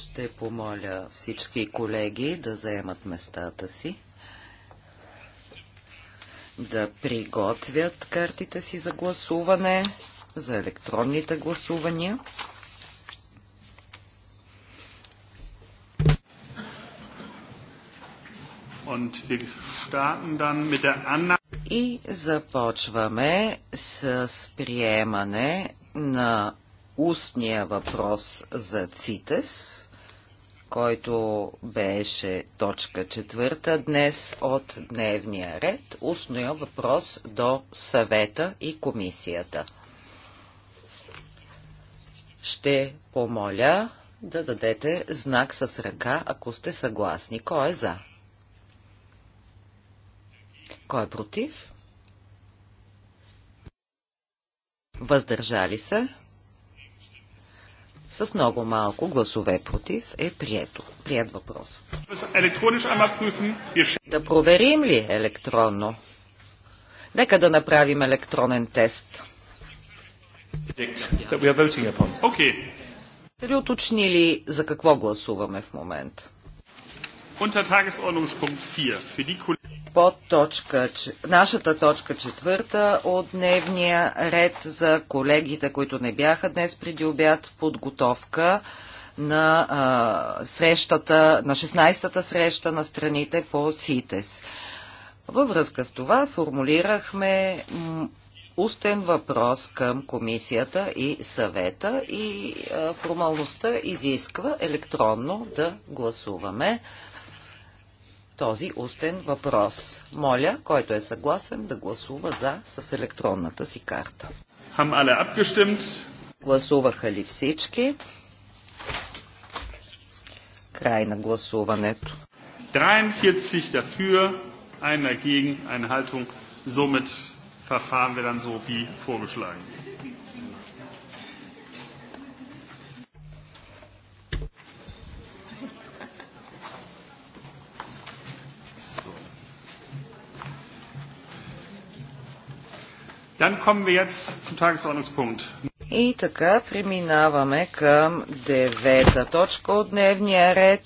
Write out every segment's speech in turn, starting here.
Ще помоля всички колеги да заемат местата си, да приготвят картите си за гласуване, за електронните гласувания. И започваме с приемане на устния въпрос за ЦИТЕС, който беше точка четвърта днес от дневния ред, устния въпрос до съвета и комисията. Ще помоля да дадете знак с ръка, ако сте съгласни. Кой е за? Кой е против? Въздържали се? с много малко гласове против е прието. Прият въпрос. Е да проверим ли електронно? Нека да направим електронен тест. Сте ли уточнили за какво гласуваме в момента? Unter Tagesordnungspunkt 4 für die под точка, нашата точка четвърта от дневния ред за колегите, които не бяха днес преди обяд, подготовка на а, срещата, на 16-та среща на страните по ЦИТЕС. Във връзка с това формулирахме устен въпрос към комисията и съвета и а, формалността изисква електронно да гласуваме този устен въпрос. Моля, който е съгласен да гласува за с електронната си карта. Гласуваха ли всички? Край на гласуването. 43 dafür, einer gegen, eine Haltung. Somit verfahren wir dann so wie vorgeschlagen. И така преминаваме към девета точка от дневния ред.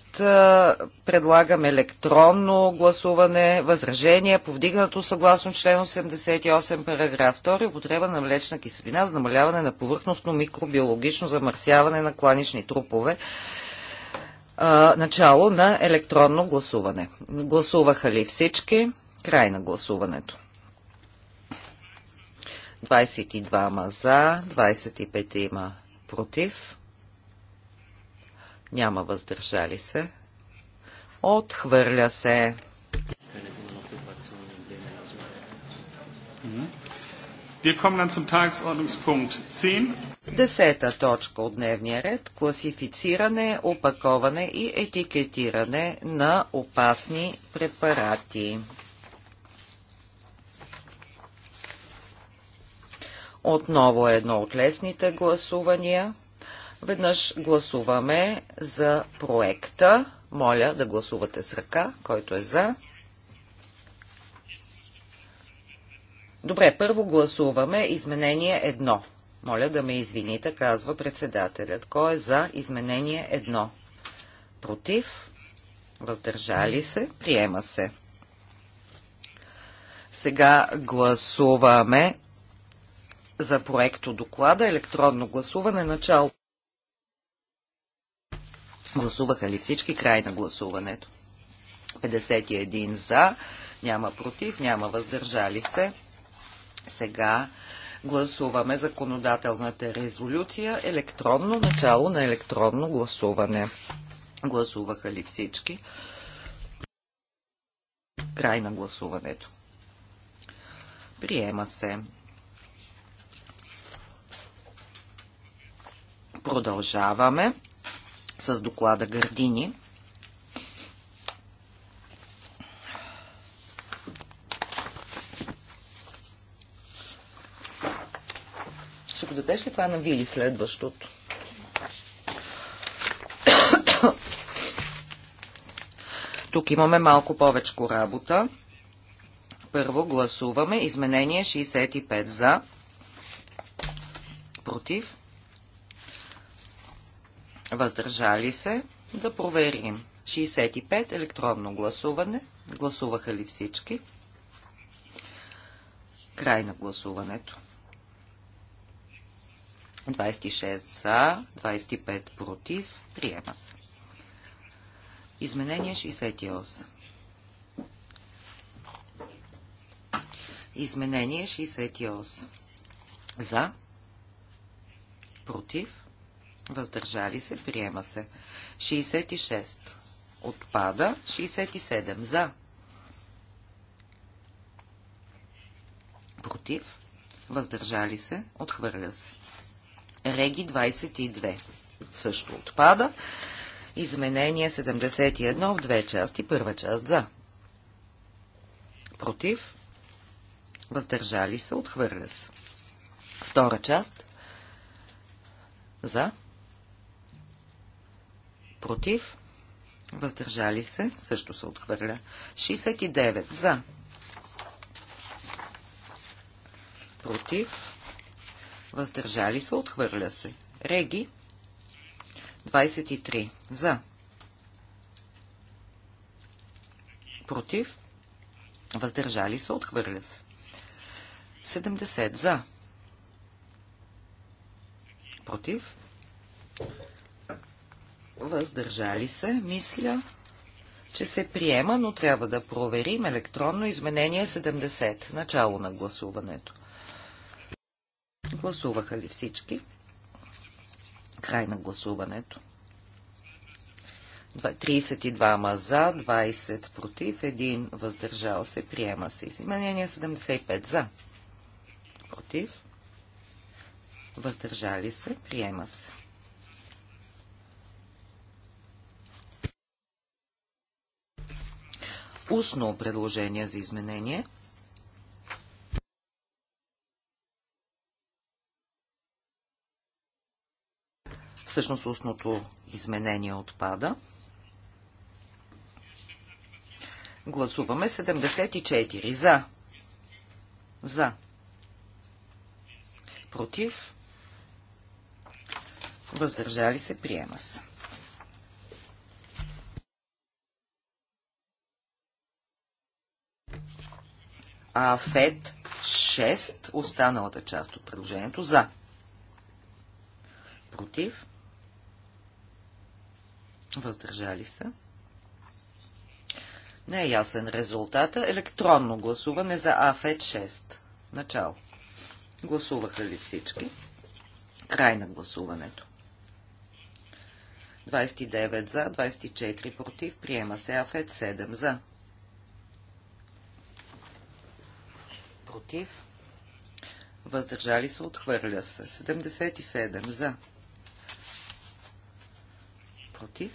Предлагам електронно гласуване, възражение, повдигнато съгласно член 88, параграф 2, употреба на млечна киселина за намаляване на повърхностно микробиологично замърсяване на кланични трупове. Начало на електронно гласуване. Гласуваха ли всички? Край на гласуването. 22 за, 25 има против, няма въздържали се. Отхвърля се. Десета точка от дневния ред – класифициране, опаковане и етикетиране на опасни препарати. Отново е едно от лесните гласувания. Веднъж гласуваме за проекта. Моля да гласувате с ръка, който е за. Добре, първо гласуваме изменение едно. Моля да ме извините, казва председателят. Кой е за изменение едно? Против? Въздържали се? Приема се. Сега гласуваме за проекто доклада, електронно гласуване, начало. Гласуваха ли всички? Край на гласуването. 51 за, няма против, няма въздържали се. Сега гласуваме законодателната резолюция, електронно начало на електронно гласуване. Гласуваха ли всички? Край на гласуването. Приема се. Продължаваме с доклада Гърдини. Ще го дадеш ли това на Вили следващото? Тук имаме малко повече работа. Първо гласуваме изменение 65 за. Против въздържали се, да проверим. 65 електронно гласуване. Гласуваха ли всички? Край на гласуването. 26 за, 25 против. Приема се. Изменение 68. Изменение 68. За. Против въздържали се, приема се. 66 отпада, 67 за, против, въздържали се, отхвърля се. Реги 22 също отпада. Изменение 71 в две части. Първа част за. Против. Въздържали се. Отхвърля се. Втора част. За против, въздържали се, също се отхвърля. 69 за, против, въздържали се, отхвърля се. Реги 23 за, против, въздържали се, отхвърля се. 70 за, против, въздържали се, мисля, че се приема, но трябва да проверим електронно изменение 70, начало на гласуването. Гласуваха ли всички? Край на гласуването. 32 за, 20 против, 1 въздържал се, приема се. Изменение 75 за, против, въздържали се, приема се. устно предложение за изменение. Всъщност устното изменение отпада. Гласуваме 74 за. За. Против. Въздържали се. Приема се. АФЕТ 6, останалата част от предложението за. Против. Въздържали се. Не е ясен резултата. Електронно гласуване за АФЕТ 6. Начало. Гласуваха ли всички? Край на гласуването. 29 за, 24 против. Приема се АФЕТ 7 за. против, въздържали се, отхвърля се. 77 за, против.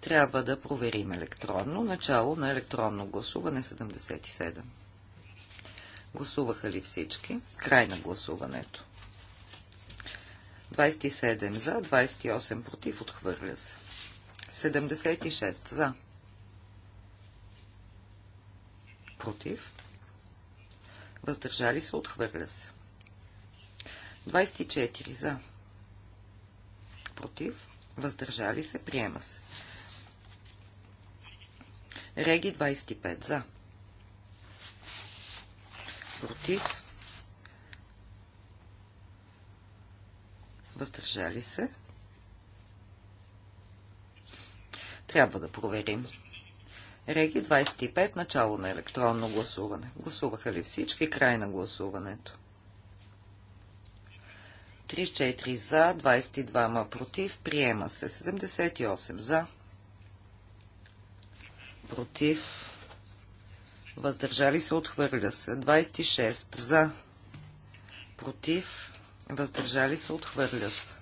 Трябва да проверим електронно. Начало на електронно гласуване 77. Гласуваха ли всички? Край на гласуването. 27 за, 28 против, отхвърля се. 76 за. Против. Въздържали се, отхвърля се. 24 за. Против. Въздържали се, приема се. Реги 25 за. Против. Въздържали се. Трябва да проверим. Реги 25, начало на електронно гласуване. Гласуваха ли всички? Край на гласуването. 34 за, 22 ма против, приема се 78 за, против, въздържали се, отхвърля се 26 за, против, въздържали се, отхвърля се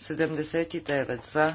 79 за,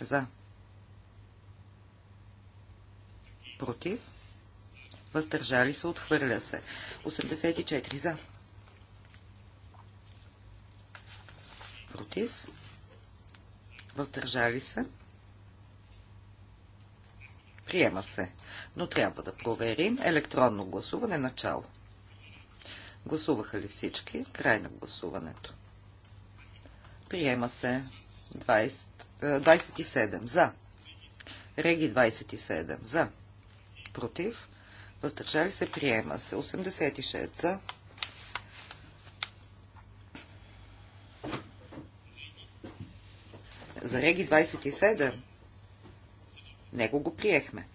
за. Против. Въздържали се. Отхвърля се. 84 за. Против. Въздържали се. Приема се. Но трябва да проверим електронно гласуване начало. Гласуваха ли всички? Край на гласуването. Приема се 20 27 за. Реги 27 за. Против. Въздържали се. Приема се. 86 за. За Реги 27. Него го приехме.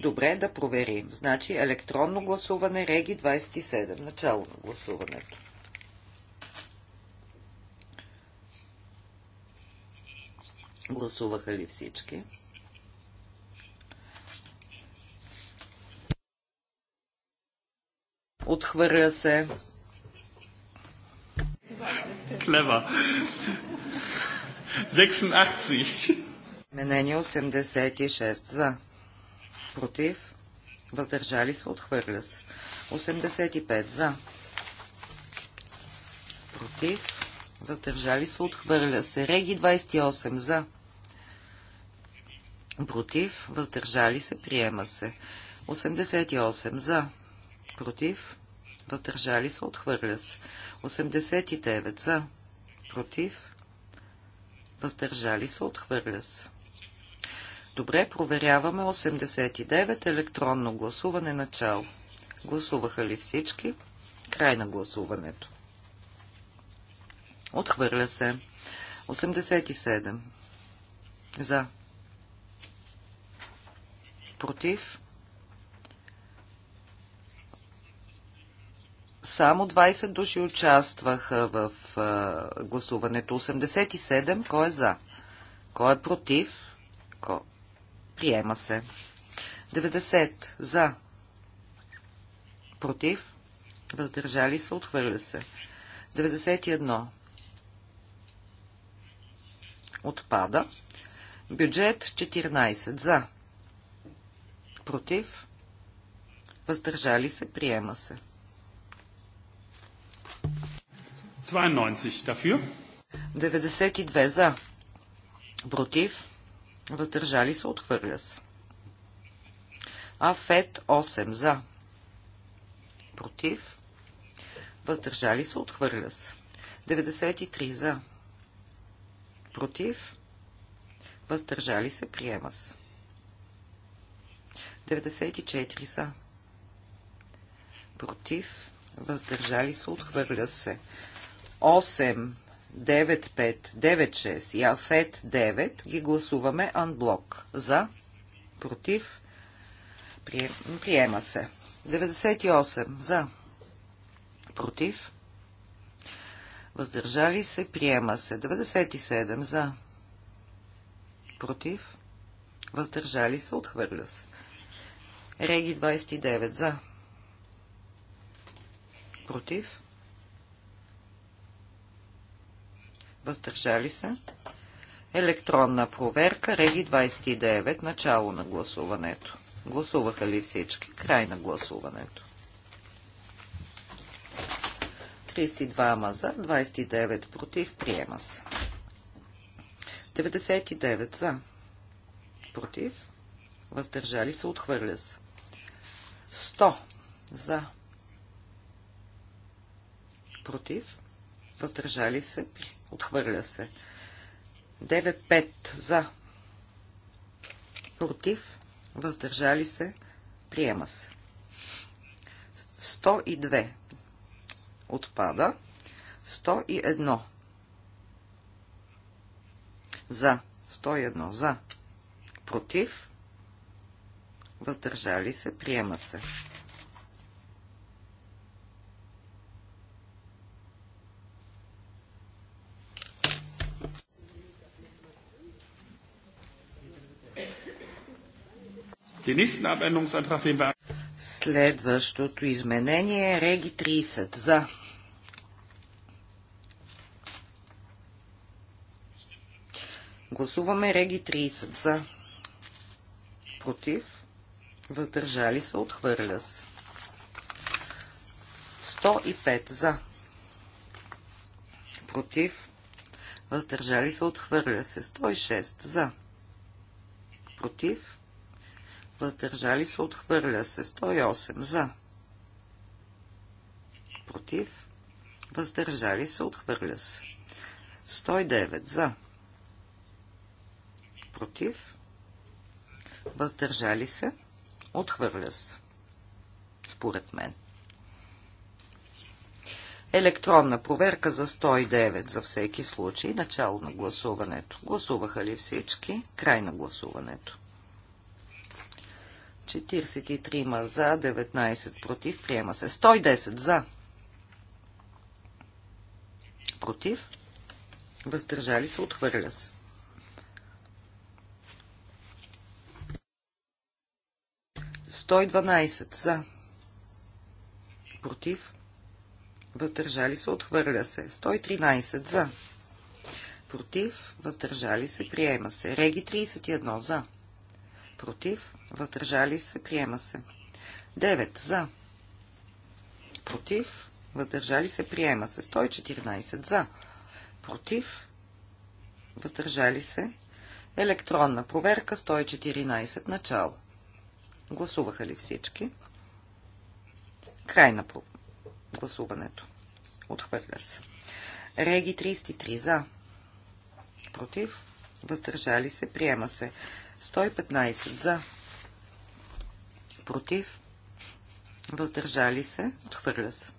Добре, да проверим. Значи електронно гласуване Реги 27. Начало на гласуването. Гласуваха ли всички? Отхвърля се. Клева. 86. Менение 86 за. Против. Въздържали се. Отхвърля се. 85 за. Против. Въздържали се. Отхвърля се. Реги 28 за против, въздържали се, приема се. 88 за, против, въздържали се, отхвърля се. 89 за, против, въздържали се, отхвърля се. Добре, проверяваме 89 електронно гласуване начало. Гласуваха ли всички? Край на гласуването. Отхвърля се. 87. За против. Само 20 души участваха в а, гласуването. 87. Кой е за? Кой е против? Ко... Приема се. 90. За. Против. Въздържали се. Отхвърля се. 91. Отпада. Бюджет 14. За против, въздържали се, приема се. 92 дафюр. 92 за, против, въздържали се, отхвърля се. Афет 8 за, против, въздържали се, отхвърля се. 93 за, против, въздържали се, приема се. 94 за. Против. Въздържали се. Отхвърля се. 8, 9, 5, 9, 6 и Афет 9 ги гласуваме анблок. За. Против. Приема се. 98 за. Против. Въздържали се. Приема се. 97 за. Против. Въздържали се. Отхвърля се. Реги 29 за. Против. Въздържали се. Електронна проверка. Реги 29. Начало на гласуването. Гласуваха ли всички? Край на гласуването. 32 за, 29 против, приема се. 99 за, против, въздържали се, отхвърля се. 100 за. Против. Въздържали се. Отхвърля се. 9-5 за. Против. Въздържали се. Приема се. 102 отпада. 101 за. 101 за. Против въздържали се, приема се. Следващото изменение е Реги 30. За. Гласуваме Реги 30. За. Против въздържали се, отхвърля се. 105 за, против, въздържали се, отхвърля се. 106 за, против, въздържали се, отхвърля се. 108 за, против, въздържали се, отхвърля се. 109 за, против, въздържали се, Отхвърля се. Според мен. Електронна проверка за 109 за всеки случай. Начало на гласуването. Гласуваха ли всички? Край на гласуването. 43 за, 19 против. Приема се. 110 за. Против. Въздържали се. Отхвърля се. 112 за. Против. Въздържали се. Отхвърля се. 113 за. Против. Въздържали се. Приема се. Реги 31 за. Против. Въздържали се. Приема се. 9 за. Против. Въздържали се. Приема се. 114 за. Против. Въздържали се. Електронна проверка 114 начало. Гласуваха ли всички? Край на гласуването. Отхвърля се. Реги 33 за. Против. Въздържали се. Приема се. 115 за. Против. Въздържали се. Отхвърля се.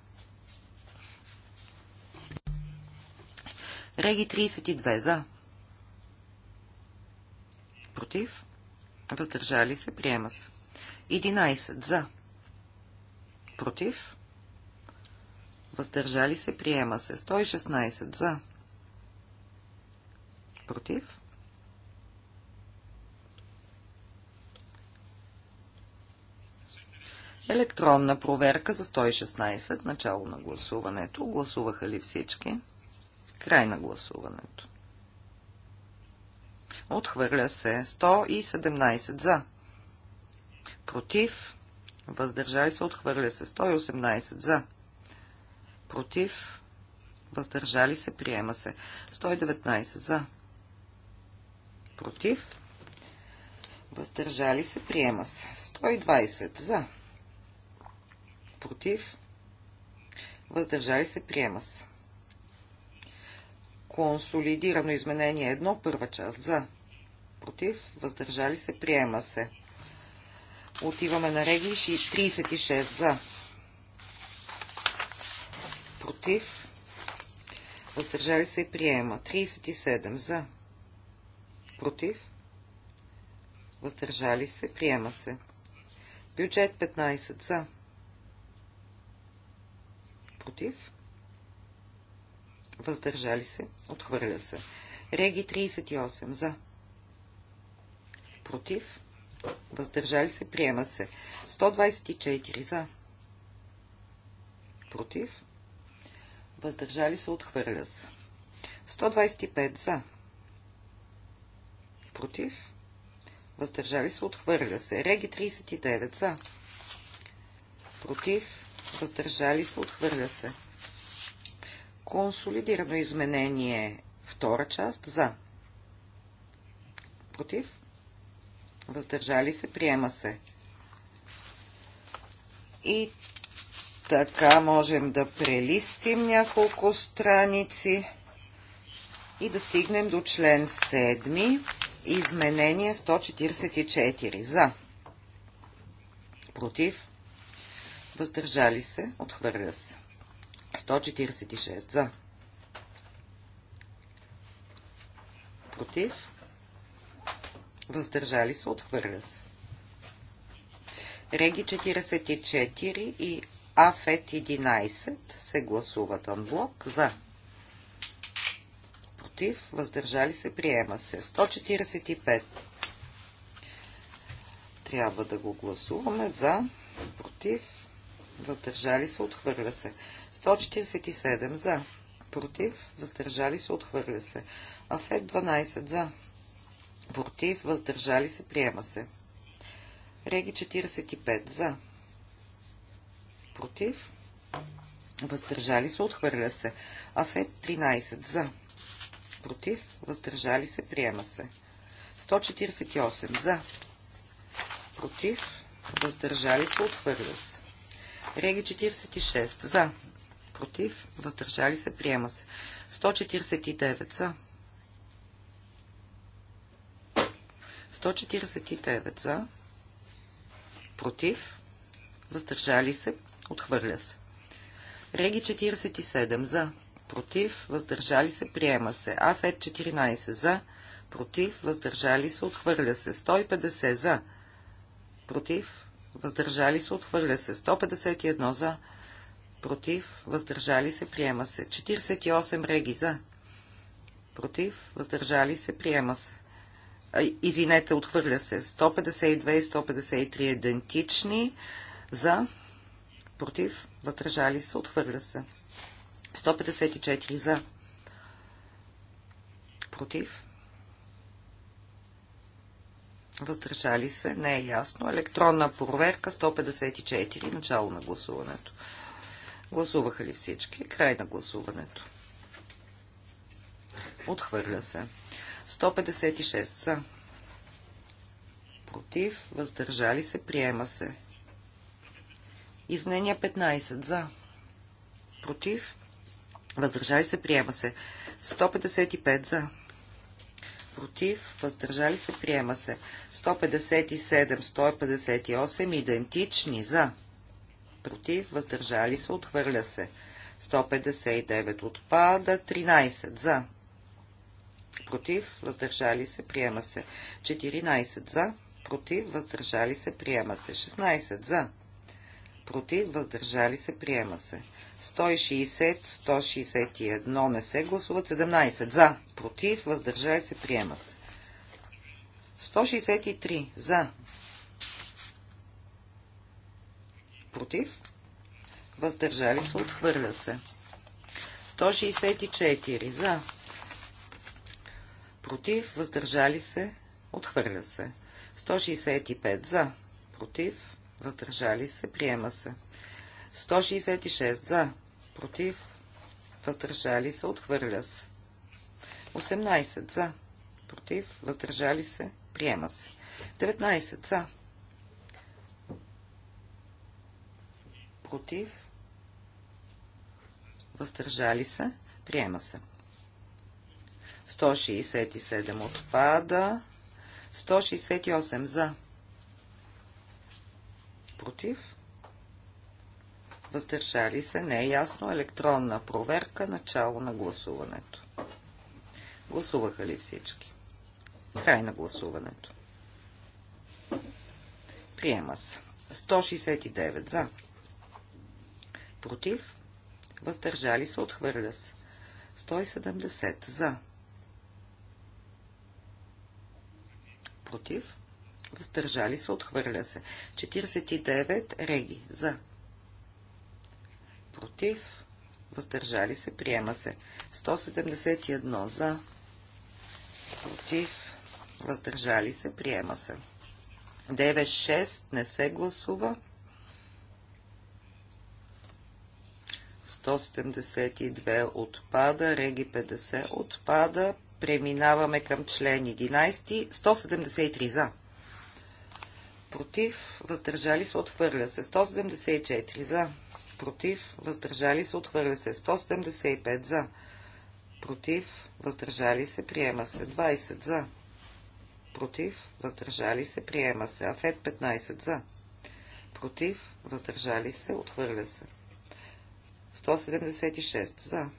Реги 32 за. Против. Въздържали се. Приема се. 11 за. Против. Въздържали се. Приема се. 116 за. Против. Електронна проверка за 116. Начало на гласуването. Гласуваха ли всички? Край на гласуването. Отхвърля се 117 за против, въздържали се, отхвърля се 118 за, против, въздържали се, приема се 119 за, против, въздържали се, приема се 120 за, против, въздържали се, приема се. Консолидирано изменение 1, първа част за, против, въздържали се, приема се. Отиваме на Реги 36 за. Против. Въздържали се и приема. 37 за. Против. Въздържали се. Приема се. Бюджет 15 за. Против. Въздържали се. Отхвърля се. Реги 38 за. Против въздържали се, приема се. 124 за, против, въздържали се, отхвърля се. 125 за, против, въздържали се, отхвърля се. Реги 39 за, против, въздържали се, отхвърля се. Консолидирано изменение втора част за, против, въздържали се, приема се. И така можем да прелистим няколко страници и да стигнем до член 7, изменение 144. За. Против. Въздържали се. Отхвърля се. 146. За. Против въздържали се, отхвърля се. Реги 44 и АФЕТ 11 се гласуват анблок за. Против, въздържали се, приема се. 145. Трябва да го гласуваме за. Против, въздържали се, отхвърля се. 147 за. Против, въздържали се, отхвърля се. АФЕТ 12 за против, въздържали се, приема се. Реги 45 за, против, въздържали се, отхвърля се. Афет 13 за, против, въздържали се, приема се. 148 за, против, въздържали се, отхвърля се. Реги 46 за, против, въздържали се, приема се. 149 за, 149 за, против, въздържали се, отхвърля се. Реги 47 за, против, въздържали се, приема се. Афет 14 за, против, въздържали се, отхвърля се. 150 за, против, въздържали се, отхвърля се. 151 за, против, въздържали се, приема се. 48 реги за, против, въздържали се, приема се. Извинете, отхвърля се. 152 и 153 идентични. За. Против. Въздържали се. Отхвърля се. 154 за. Против. Въздържали се. Не е ясно. Електронна проверка 154. Начало на гласуването. Гласуваха ли всички? Край на гласуването. Отхвърля се. 156 за. Против. Въздържали се. Приема се. Изменение 15 за. Против. Въздържали се. Приема се. 155 за. Против. Въздържали се. Приема се. 157, 158 идентични за. Против. Въздържали се. Отхвърля се. 159 отпада. 13 за против, въздържали се, приема се. 14 за, против, въздържали се, приема се. 16 за, против, въздържали се, приема се. 160, 161 не се гласуват, 17 за, против, въздържали се, приема се. 163 за, против, въздържали се, отхвърля се. 164 за, против, въздържали се, отхвърля се. 165 за, против, въздържали се, приема се. 166 за, против, въздържали се, отхвърля се. 18 за, против, въздържали се, приема се. 19 за, против, въздържали се, приема се. 167 отпада. 168 за. Против. Въздържали се. Не е ясно. Електронна проверка. Начало на гласуването. Гласуваха ли всички? Край на гласуването. Приема се. 169 за. Против. Въздържали се. Отхвърля се. 170 за против, въздържали се, отхвърля се. 49 реги за, против, въздържали се, приема се. 171 за, против, въздържали се, приема се. 96 не се гласува. 172 отпада, Реги 50 отпада, Преминаваме към член 11. 173 за. Против. Въздържали се. Отхвърля се. 174 за. Против. Въздържали се. Отхвърля се. 175 за. Против. Въздържали се. Приема се. 20 за. Против. Въздържали се. Приема се. Афет 15 за. Против. Въздържали се. Отхвърля се. 176 за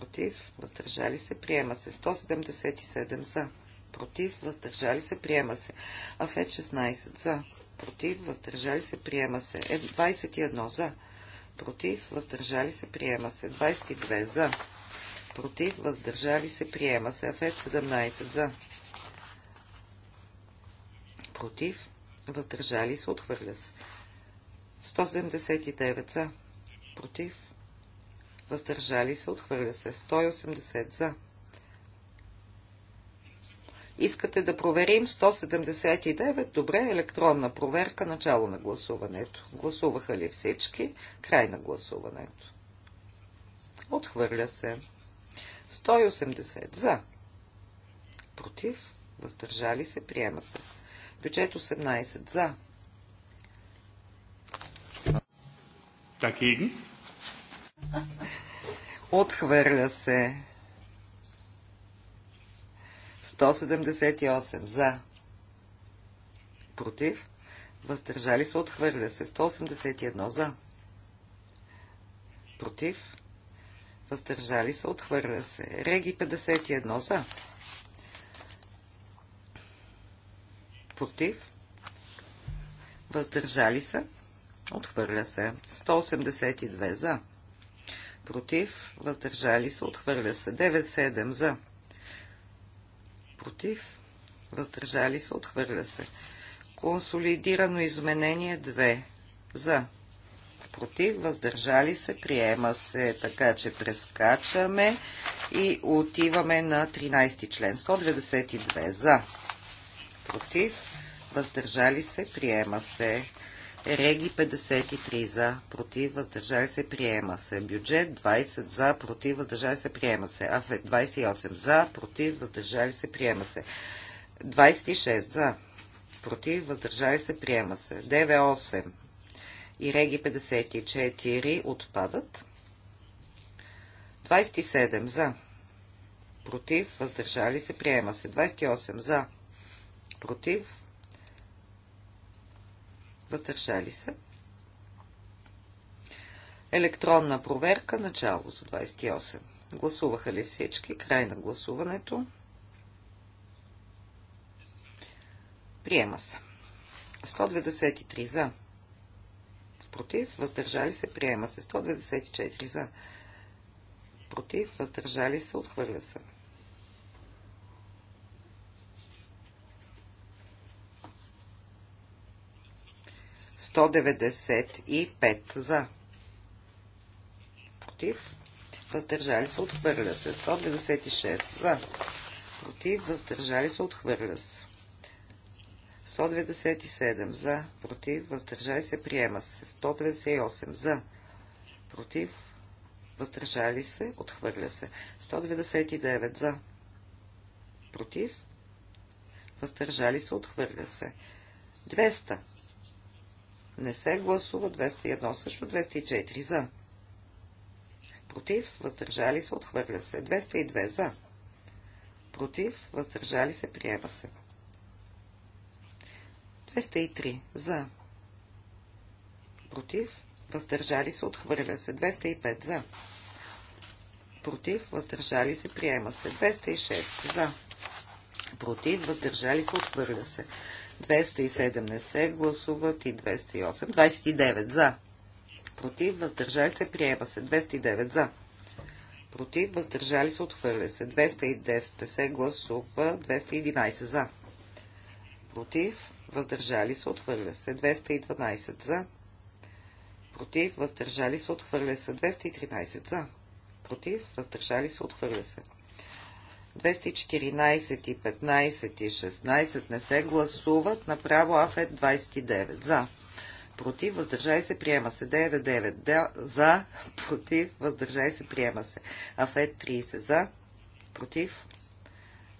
против, въздържали се, приема се. 177 за, против, въздържали се, приема се. Афет 16 за, против, въздържали се, приема се. 21 е, за, против, въздържали се, приема се. 22 за, против, въздържали се, приема се. Афет 17 за, против, въздържали се, отхвърля се. 179 за, против, въздържали се, отхвърля се. 180 за. Искате да проверим 179? Добре, електронна проверка, начало на гласуването. Гласуваха ли всички? Край на гласуването. Отхвърля се. 180 за. Против. Въздържали се. Приема се. Бюджет 18 за. Dagegen? Отхвърля се. 178 за. Против. Въздържали се. Отхвърля се. 181 за. Против. Въздържали се. Отхвърля се. Реги 51 за. Против. Въздържали се. Отхвърля се. 182 за против, въздържали се, отхвърля се. 9-7 за, против, въздържали се, отхвърля се. Консолидирано изменение 2 за, против, въздържали се, приема се, така че прескачаме и отиваме на 13 член. 192 за, против, въздържали се, приема се. Реги 53 за, против, въздържали се, приема се. Бюджет 20 за, против, въздържали се, приема се. Афет 28 за, против, въздържали се, приема се. 26 за, против, въздържали се, приема се. 98 и Реги 54 отпадат. 27 за, против, въздържали се, приема се. 28 за, против, въздържали се. Електронна проверка, начало за 28. Гласуваха ли всички? Край на гласуването. Приема се. 193 за. Против, въздържали се, приема се. 194 за. Против, въздържали се, отхвърля се. 195 за. Против. Въздържали се. Отхвърля се. 196 за. Против. Въздържали се. Отхвърля се. 197 за. Против. Въздържали се. Приема се. 198 за. Против. Въздържали се. Отхвърля се. 199 за. Против. Въздържали се. Отхвърля се. 200 не се гласува 201 също, 204 за. Против, въздържали се, отхвърля се. 202 за. Против, въздържали се, приема се. 203 за. Против, въздържали се, отхвърля се. 205 за. Против, въздържали се, приема се. 206 за. Против, въздържали се, отхвърля се. 207 не се гласуват и 208. 29 за. Против, въздържали се, приема се. 209 за. Против, въздържали се, отхвърля се. 210 се гласува. 211 за. Против, въздържали се, отхвърля се. 212 за. Против, въздържали се, отхвърля се. 213 за. Против, въздържали се, отхвърля се. 214 и 15 и 16 не се гласуват. Направо АФЕД 29 за. Против, въздържай се, приема се. 99 за. Против, въздържай се, приема се. АФЕД 30 за. Против,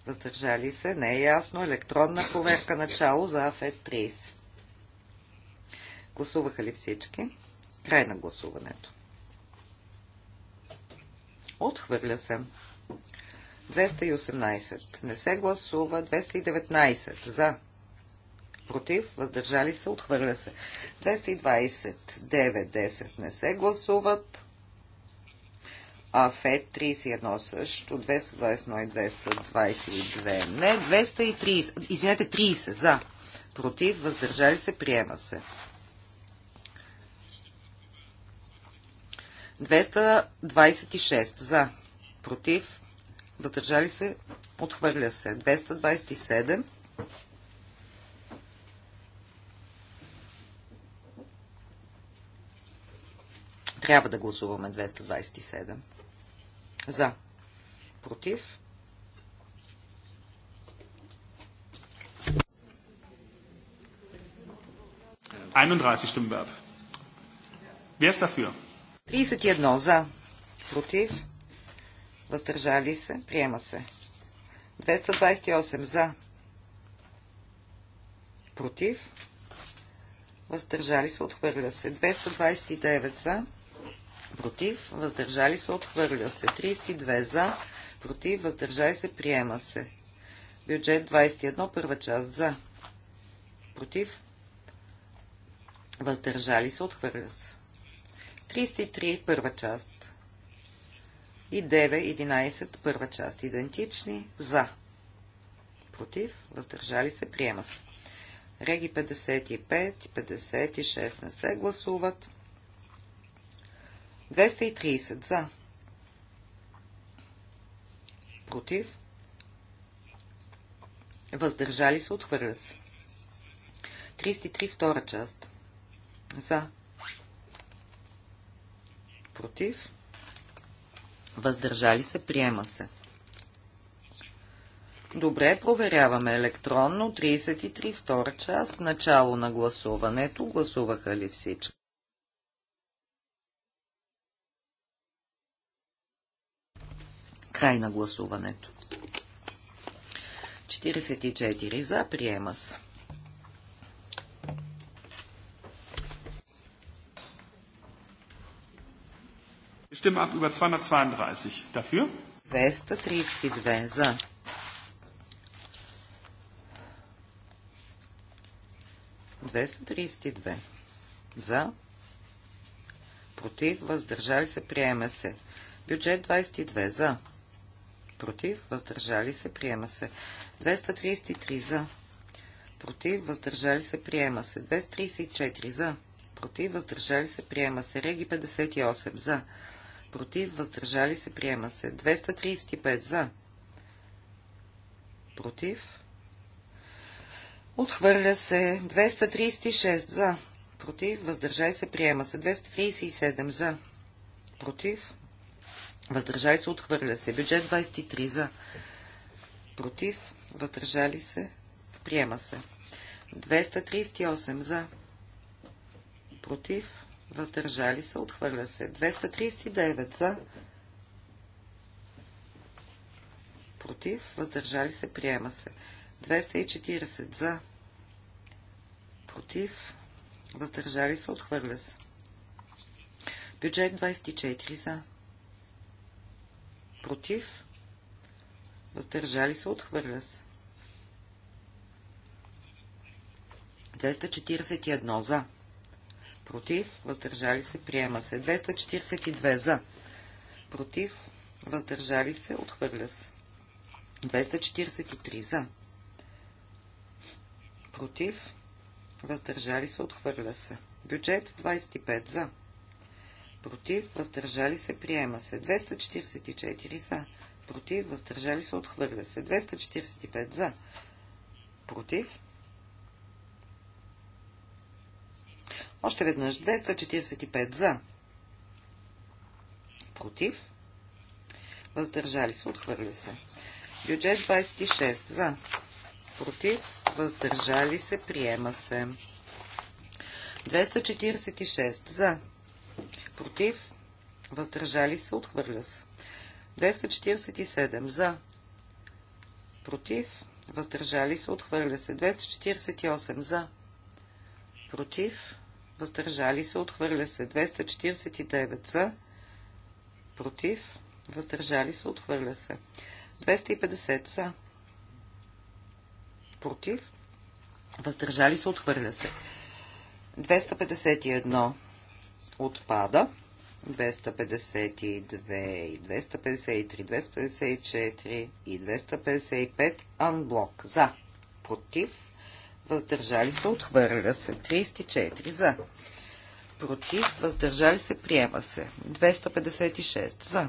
въздържали се. Не е ясно. Електронна проверка начало за АФЕД 30. Гласуваха ли всички? Край на гласуването. Отхвърля се. 218. Не се гласува. 219. За. Против. Въздържали се. Отхвърля се. 220. 9. 10. Не се гласуват. а АФЕ 31 също. 221 и 222. Не. 230. Извинете, 30. За. Против. Въздържали се. Приема се. 226. За. Против въздържали се, отхвърля се. 227 Трябва да гласуваме 227. За. Против. Stimmen wir ab. Wer ist dafür? 31 за. Против въздържали се, приема се. 228 за, против, въздържали се, отхвърля се. 229 за, против, въздържали се, отхвърля се. 32 за, против, въздържали се, приема се. Бюджет 21, първа част за, против, въздържали се, отхвърля се. 33, първа част и 9, 11, първа част идентични, за. Против, въздържали се, приема се. Реги 55 56 не се гласуват. 230 за. Против. Въздържали се, отхвърля се. 33 втора част. За. Против. Въздържали се, приема се. Добре, проверяваме електронно. 33, втора част, начало на гласуването. Гласуваха ли всички? Край на гласуването. 44 за, приема се. Stimme ab über 232. Dafür? 232 за. За. Против. Въздържали се. Приема се. Бюджет 22. За. Против. Въздържали се. Приема се. 233. За. Против. Въздържали се. Приема се. 234. За. Против. Въздържали се. Приема се. Реги 58. За против, въздържали се, приема се. 235 за, против, отхвърля се. 236 за, против, въздържали се, приема се. 237 за, против, въздържали се, отхвърля се. Бюджет 23 за, против, въздържали се, приема се. 238 за, против, въздържали се, отхвърля се. 239 за, против, въздържали се, приема се. 240 за, против, въздържали се, отхвърля се. Бюджет 24 за, против, въздържали се, отхвърля се. 241 за, против, въздържали се, приема се. 242 за, против, въздържали се, отхвърля се. 243 за, против, въздържали се, отхвърля се. Бюджет 25 за, против, въздържали се, приема се. 244 за, против, въздържали се, отхвърля се. 245 за, против, Още веднъж 245 за. Против. Въздържали се. Отхвърля се. Бюджет 26 за. Против. Въздържали се. Приема се. 246 за. Против. Въздържали се. Отхвърля се. 247 за. Против. Въздържали се. Отхвърля се. 248 за. Против въздържали се, отхвърля се. 249 за, против, въздържали се, отхвърля се. 250 за, против, въздържали се, отхвърля се. 251 отпада. 252 и 253, 254 и 255 анблок. За. Против въздържали се, отхвърля се. 34 за. Против, въздържали се, приема се. 256 за.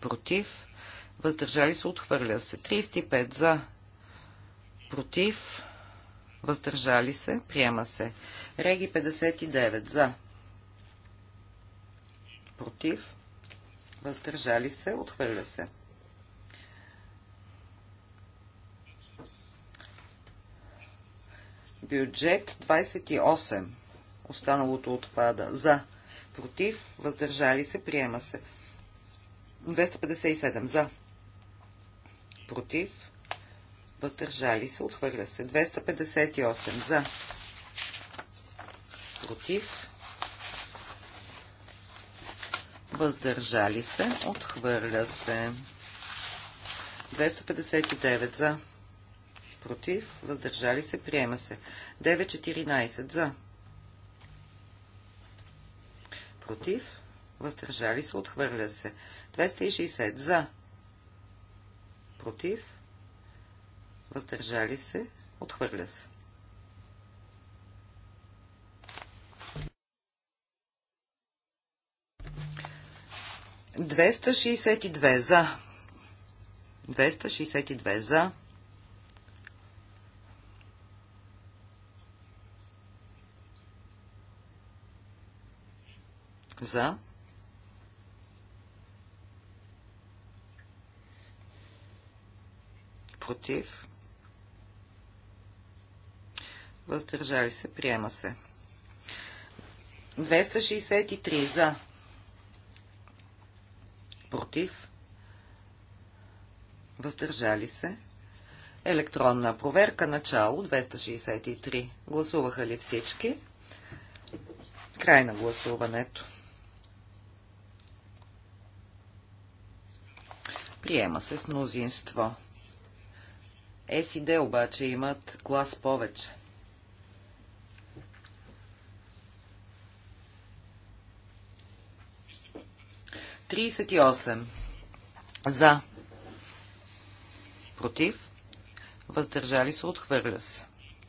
Против, въздържали се, отхвърля се. 35 за. Против, въздържали се, приема се. Реги 59 за. Против, въздържали се, отхвърля се. Бюджет 28. Останалото отпада. За. Против. Въздържали се. Приема се. 257. За. Против. Въздържали се. Отхвърля се. 258. За. Против. Въздържали се. Отхвърля се. 259. За против, въздържали се, приема се. 9.14 за, против, въздържали се, отхвърля се. 260 за, против, въздържали се, отхвърля се. Двеста шестьдесят и две за. 262 за, За. Против. Въздържали се. Приема се. 263 за. Против. Въздържали се. Електронна проверка начало 263. Гласуваха ли всички? Край на гласуването. Приема се с мнозинство. С и Д обаче имат глас повече. Тридесет и осем. За. Против. Въздържали се. Отхвърля се.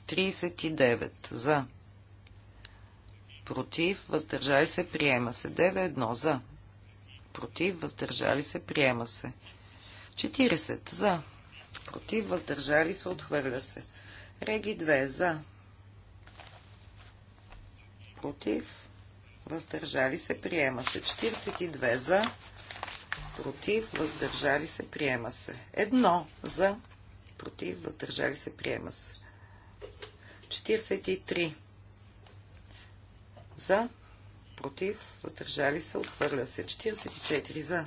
39. За. Против. Въздържали се. Приема се. 9-1. За. Против. Въздържали се. Приема се. 40 за. Против, въздържали се, отхвърля се. Реги 2 за. Против, въздържали се, приема се. 42 за. Против, въздържали се, приема се. Едно за. Против, въздържали се, приема се. 43 за. Против, въздържали се, отхвърля се. 44 за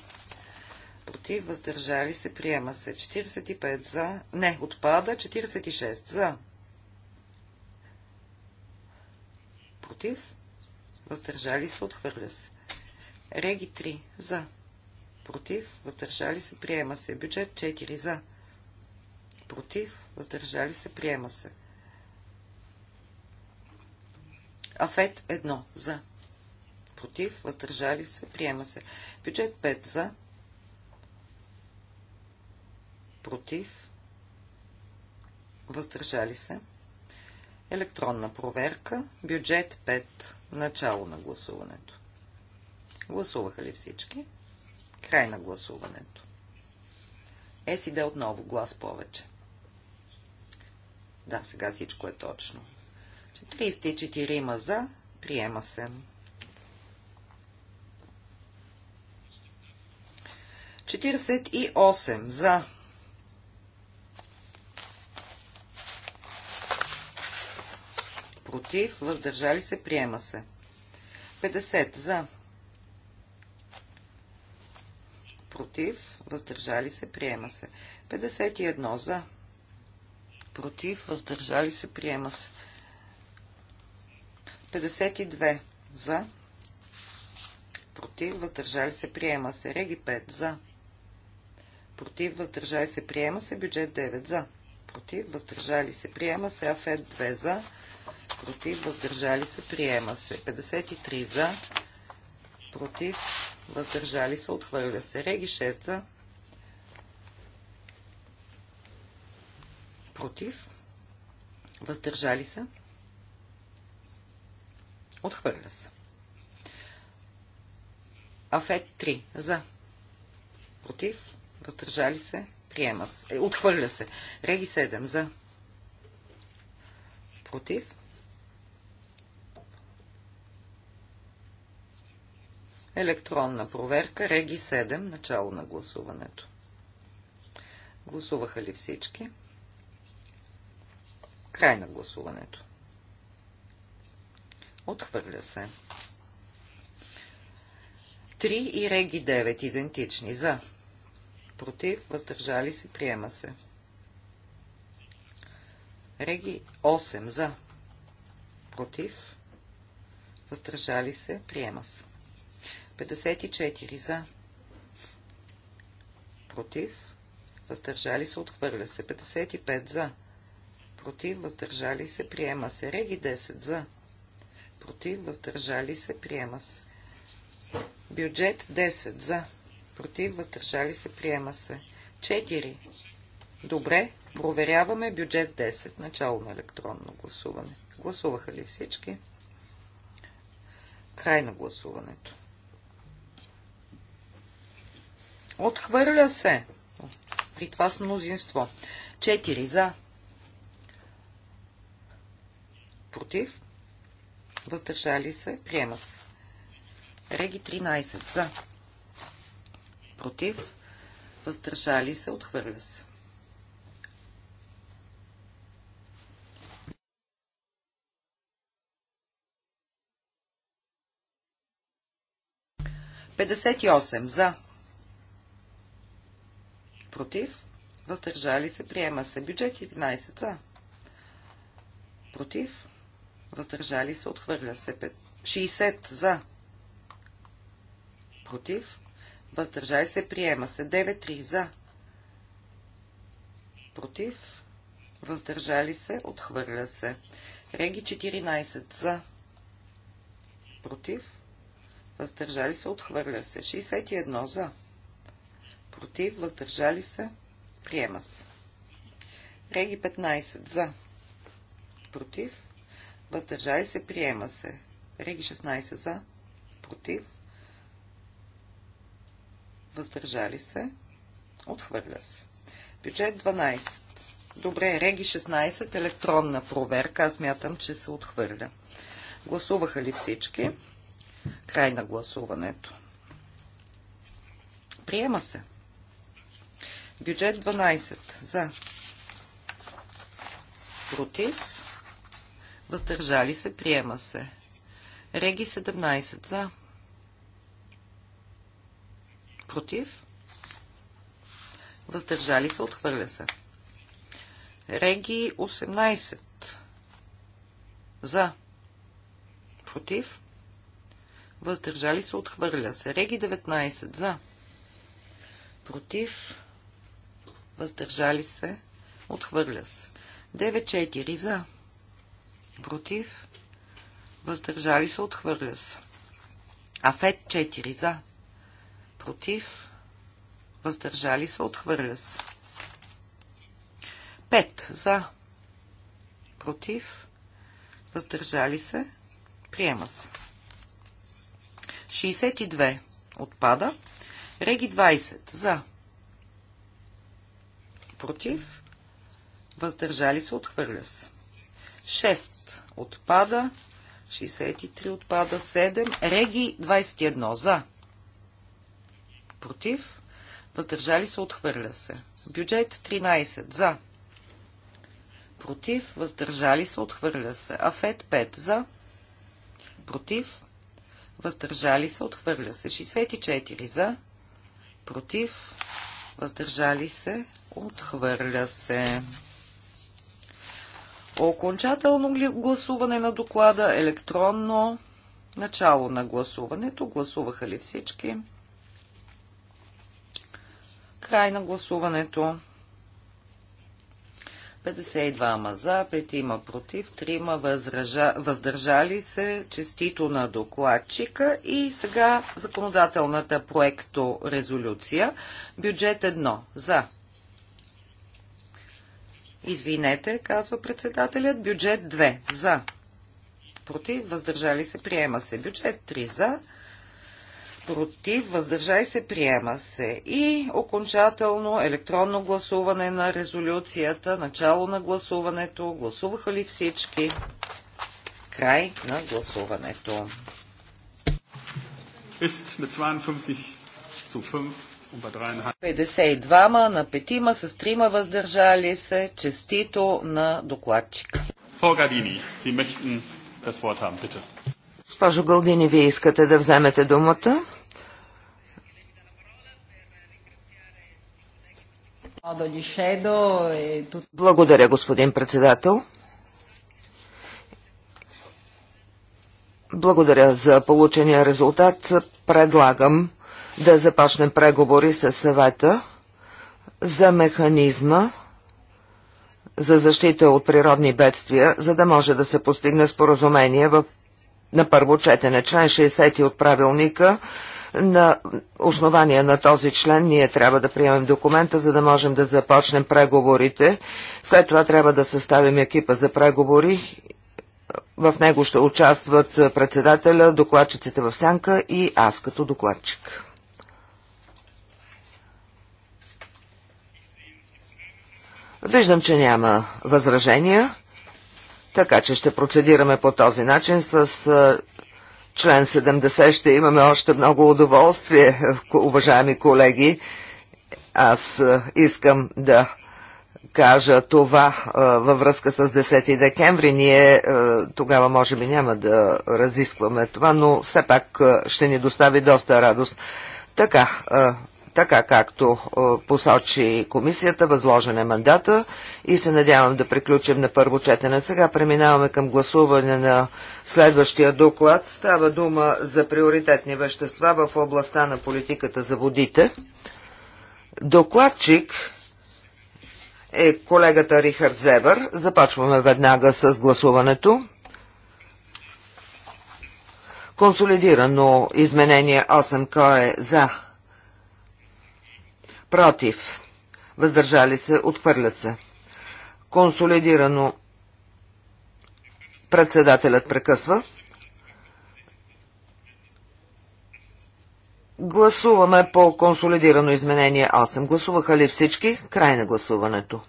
против, въздържали се, приема се. 45 за, не, отпада, 46 за, против, въздържали се, отхвърля се. Реги 3 за, против, въздържали се, приема се. Бюджет 4 за, против, въздържали се, приема се. Афет 1 за, против, въздържали се, приема се. Бюджет 5 за, против, въздържали се. Електронна проверка, бюджет 5, начало на гласуването. Гласуваха ли всички? Край на гласуването. Е, си да отново глас повече. Да, сега всичко е точно. 34 има за, приема се. 48 за, против, въздържали се, приема се. 50 за, против, въздържали се, приема се. 51 за, против, въздържали се, приема се. 52 за, против, въздържали се, приема се. Реги 5 за, против, въздържали се, приема се. Бюджет 9 за, против, въздържали се, приема се. Афет 2 за, против, въздържали се, приема се. 53 за, против, въздържали се, отхвърля се. Реги 6 за, против, въздържали се, отхвърля се. Афет 3 за, против, въздържали се, приема се, е, отхвърля се. Реги 7 за, против, Електронна проверка, Реги 7, начало на гласуването. Гласуваха ли всички? Край на гласуването. Отхвърля се. 3 и Реги 9 идентични. За. Против. Въздържали се. Приема се. Реги 8 за. Против. Въздържали се. Приема се. 54 за. Против. Въздържали се. Отхвърля се. 55 за. Против. Въздържали се. Приема се. Реги 10 за. Против. Въздържали се. Приема се. Бюджет 10 за. Против. Въздържали се. Приема се. 4. Добре. Проверяваме бюджет 10. Начало на електронно гласуване. Гласуваха ли всички? Край на гласуването. Отхвърля се. При това с мнозинство. 4 за. Против. Въздържали се. Приема се. Реги 13 за. Против. Въздържали се. Отхвърля се. Петдесет и осем за. Против. Въздържали се. Приема се. Бюджет 11 за. Против. Въздържали се. Отхвърля се. 60 за. Против. Въздържали се. Приема се. 9-3 за. Против. Въздържали се. Отхвърля се. Реги 14 за. Против. Въздържали се. Отхвърля се. 61 за против, въздържали се, приема се. Реги 15 за, против, въздържали се, приема се. Реги 16 за, против, въздържали се, отхвърля се. Бюджет 12. Добре, Реги 16, електронна проверка. Аз мятам, че се отхвърля. Гласуваха ли всички? Край на гласуването. Приема се. Бюджет 12. За. Против. Въздържали се. Приема се. Реги 17. За. Против. Въздържали се. Отхвърля се. Реги 18. За. Против. Въздържали се. Отхвърля се. Реги 19. За. Против въздържали се, отхвърля се. 9-4 за, против, въздържали се, отхвърля се. Афет 4 за, против, въздържали се, отхвърля се. 5 за, против, въздържали се, приема се. 62 отпада. Реги 20 за, против, въздържали се, отхвърля се. 6 отпада, 63 отпада, 7, Реги 21 за, против, въздържали се, отхвърля се. Бюджет 13 за, против, въздържали се, отхвърля се. Афет 5 за, против, въздържали се, отхвърля се. 64 за, против, въздържали се, Отхвърля се. Окончателно гласуване на доклада, електронно начало на гласуването. Гласуваха ли всички? Край на гласуването. 52 за, 5 има против, 3 ма възража, въздържали се, честито на докладчика и сега законодателната проекто резолюция. Бюджет 1 за, Извинете, казва председателят. Бюджет 2. За. Против. Въздържали се. Приема се. Бюджет 3. За. Против. въздържай се. Приема се. И окончателно електронно гласуване на резолюцията. Начало на гласуването. Гласуваха ли всички? Край на гласуването. Ist mit 52 zu 5 52 на петима с трима въздържали се. Честито на докладчика. Госпожо Галдини, вие искате да вземете думата. Благодаря, господин председател. Благодаря за получения резултат. Предлагам да започнем преговори с съвета за механизма за защита от природни бедствия, за да може да се постигне споразумение в, на първо четене. Член 60 от правилника на основание на този член ние трябва да приемем документа, за да можем да започнем преговорите. След това трябва да съставим екипа за преговори. В него ще участват председателя, докладчиците в сянка и аз като докладчик. Виждам, че няма възражения, така че ще процедираме по този начин. С член 70 ще имаме още много удоволствие, уважаеми колеги. Аз искам да кажа това във връзка с 10 декември. Ние тогава може би няма да разискваме това, но все пак ще ни достави доста радост. Така, така както е, посочи комисията, възложен е мандата и се надявам да приключим на първо четене. Сега преминаваме към гласуване на следващия доклад. Става дума за приоритетни вещества в областта на политиката за водите. Докладчик е колегата Рихард Зебър. Започваме веднага с гласуването. Консолидирано изменение 8К е за против, въздържали се, отхвърля се. Консолидирано председателят прекъсва. Гласуваме по консолидирано изменение 8. Гласуваха ли всички? Край на гласуването.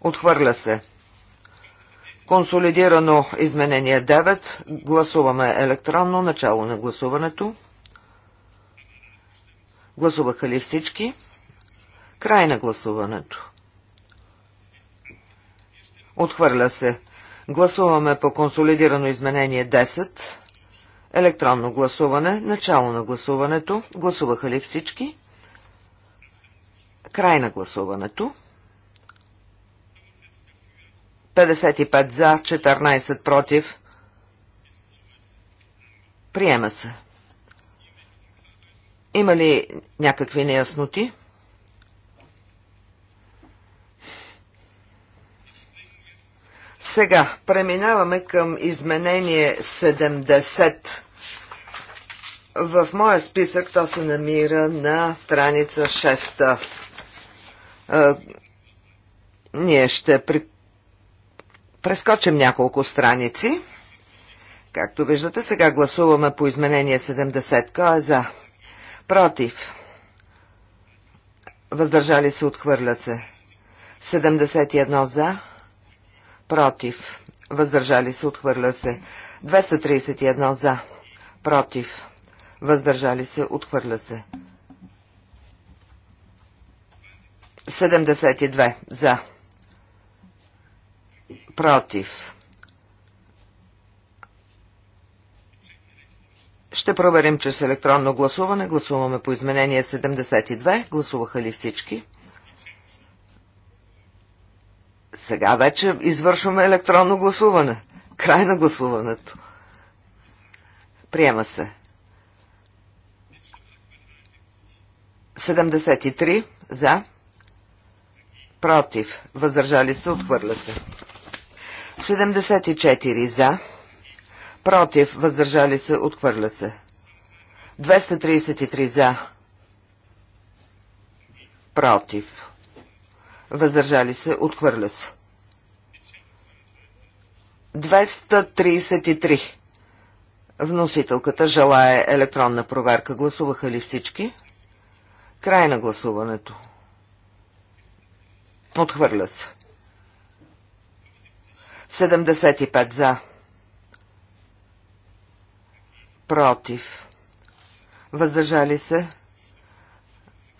Отхвърля се. Консолидирано изменение 9. Гласуваме електронно начало на гласуването. Гласуваха ли всички? Край на гласуването. Отхвърля се. Гласуваме по консолидирано изменение 10. Електронно гласуване. Начало на гласуването. Гласуваха ли всички? Край на гласуването. 55 за, 14 против. Приема се. Има ли някакви неясноти? Сега преминаваме към изменение 70. В моя списък то се намира на страница 6. А, ние ще при... прескочим няколко страници. Както виждате, сега гласуваме по изменение 70. Кой е за? против, въздържали се, отхвърля се. 71 за, против, въздържали се, отхвърля се. 231 за, против, въздържали се, отхвърля се. 72 за, против, Ще проверим, чрез електронно гласуване гласуваме по изменение 72. Гласуваха ли всички? Сега вече извършваме електронно гласуване. Край на гласуването. Приема се. 73 за. Против. Въздържали се. Отхвърля се. 74 за против, въздържали се, отхвърля се. 233 за, против, въздържали се, отхвърля се. 233. Вносителката желая електронна проверка. Гласуваха ли всички? Край на гласуването. Отхвърля се. 75 за против, въздържали се.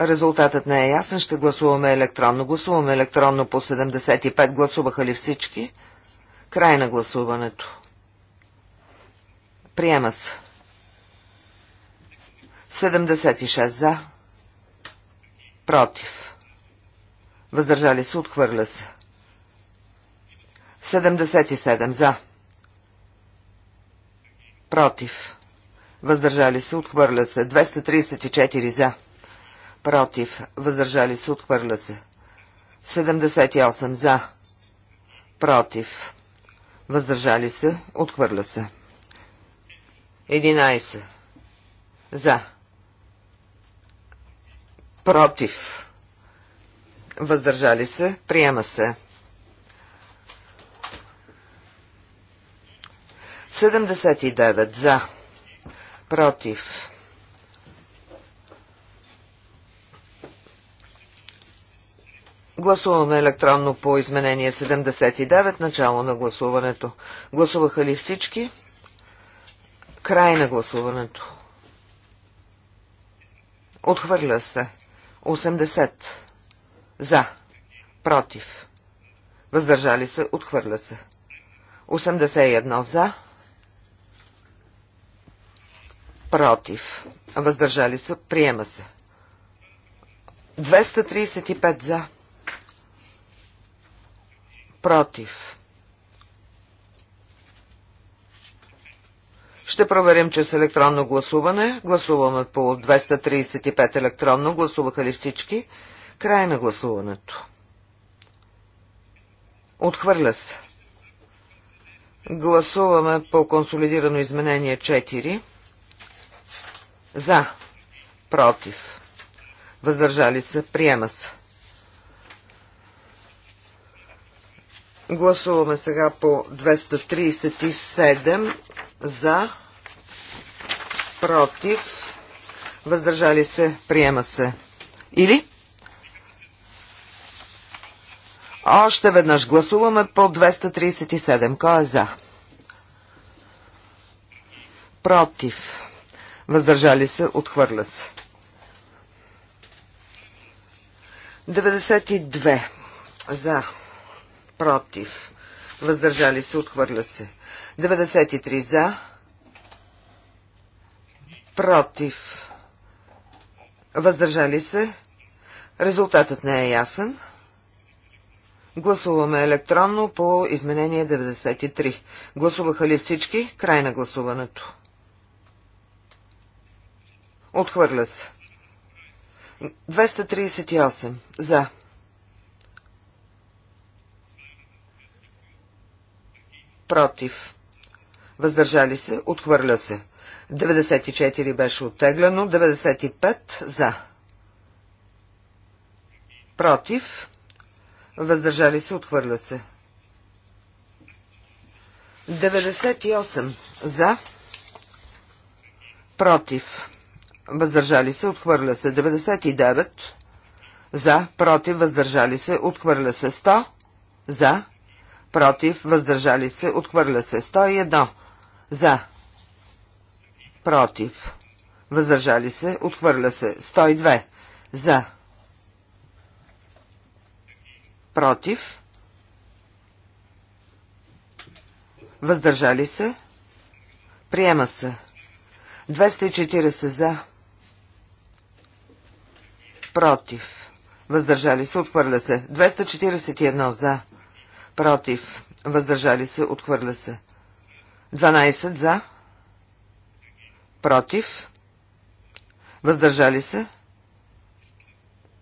Резултатът не е ясен. Ще гласуваме електронно. Гласуваме електронно по 75. Гласуваха ли всички? Край на гласуването. Приема се. 76 за. Против. Въздържали се, отхвърля се. 77 за. Против въздържали се, отхвърля се. 234 за, против, въздържали се, отхвърля се. 78 за, против, въздържали се, отхвърля се. 11 за, против, въздържали се, приема се. 79 за, против. Гласуваме електронно по изменение 79, начало на гласуването. Гласуваха ли всички? Край на гласуването. Отхвърля се. 80. За. Против. Въздържали се. Отхвърля се. 81 за. против, въздържали се, приема се. 235 за, против. Ще проверим, че с електронно гласуване. Гласуваме по 235 електронно. Гласуваха ли всички? Край на гласуването. Отхвърля се. Гласуваме по консолидирано изменение 4. За. Против. Въздържали се. Приема се. Гласуваме сега по 237 за, против, въздържали се, приема се. Или? Още веднъж гласуваме по 237. Кой е за? Против въздържали се, отхвърля се. 92 за, против, въздържали се, отхвърля се. 93 за, против, въздържали се. Резултатът не е ясен. Гласуваме електронно по изменение 93. Гласуваха ли всички? Край на гласуването. Отхвърля се. 238. За. Против. Въздържали се. Отхвърля се. 94 беше оттеглено. 95. За. Против. Въздържали се. Отхвърля се. 98. За. Против въздържали се, отхвърля се. 99 за, против, въздържали се, отхвърля се. 100 за, против, въздържали се, отхвърля се. 101 за, против, въздържали се, отхвърля се. 102 за, против, въздържали се, приема се. 240 за, против, въздържали се, отхвърля се. 241 за, против, въздържали се, отхвърля се. 12 за, против, въздържали се.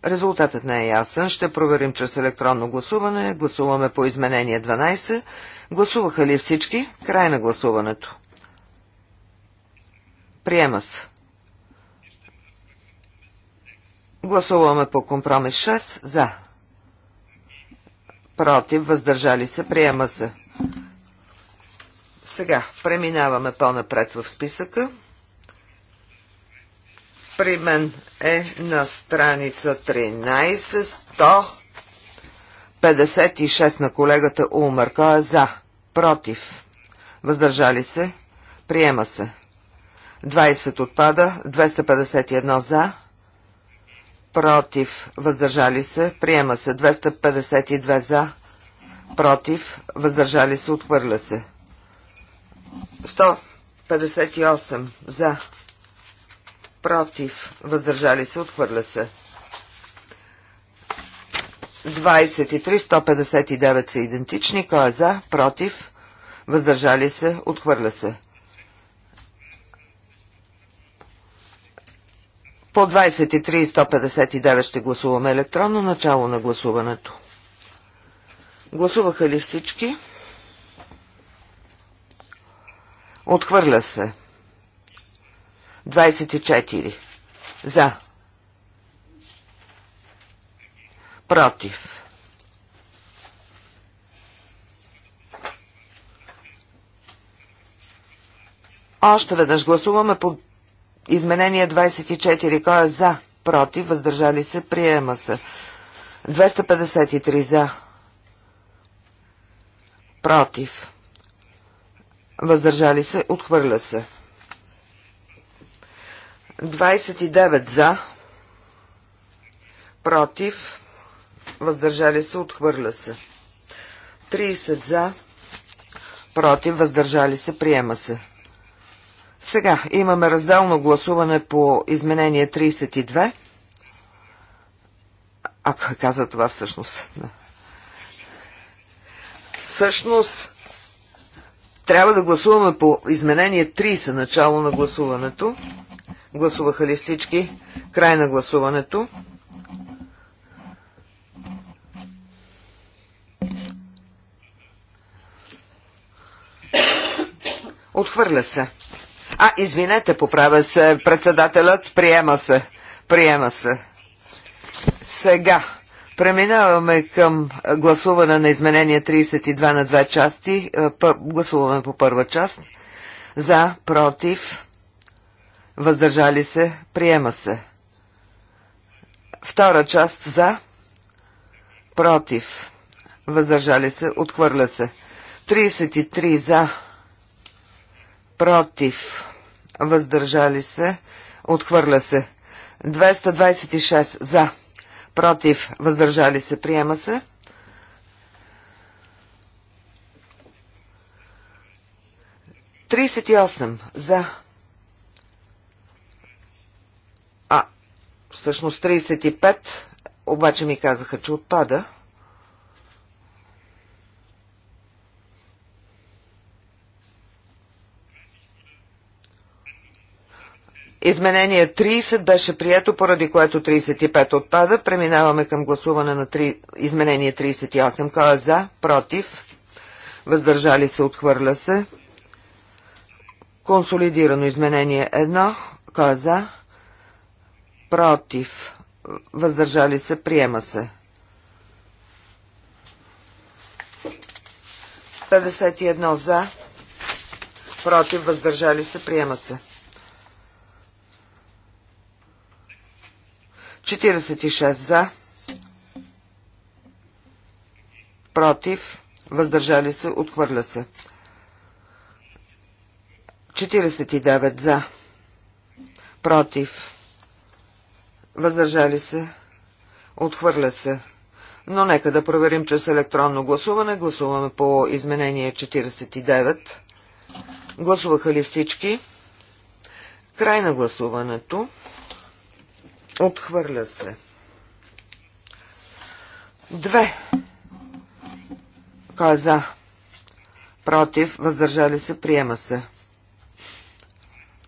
Резултатът не е ясен. Ще проверим чрез електронно гласуване. Гласуваме по изменение 12. Гласуваха ли всички? Край на гласуването. Приема се. Гласуваме по компромис 6 за. Против, въздържали се, приема се. Сега преминаваме по-напред в списъка. При мен е на страница 13 156 на колегата Умър. Кой е за? Против. Въздържали се? Приема се. 20 отпада, 251 за, против, въздържали се, приема се 252 за, против, въздържали се, отхвърля се. 158 за, против, въздържали се, отхвърля се. 23, 159 са идентични, кой е за, против, въздържали се, отхвърля се. По 23 и 159 ще гласуваме електронно начало на гласуването. Гласуваха ли всички? Отхвърля се. 24. За. Против. Още веднъж гласуваме по Изменение 24. Кой е за? Против. Въздържали се. Приема се. 253 за. Против. Въздържали се. Отхвърля се. 29 за. Против. Въздържали се. Отхвърля се. 30 за. Против. Въздържали се. Приема се. Сега имаме разделно гласуване по изменение 32. Ако каза това всъщност? Всъщност, трябва да гласуваме по изменение 30, начало на гласуването. Гласуваха ли всички? Край на гласуването. Отхвърля се. А, извинете, поправя се председателят. Приема се. Приема се. Сега. Преминаваме към гласуване на изменение 32 на две части. Е, гласуваме по първа част. За, против, въздържали се, приема се. Втора част за, против, въздържали се, отхвърля се. 33 за, против, въздържали се, отхвърля се. 226 за, против, въздържали се, приема се. Тридесет и осем за. А, всъщност 35, обаче ми казаха, че отпада. Изменение 30 беше прието, поради което 35 отпада. Преминаваме към гласуване на 3... изменение 38. Кой е за? Против? Въздържали се? Отхвърля се. Консолидирано изменение 1. Кой е за? Против? Въздържали се? Приема се. 51 за. Против? Въздържали се? Приема се. 46 за, против, въздържали се, отхвърля се. 49 за, против, въздържали се, отхвърля се. Но нека да проверим, че с електронно гласуване гласуваме по изменение 49. Гласуваха ли всички? Край на гласуването. Отхвърля се. Две. Кой е за? Против. Въздържали се. Приема се.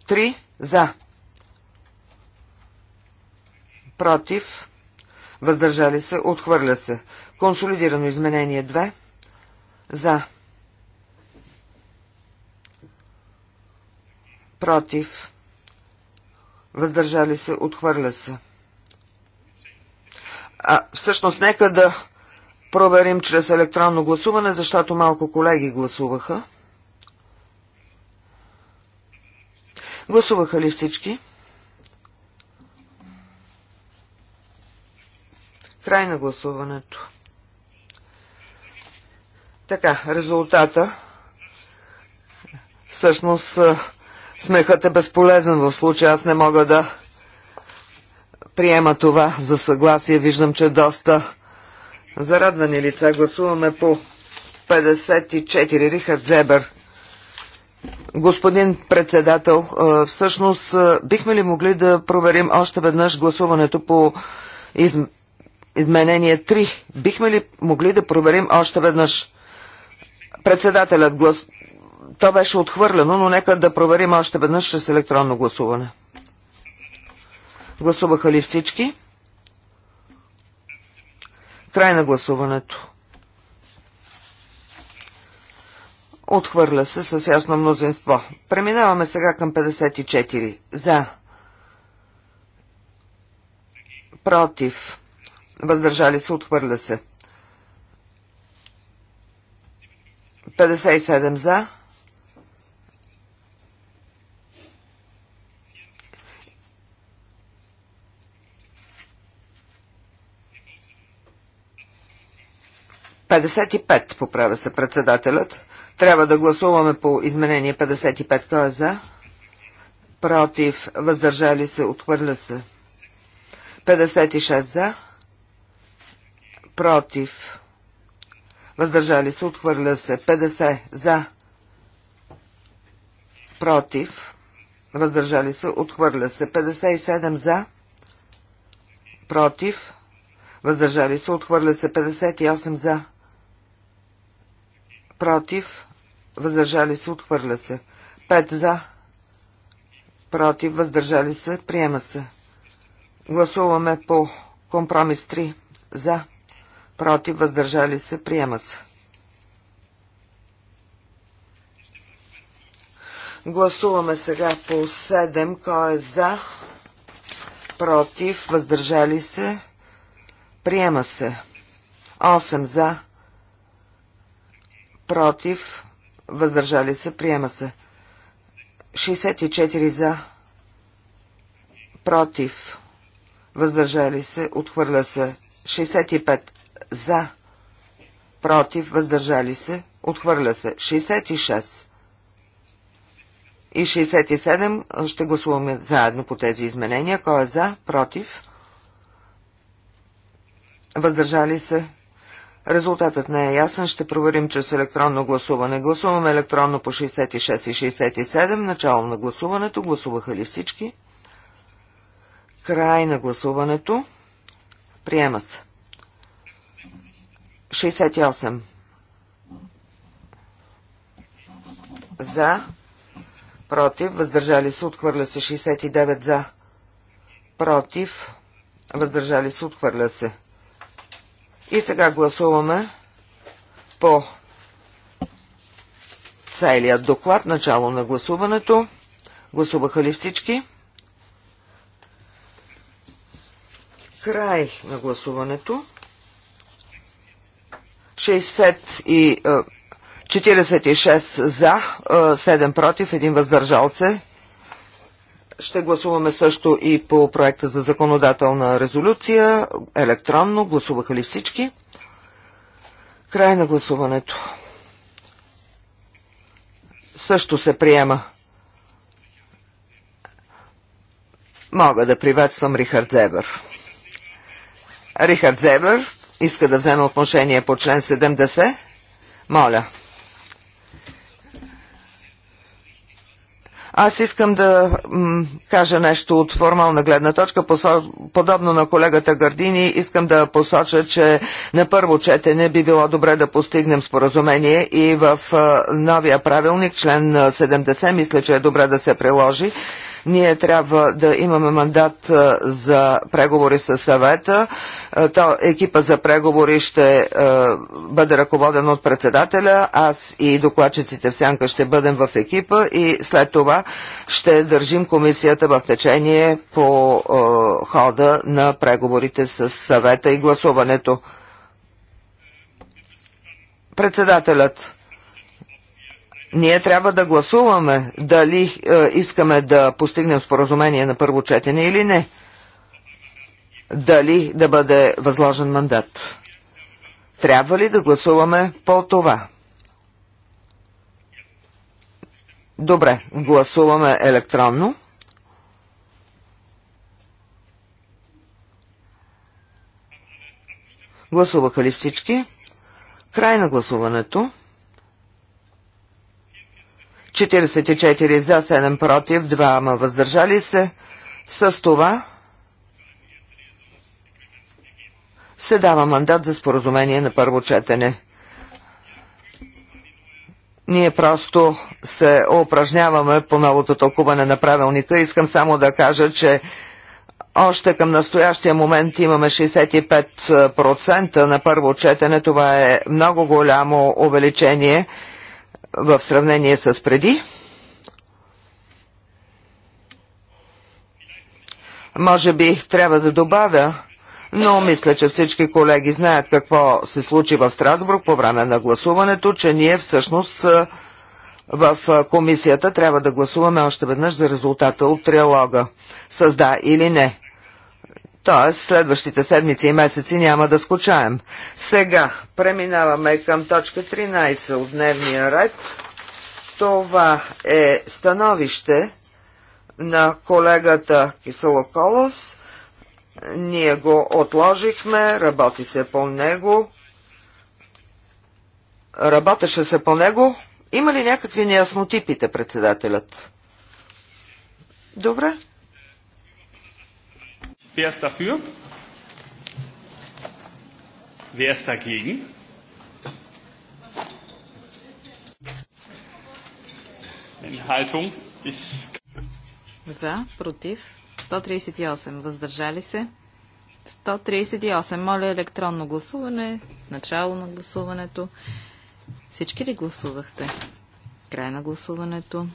Три. За. Против. Въздържали се. Отхвърля се. Консолидирано изменение Две. За. Против въздържали се, отхвърля се. А, всъщност, нека да проверим чрез електронно гласуване, защото малко колеги гласуваха. Гласуваха ли всички? Край на гласуването. Така, резултата всъщност Смехът е безполезен в случая. Аз не мога да приема това за съгласие. Виждам, че доста зарадвани лица. Гласуваме по 54. Рихард Зебер. Господин председател, всъщност бихме ли могли да проверим още веднъж гласуването по из... изменение 3? Бихме ли могли да проверим още веднъж? Председателят глас то беше отхвърлено, но нека да проверим още веднъж чрез електронно гласуване. Гласуваха ли всички? Край на гласуването. Отхвърля се с ясно мнозинство. Преминаваме сега към 54. За. Против. Въздържали се. Отхвърля се. 57 за. 55 поправя се председателят. Трябва да гласуваме по изменение 55. Кой е за? Против. Въздържали се. Отхвърля се. 56 за. Против. Въздържали се. Отхвърля се. 50 за. Против. Въздържали се. Отхвърля се. 57 за. Против. Въздържали се. Отхвърля се. 58 за против, въздържали се, отхвърля се. 5 за, против, въздържали се, приема се. Гласуваме по компромис 3 за, против, въздържали се, приема се. Гласуваме сега по 7, кой е за, против, въздържали се, приема се. 8 за, против, въздържали се, приема се. 64 за, против, въздържали се, отхвърля се. 65 за, против, въздържали се, отхвърля се. 66 и 67 ще гласуваме заедно по тези изменения. Кой е за, против, въздържали се, Резултатът не е ясен. Ще проверим чрез електронно гласуване. Гласуваме електронно по 66 и 67. Начало на гласуването. Гласуваха ли всички? Край на гласуването. Приема се. 68. За. Против. Въздържали се. Отхвърля се. 69 за. Против. Въздържали се. Отхвърля се. И сега гласуваме по целият доклад, начало на гласуването. Гласуваха ли всички? Край на гласуването. 60 и 46 е, за, 7 е, против, 1 въздържал се. Ще гласуваме също и по проекта за законодателна резолюция. Електронно гласуваха ли всички? Край на гласуването. Също се приема. Мога да приветствам Рихард Зебър. Рихард Зебър иска да вземе отношение по член 70. Моля. Аз искам да м, кажа нещо от формална гледна точка. Подобно на колегата Гардини, искам да посоча, че на първо четене би било добре да постигнем споразумение и в новия правилник, член 70, мисля, че е добре да се приложи. Ние трябва да имаме мандат за преговори с съвета е, Та екипа за преговори ще е, бъде ръководен от председателя. Аз и докладчиците в Сянка ще бъдем в екипа и след това ще държим комисията в течение по е, хода на преговорите с съвета и гласуването. Председателят ние трябва да гласуваме дали искаме да постигнем споразумение на първо четене или не дали да бъде възложен мандат. Трябва ли да гласуваме по това? Добре, гласуваме електронно. Гласуваха ли всички? Край на гласуването. 44 за, 7 против, 2 ама въздържали се. С това се дава мандат за споразумение на първо четене. Ние просто се упражняваме по новото тълкуване на правилника. Искам само да кажа, че още към настоящия момент имаме 65% на първо четене. Това е много голямо увеличение в сравнение с преди. Може би трябва да добавя, но мисля, че всички колеги знаят какво се случи в Страсбург по време на гласуването, че ние всъщност в комисията трябва да гласуваме още веднъж за резултата от триалога. С да или не. Тоест, следващите седмици и месеци няма да скучаем. Сега преминаваме към точка 13 от дневния ред. Това е становище на колегата Кисело Колос – ние го отложихме, работи се по него. Работеше се по него. Има ли някакви неясноти, пита председателят? Добре. Wer ist dafür? Wer ist dagegen? Enthaltung? Ich... За, против, 138. Въздържали се? 138. Моля електронно гласуване. Начало на гласуването. Всички ли гласувахте? Край на гласуването.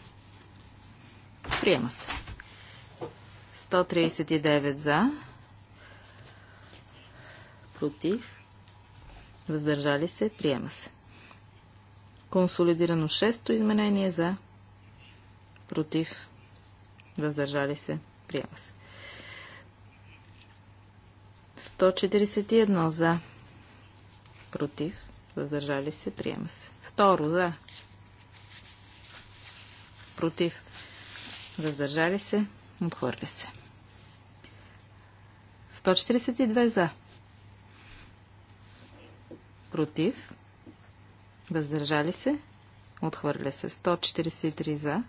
Приема се. 139 за. Против. Въздържали се. Приема се. Консолидирано 6 изменение за. Против. Въздържали се. Приема се. 141 за. Против. Въздържали се. Приема се. Второ за. Против. Въздържали се. Отхвърля се. 142 за. Против. Въздържали се. Отхвърля се. 143 за.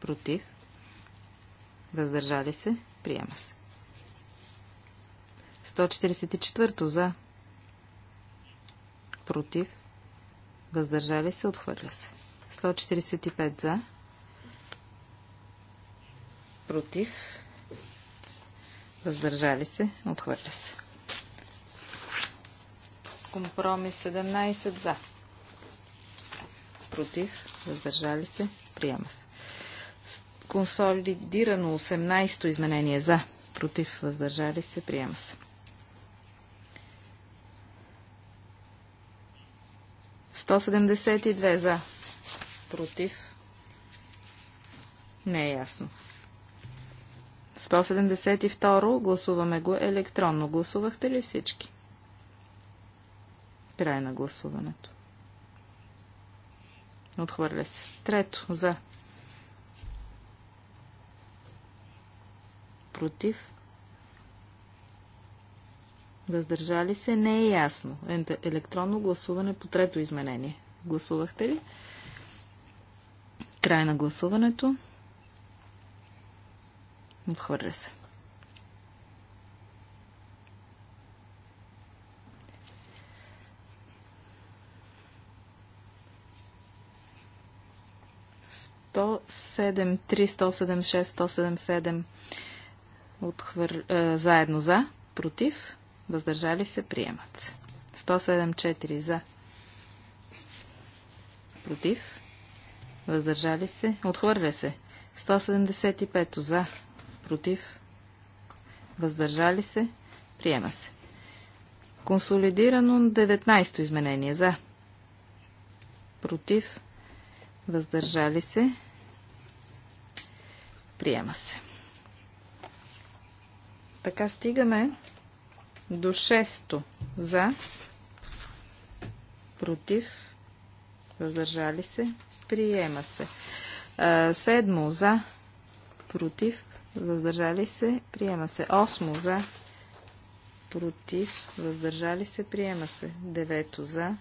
Против. Въздържали се. Приема се. 144 за. Против. Въздържали се. Отхвърля се. 145 за. Против. Въздържали се. Отхвърля се. Компромис 17 за. Против. Въздържали се. Приема се. Консолидирано 18-то изменение за. Против. Въздържали се. Приема се. 172 за. Против. Не е ясно. 172. Гласуваме го електронно. Гласувахте ли всички? Край на гласуването. Отхвърля се. Трето. За. против, въздържали се, не е ясно. Електронно гласуване по трето изменение. Гласувахте ли? Край на гласуването. Отхвърля се. Сто седем, три, сто седем, шест, сто седем, седем. Отхвър... Е, заедно за, против, въздържали се, приемат се. 174 за, против, въздържали се, отхвърля се. 175 за, против, въздържали се, приема се. Консолидирано 19 изменение за, против, въздържали се, приема се. Така стигаме до 6 за, против, въздържали се, приема се. Седмо за, против, въздържали се, приема се. Осмо за, против, въздържали се, приема се. Девето за,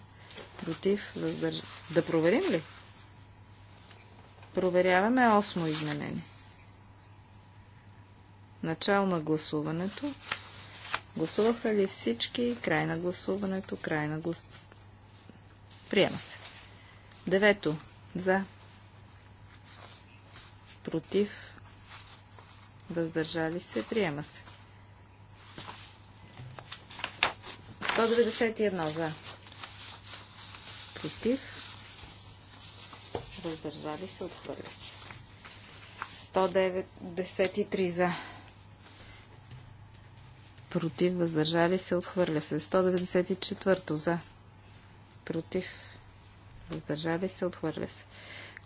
против, въздържали Да проверим ли? Проверяваме осмо изменение. Начало на гласуването. Гласуваха ли всички? Край на гласуването. Край на глас... Приема се. Девето. За. Против. Въздържали се. Приема се. 191 за. Против. Въздържали се. Отхвърля се. 193 за против, въздържали се, отхвърля се. 194 за, против, въздържали се, отхвърля се.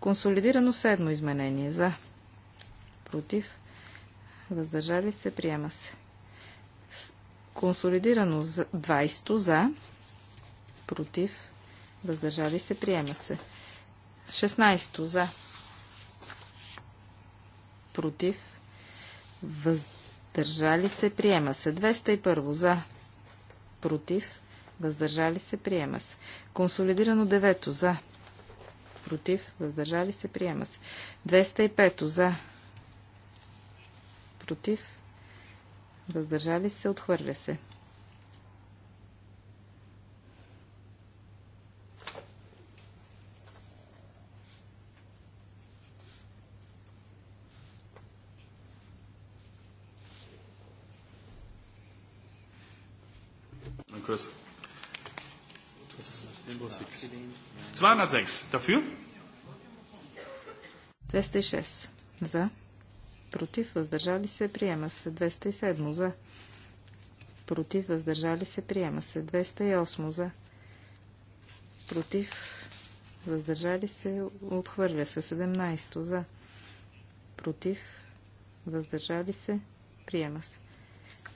Консолидирано седмо изменение за, против, въздържали се, приема се. Консолидирано 20 за, против, въздържали се, приема се. 16 за, против, въздържали въздържали се, приема се. 201 за, против, въздържали се, приема се. Консолидирано 9 за, против, въздържали се, приема се. 205 за, против, въздържали се, отхвърля се. 206. Dafür? 206. За. Против. Въздържали се. Приема се. 207. За. Против. Въздържали се. Приема се. 208. За. Против. Въздържали се. Отхвърля се. 17. За. Против. Въздържали се. Приема се.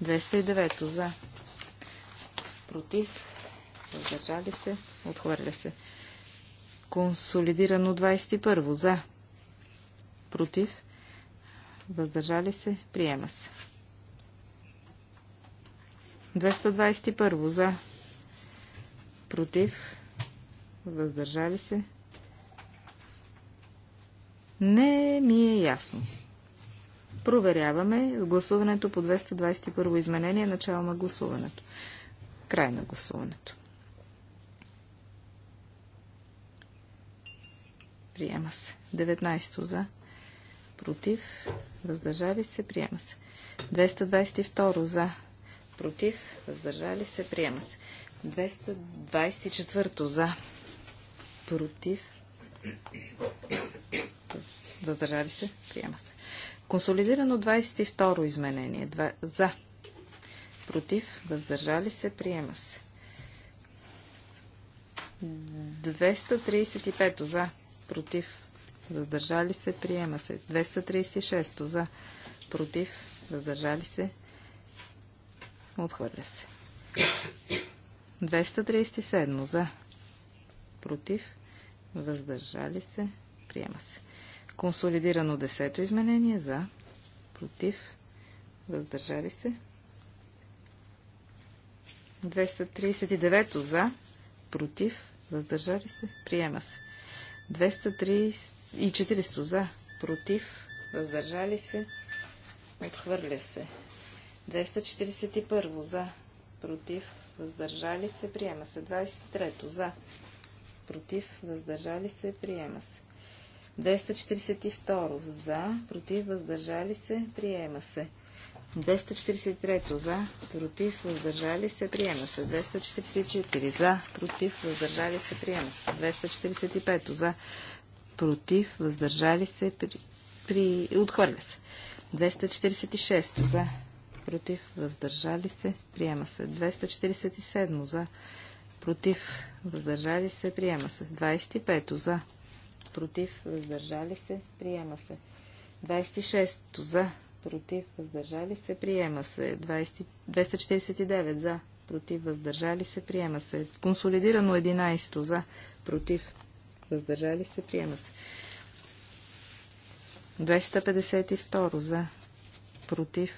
209. За. Против. Въздържали се. Отхвърля се. Консолидирано 21 за. Против. Въздържали се. Приема се. 221 за. Против. Въздържали се. Не ми е ясно. Проверяваме гласуването по 221 изменение, начало на гласуването. Край на гласуването. Приема се. 19 за. Против. Въздържали се. Приема се. 222 за. Против. Въздържали се. Приема се. 224 за. Против. Въздържали се. Приема се. Консолидирано 22 изменение. 2, за. Против. Въздържали се. Приема се. 235 за против, въздържали се, приема се. 236 за, против, въздържали се, отхвърля се. 237 за, против, въздържали се, приема се. Консолидирано десето изменение за, против, въздържали се. 239 за, против, въздържали се, приема се. 240 за, против, въздържали се, отхвърля се. 241 за, против, въздържали се, приема се. 23 за, против, въздържали се, приема се. 242 за, против, въздържали се, приема се. 243 за, против, въздържали се, приема се. 244 за, против, въздържали се, приема се. 245 за, против, въздържали се, при... при... отхвърля се. 246 за, против, въздържали се, приема се. 247 за, против, въздържали се, приема се. 25 за, против, въздържали се, приема се. 26 за, против, въздържали се, приема се. 20, 249 за, против, въздържали се, приема се. Консолидирано 11 за, против, въздържали се, приема се. 252 за, против,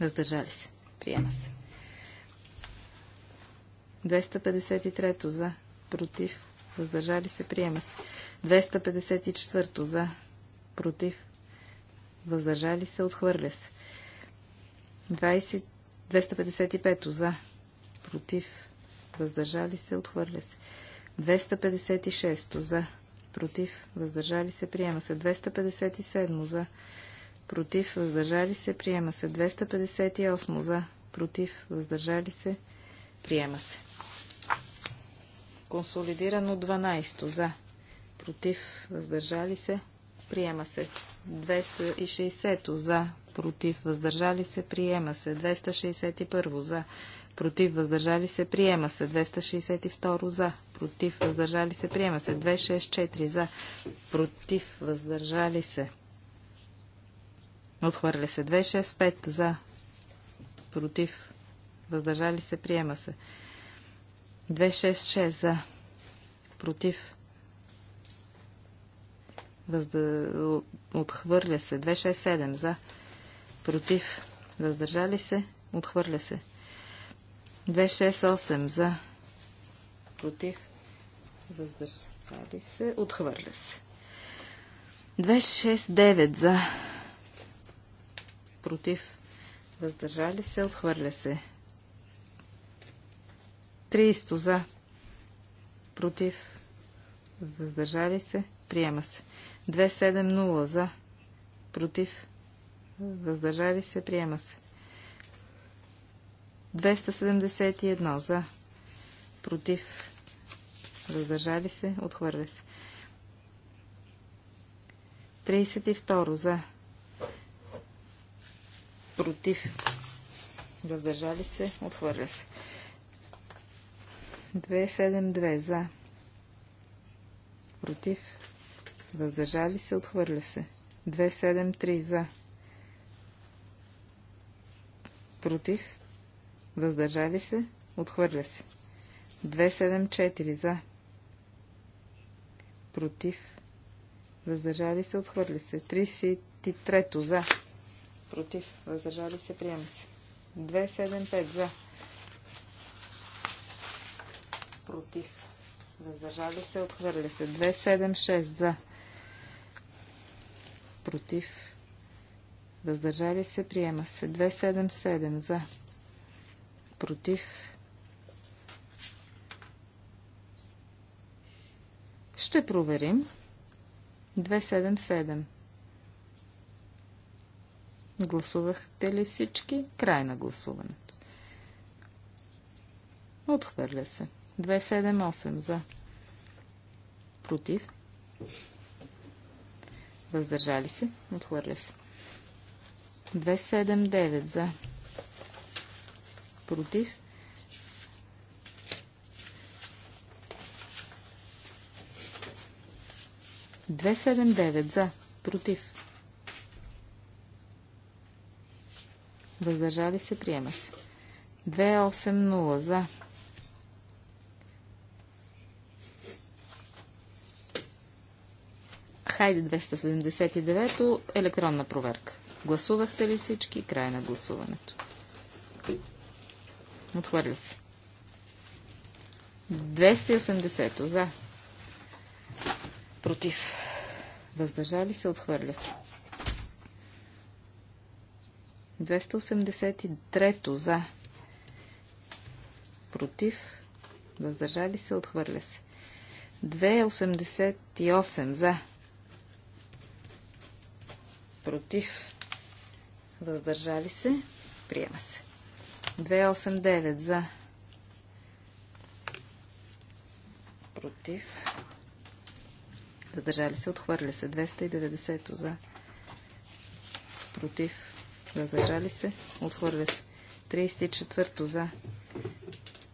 въздържали се, приема се. 253 за, против, въздържали се, приема се. 254 за, против, въздържали се, отхвърля се. 20, 255 за, против, въздържали се, отхвърля се. 256 за, против, въздържали се, приема се. 257 за, против, въздържали се, приема се. 258 за, против, въздържали се, приема се. Консолидирано 12 за. Против. Въздържали се. Приема се. 260 за. Против. Въздържали се. Приема се. 261 за. Против. Въздържали се. Приема се. 262 за. Против. Въздържали се. Приема се. 264 за. Против. Въздържали се. Отхвърля се. 265 за. Против. Въздържали се. Приема се. 266 за. Против. Възда... Отхвърля се. 267 за. Против. Въздържали се. Отхвърля се. 268 за. Против. Въздържали се. Отхвърля се. 269 за. Против. Въздържали се. Отхвърля се. 30 за. Против. Въздържали се. Приема се. 270 за. Против. Въздържали се. Приема се. 271 за. Против. Въздържали се. Отхвърля се. 32 за. Против. Въздържали се. Отхвърля се. 272 за. Против. Въздържали се. Отхвърля се. 273 за. Против. Въздържали се. Отхвърля се. 274 за. Против. Въздържали се. Отхвърля се. 33 за. Против. Въздържали се. Приема се. 275 за против, въздържали се, отхвърля се. 276 за, против, въздържали се, приема се. 277 за, против, ще проверим. 277. Гласувахте ли всички? Край на гласуването. Отхвърля се. 278 за. Против. Въздържали се. Отхвърля се. 279 за. Против. Две седем девет за. Против. Въздържали се. Приема се. Две нула за. Хайде 279 то електронна проверка. Гласувахте ли всички? Край на гласуването. Отхвърля се. 280 за. Против. Въздържали се, отхвърля се. 283 за. Против. Въздържали се, отхвърля се. 288 за против, въздържали се, приема се. 289 за, против, въздържали се, отхвърля се. 290 за, против, въздържали се, отхвърля се. 34 за,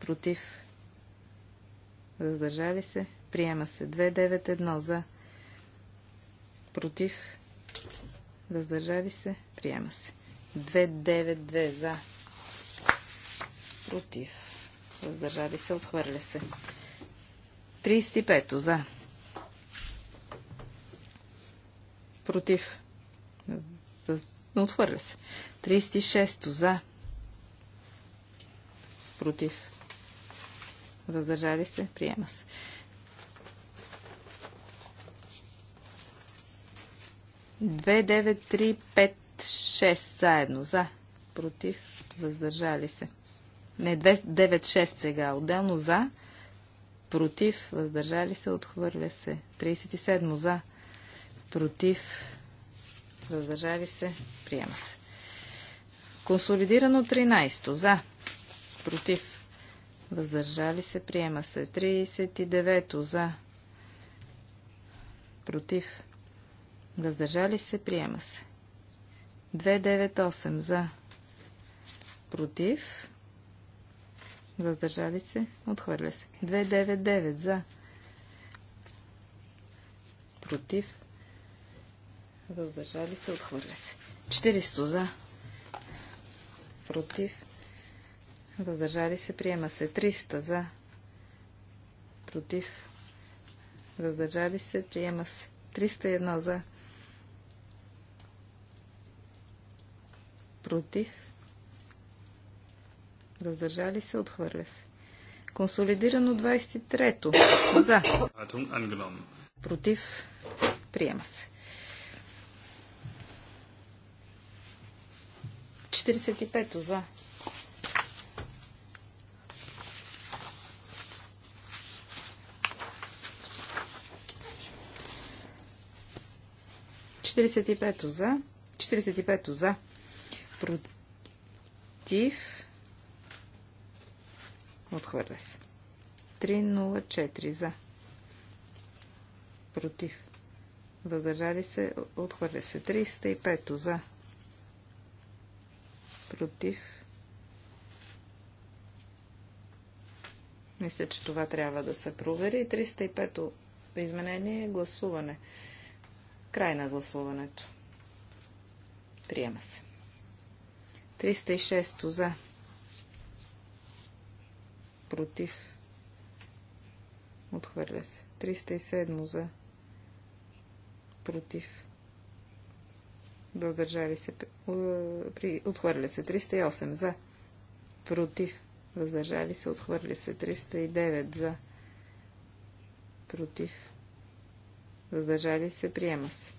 против, въздържали се, приема се. 291 за, против, Въздържали се. Приема се. 29-2 за. Против. Въздържали се. Отхвърля се. 35 за. Против. Отхвърля се. 36 за. Против. Въздържали се. Приема се. 6 заедно. За. Против. Въздържали се. Не, 9-6 сега. Отделно за. Против. Въздържали се. Отхвърля се. 37 за. Против. Въздържали се. Приема се. Консолидирано 13 за. Против. Въздържали се. Приема се. 39 за. Против Въздържали се, приема се. 298 за. Против. Въздържали се, отхвърля се. 299 за. Против. Въздържали се, отхвърля се. 400 за. Против. Въздържали се, приема се. 300 за. Против. Въздържали се, приема се. 301 за. против, въздържали се, отхвърля се. Консолидирано 23-то. За. Против. Приема се. 45-то. За. Четиридесет и пето за. Четиридесет и пето за против, отхвърля се. 304 за, против, въздържали се, отхвърля се. 305 за, против, Мисля, че това трябва да се провери. 305 изменение е гласуване. Край на гласуването. Приема се. 306 за. Против. Отхвърля се. 307 за. Против. Въздържали се. Отхвърля се. 308 за. Против. Въздържали се. Отхвърля се. 309 за. Против. Въздържали се. Приема се.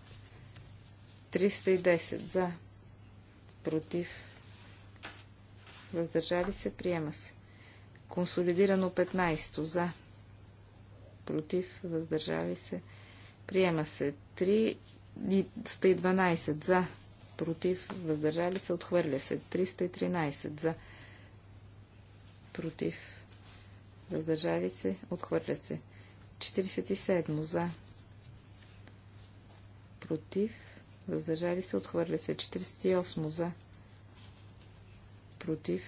310 за. Против въздържали се, приема се. Консолидирано 15 за, против, въздържали се, приема се. 312 за, против, въздържали се, отхвърля се. 313 за, против, въздържали се, отхвърля се. 47 за, против, въздържали се, отхвърля се. 48 за, против,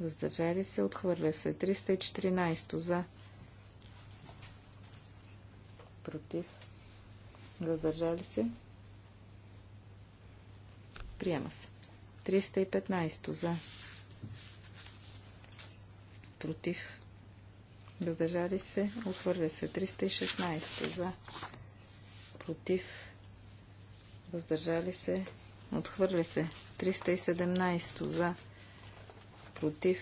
въздържали се, отхвърля се. 314 за, против, въздържали се, приема се. 315 за, против, въздържали се, отхвърля се. 316 за, против, въздържали се, Отхвърля се. 317 за. Против.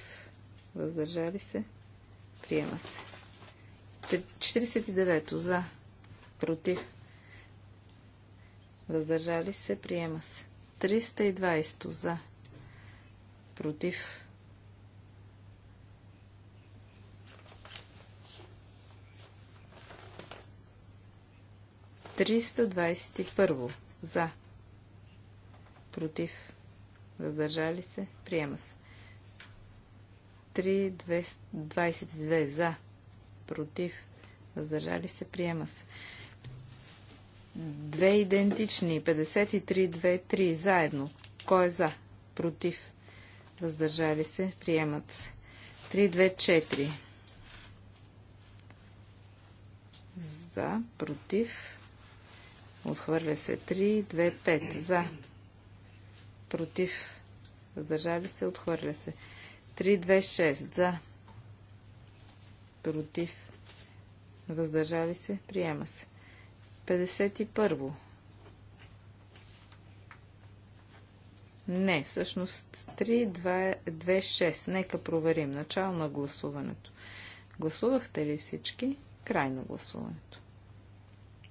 Въздържали се. Приема се. 49 за. Против. Въздържали се. Приема се. 320 за. Против. Триста двадесет и първо за против, въздържали се, приема се. 3, 22 за, против, въздържали се, приема се. Две идентични, 53-2-3 заедно. Кой е за? Против. Въздържали се, приемат се. 3-2-4. За, против. Отхвърля се 3-2-5. За, против, въздържали се, отхвърля се. 326 за, против, въздържали се, приема се. 51. Не, всъщност 326. Нека проверим. Начало на гласуването. Гласувахте ли всички? Край на гласуването.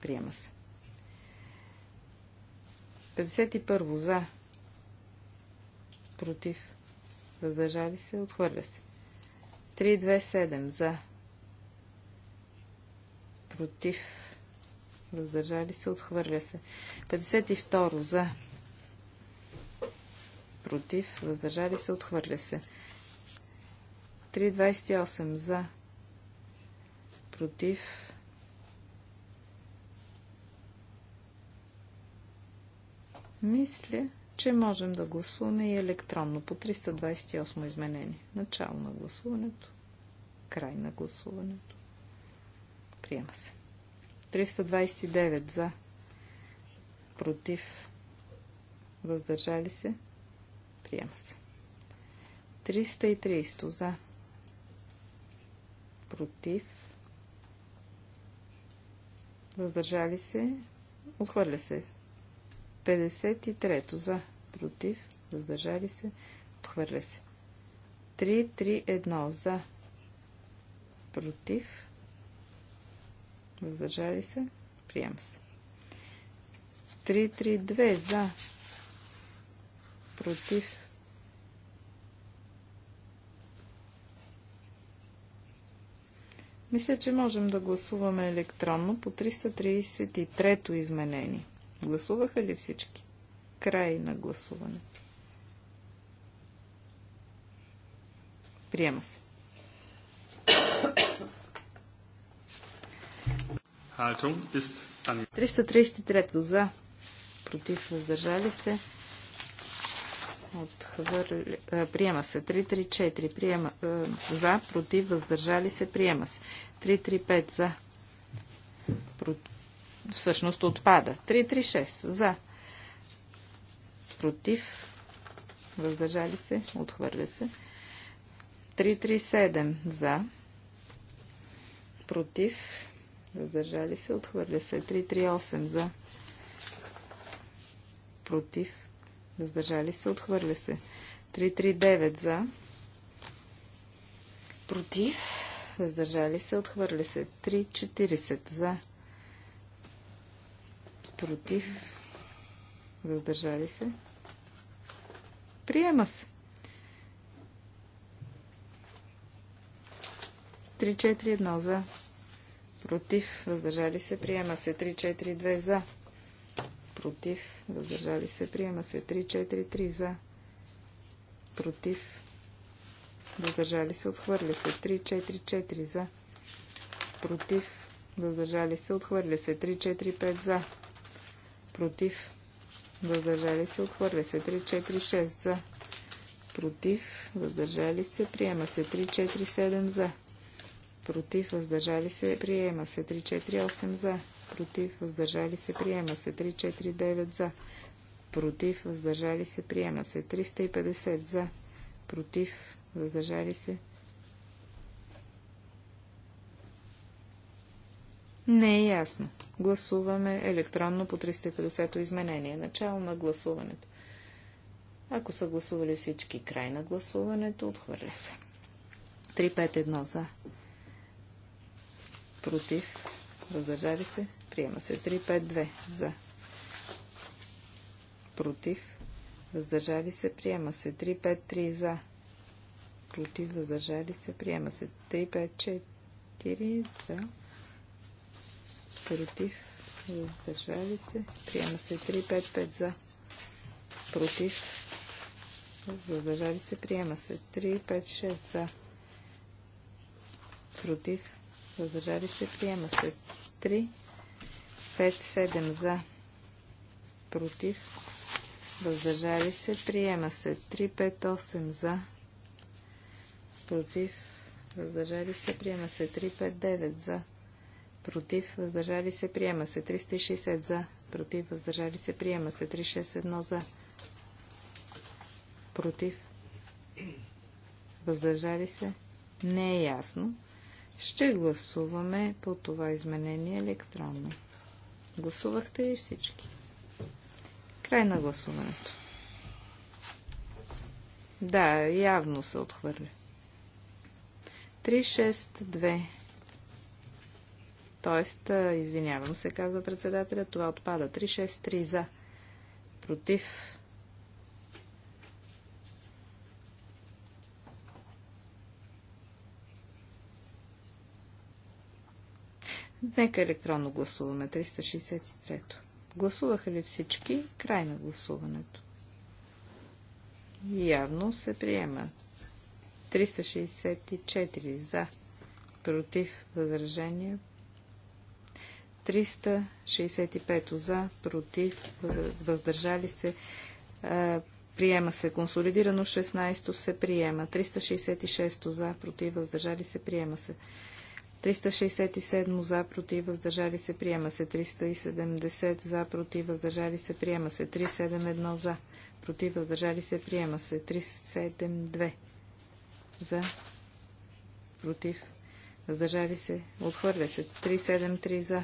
Приема се. 51 за, против, въздържали се, отхвърля се. 327 за, против, въздържали се, отхвърля се. 52 за, против, въздържали се, отхвърля се. 328 за, против, мисля, че можем да гласуваме и електронно по 328 изменение. Начало на гласуването, край на гласуването. Приема се. 329 за, против, въздържали се, приема се. 330 за, против, въздържали се, отхвърля се. 53 за, против, въздържали се, отхвърля се. 3-3-1 за, против, въздържали се, приема се. 3-3-2 за, против, Мисля, че можем да гласуваме електронно по 333-то изменение. Гласуваха ли всички? Край на гласуването. Приема се. Haltung ist 333 за, против, въздържали се. Отхвърли, приема се. 334 приема, за, против, въздържали се, приема се. 335 за. Про, всъщност отпада. 336 за, против, въздържали се, отхвърля се. 337 за, против, въздържали се, отхвърля се. 338 за, против, въздържали се, отхвърля се. 339 за, против, въздържали се, отхвърля се. 340 за, против, въздържали се, Приема се. 3-4-1 за. Против. Въздържали се. Приема се. 3-4-2 за. Против. Въздържали се. Приема се. 3-4-3 за. Против. Въздържали се. Отхвърля се. 3-4-4 за. Против. Въздържали се. Отхвърля се. 3-4-5 за. Против въздържали се, отхвърля се. 3-4-6 за, против, въздържали се, приема се. 3-4-7 за, против, въздържали се, приема се. 3-4-8 за, против, въздържали се, приема се. 3-4-9 за, против, въздържали се, приема се. 350 за, против, въздържали се, Не е ясно. Гласуваме електронно по 350-то изменение. Начало на гласуването. Ако са гласували всички край на гласуването, отхвърля се. 35-1 за. Против. Въздържали се. Приема се. 352 за. Против. Въздържали се. Приема се. 353 за. Против. Въздържали се. Приема се. 354 за против, въздържалите. Приема се 355 за, против, въздържали се. Приема се 356 за, против, въздържали се. Приема се 357 за, против, въздържали се. Приема се 358 за, против, въздържали се. Приема се 359 за, против, против, въздържали се, приема се. 360 за, против, въздържали се, приема се. 361 за, против, въздържали се, не е ясно. Ще гласуваме по това изменение електронно. Гласувахте и всички. Край на гласуването. Да, явно се отхвърля. 362 Тоест, извинявам се, казва председателя, това отпада. 363 за. Против. Нека електронно гласуваме. 363-то. Гласуваха ли всички? Край на гласуването. Явно се приема. 364 за. Против. Възражение. 365 за, против, въздържали се, приема се. Консолидирано 16 се приема. 366 за, против, въздържали се, приема се. 367 за, против, въздържали се, приема се. 370 за, против, въздържали се, приема се. 371 за, против, въздържали се, приема се. 372 за, против, въздържали се, отхвърля се. 373 за,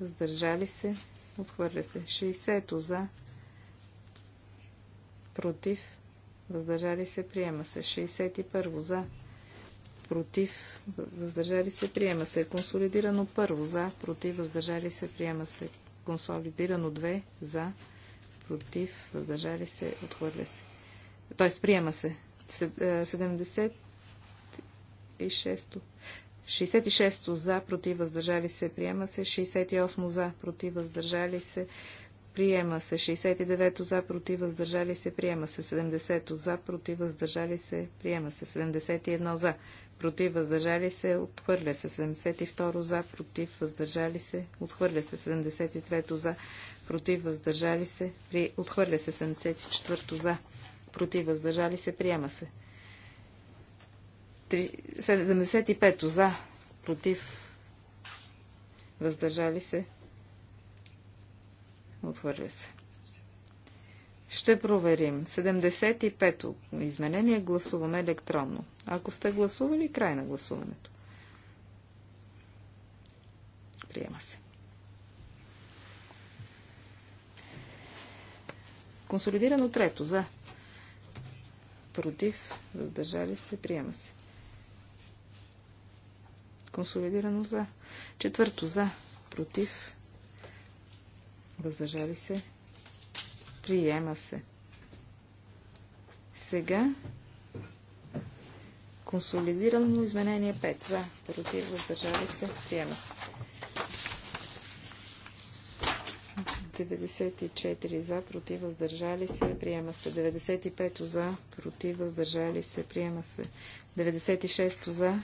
въздържали се, отхвърля се. 60 за, против, въздържали се, приема се. 61 за, против, въздържали се, приема се. Консолидирано първо за, против, въздържали се, приема се. Консолидирано 2 за, против, въздържали се, отхвърля се. Тоест, приема се. 76 е, 66 за, против, въздържали се, приема се. 68 за, против, въздържали се, приема се. 69 за, против, въздържали се, приема се. 70 за, против, въздържали се, приема се. 71 за, против, въздържали се, отхвърля се. 72 за, против, въздържали се, отхвърля се. 73 за, против, въздържали се, отхвърля се. 74 за, против, въздържали се, приема се. 75 за, против, въздържали се, отхвърля се. Ще проверим. 75-то изменение гласуваме електронно. Ако сте гласували, край на гласуването. Приема се. Консолидирано трето за. Против, въздържали се, приема се. Консолидирано за. Четвърто за. Против. Въздържали се. Приема се. Сега консолидирано изменение 5 за. Против. Въздържали се. Приема се. 94 за, против, въздържали се, приема се. 95 за, против, въздържали се, приема се. 96 за,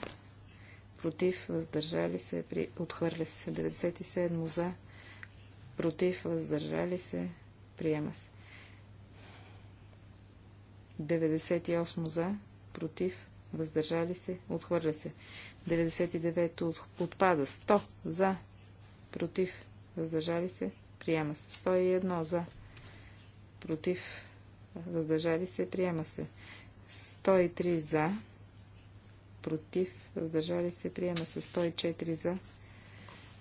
против, въздържали се, при... отхвърля се. 97 за, против, въздържали се, приема се. 98 за, против, въздържали се, отхвърля се. 99 от... отпада. 100 за, против, въздържали се, приема се. 101 за, против, въздържали се, приема се. 103 за, против, въздържали се, приема се 104 за,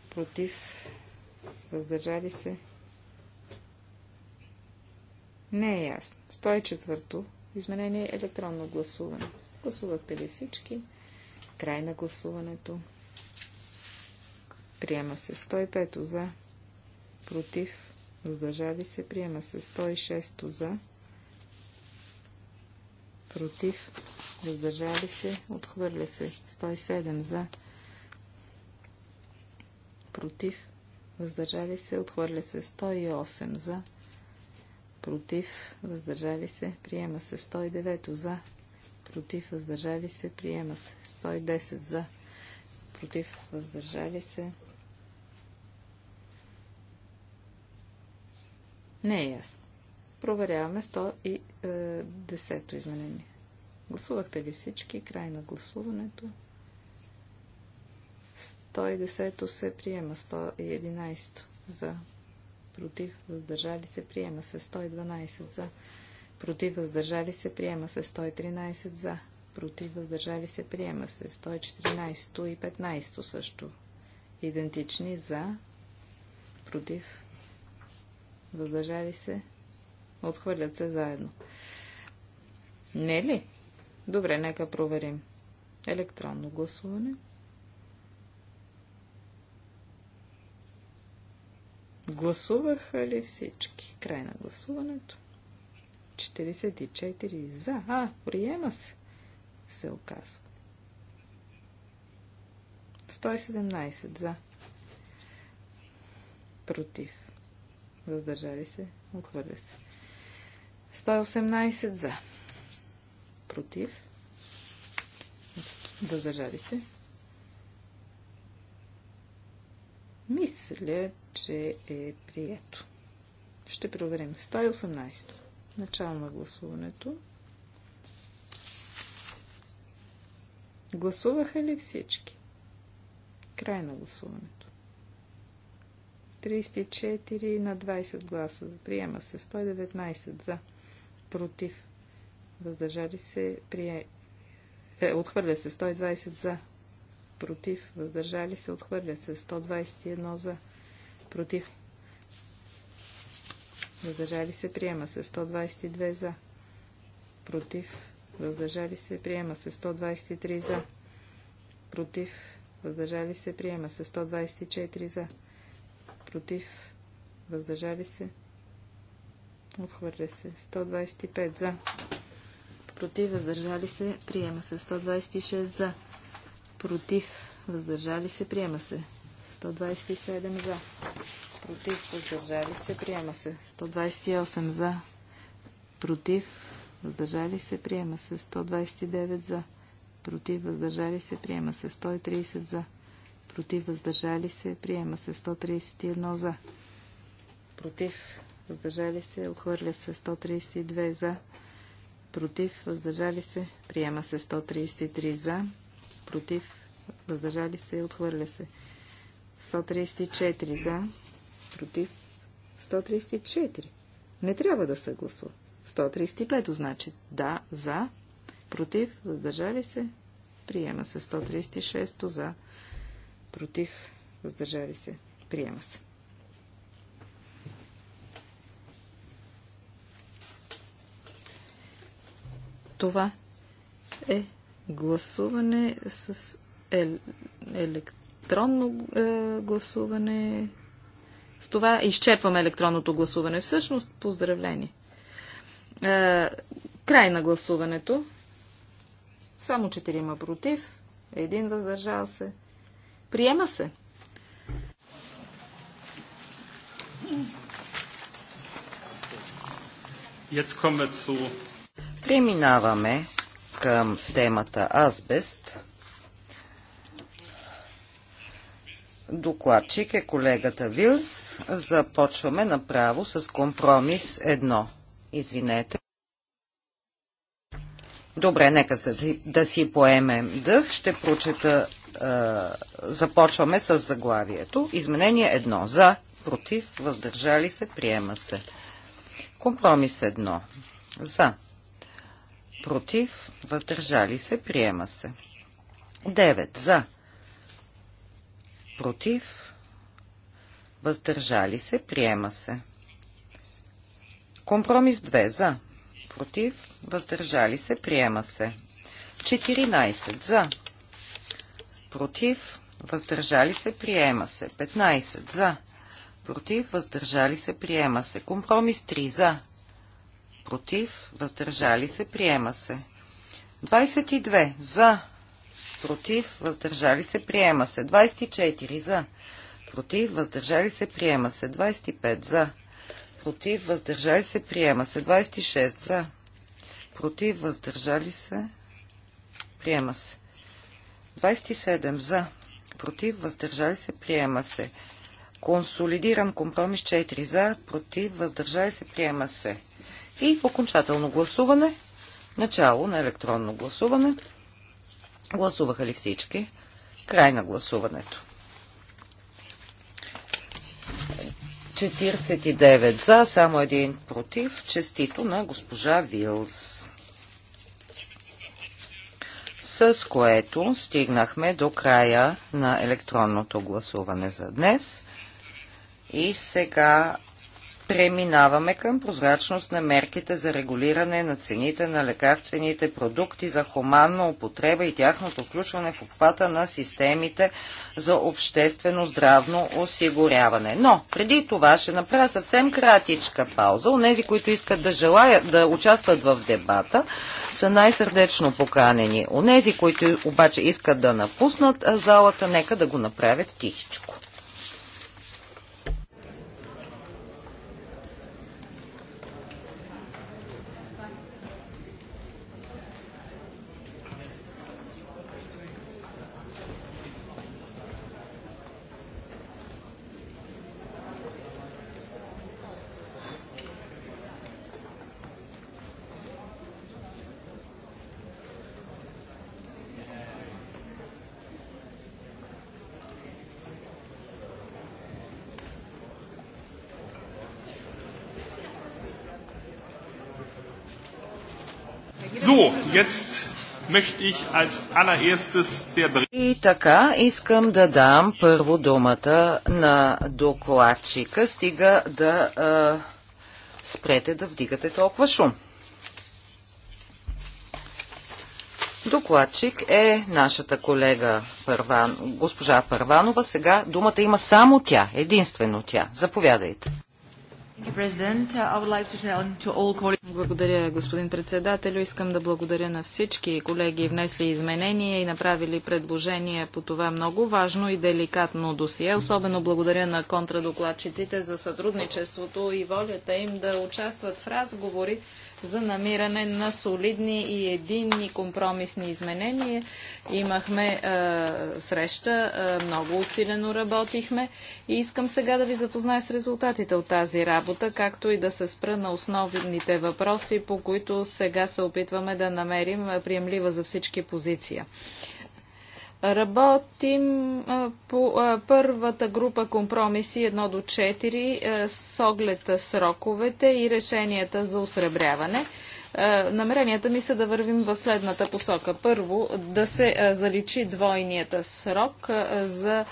против, въздържали се. Не е ясно. 104-то изменение е електронно гласуване. Гласувахте ли всички? Край на гласуването. Приема се 105 за, против, въздържали се, приема се 106 за, против, въздържали се, отхвърля се. 107 за, против, въздържали се, отхвърля се. 108 за, против, въздържали се, приема се. 109 за, против, въздържали се, приема се. 110 за, против, въздържали се. Не е ясно. Проверяваме 110 е, изменение. Гласувахте ли всички? Край на гласуването. 110 се приема, 111 за, против, въздържали се, приема се, 112 за, против, въздържали се, приема се, 113 за, против, въздържали се, приема се, 114 и 15 също. Идентични за, против, въздържали се, отхвърлят се заедно. Не е ли? Добре, нека проверим. Електронно гласуване. Гласуваха ли всички? Край на гласуването. 44 за. А, приема се. Се оказва. 117 за. Против. Въздържали се. Отхвърля се. 118 за против, въздържали се. Мисля, че е прието. Ще проверим. 118. Начало на гласуването. Гласуваха ли всички? Край на гласуването. 34 на 20 гласа. Приема се. 119 за. Против въздържали се, при... е, отхвърля се 120 за, против, въздържали се, отхвърля се 121 за, против, въздържали се, приема се 122 за, против, въздържали се, приема се 123 за, против, въздържали се, приема се 124 за, против, въздържали се, отхвърля се 125 за, против, въздържали се, приема се. 126 за, против, въздържали се, приема се. 127 за, против, въздържали се, приема се. 128 за, против, въздържали се, приема се. 129 за, против, въздържали се, приема се. 130 за, против, въздържали се, приема се. 131 за, против, въздържали се, отхвърля се. 132 за, против, въздържали се, приема се 133 за, против, въздържали се, отхвърля се. 134 за, против, 134. Не трябва да се гласува. 135 значи да, за, против, въздържали се, приема се 136 за, против, въздържали се, приема се. Това е гласуване с ел... електронно е, гласуване. С това изчерпваме електронното гласуване. Всъщност, поздравление. Е, край на гласуването. Само 4 против, един въздържал се. Приема се. Jetzt kommen wir zu Преминаваме към темата Азбест. Докладчик е колегата Вилс. Започваме направо с компромис 1. Извинете. Добре, нека да си поемем дъх. Ще прочета. започваме с заглавието. Изменение 1. За, против, въздържали се, приема се. Компромис 1. За, против, въздържали се, приема се. 9 за, против, въздържали се, приема се. Компромис 2 за, против, въздържали се, приема се. 14 за, против, въздържали се, приема се. 15 за, против, въздържали се, приема се. Компромис 3 за, против, въздържали се, приема се. 22 за, против, въздържали се, приема се. 24 за, против, въздържали се, приема се. 25 за, против, въздържали се, приема се. 26 за, против, въздържали се, приема се. 27 за, против, въздържали се, приема се. Консолидиран компромис 4 за, против, въздържали се, приема се. И окончателно гласуване. Начало на електронно гласуване. Гласуваха ли всички? Край на гласуването. 49 за, само един против. Честито на госпожа Вилс. С което стигнахме до края на електронното гласуване за днес. И сега преминаваме към прозрачност на мерките за регулиране на цените на лекарствените продукти за хуманна употреба и тяхното включване в обхвата на системите за обществено здравно осигуряване. Но преди това ще направя съвсем кратичка пауза. Онези, които искат да желаят да участват в дебата, са най-сърдечно поканени. Онези, които обаче искат да напуснат залата, нека да го направят тихичко. Jetzt и така искам да дам първо думата на докладчика, стига да а, спрете да вдигате толкова шум. Докладчик е нашата колега Първан, госпожа Първанова. Сега думата има само тя, единствено тя. Заповядайте. Uh, благодаря, господин председател, Искам да благодаря на всички колеги, внесли изменения и направили предложения по това много важно и деликатно досие. Особено благодаря на контрадокладчиците за сътрудничеството и волята им да участват в разговори за намиране на солидни и единни компромисни изменения. Имахме е, среща, е, много усилено работихме и искам сега да ви запозная с резултатите от тази работа, както и да се спра на основните въпроси, по които сега се опитваме да намерим е, приемлива за всички позиция. Работим по първата група компромиси 1 до 4 с оглед сроковете и решенията за осребряване. Намеренията ми са да вървим в следната посока. Първо, да се заличи двойният срок за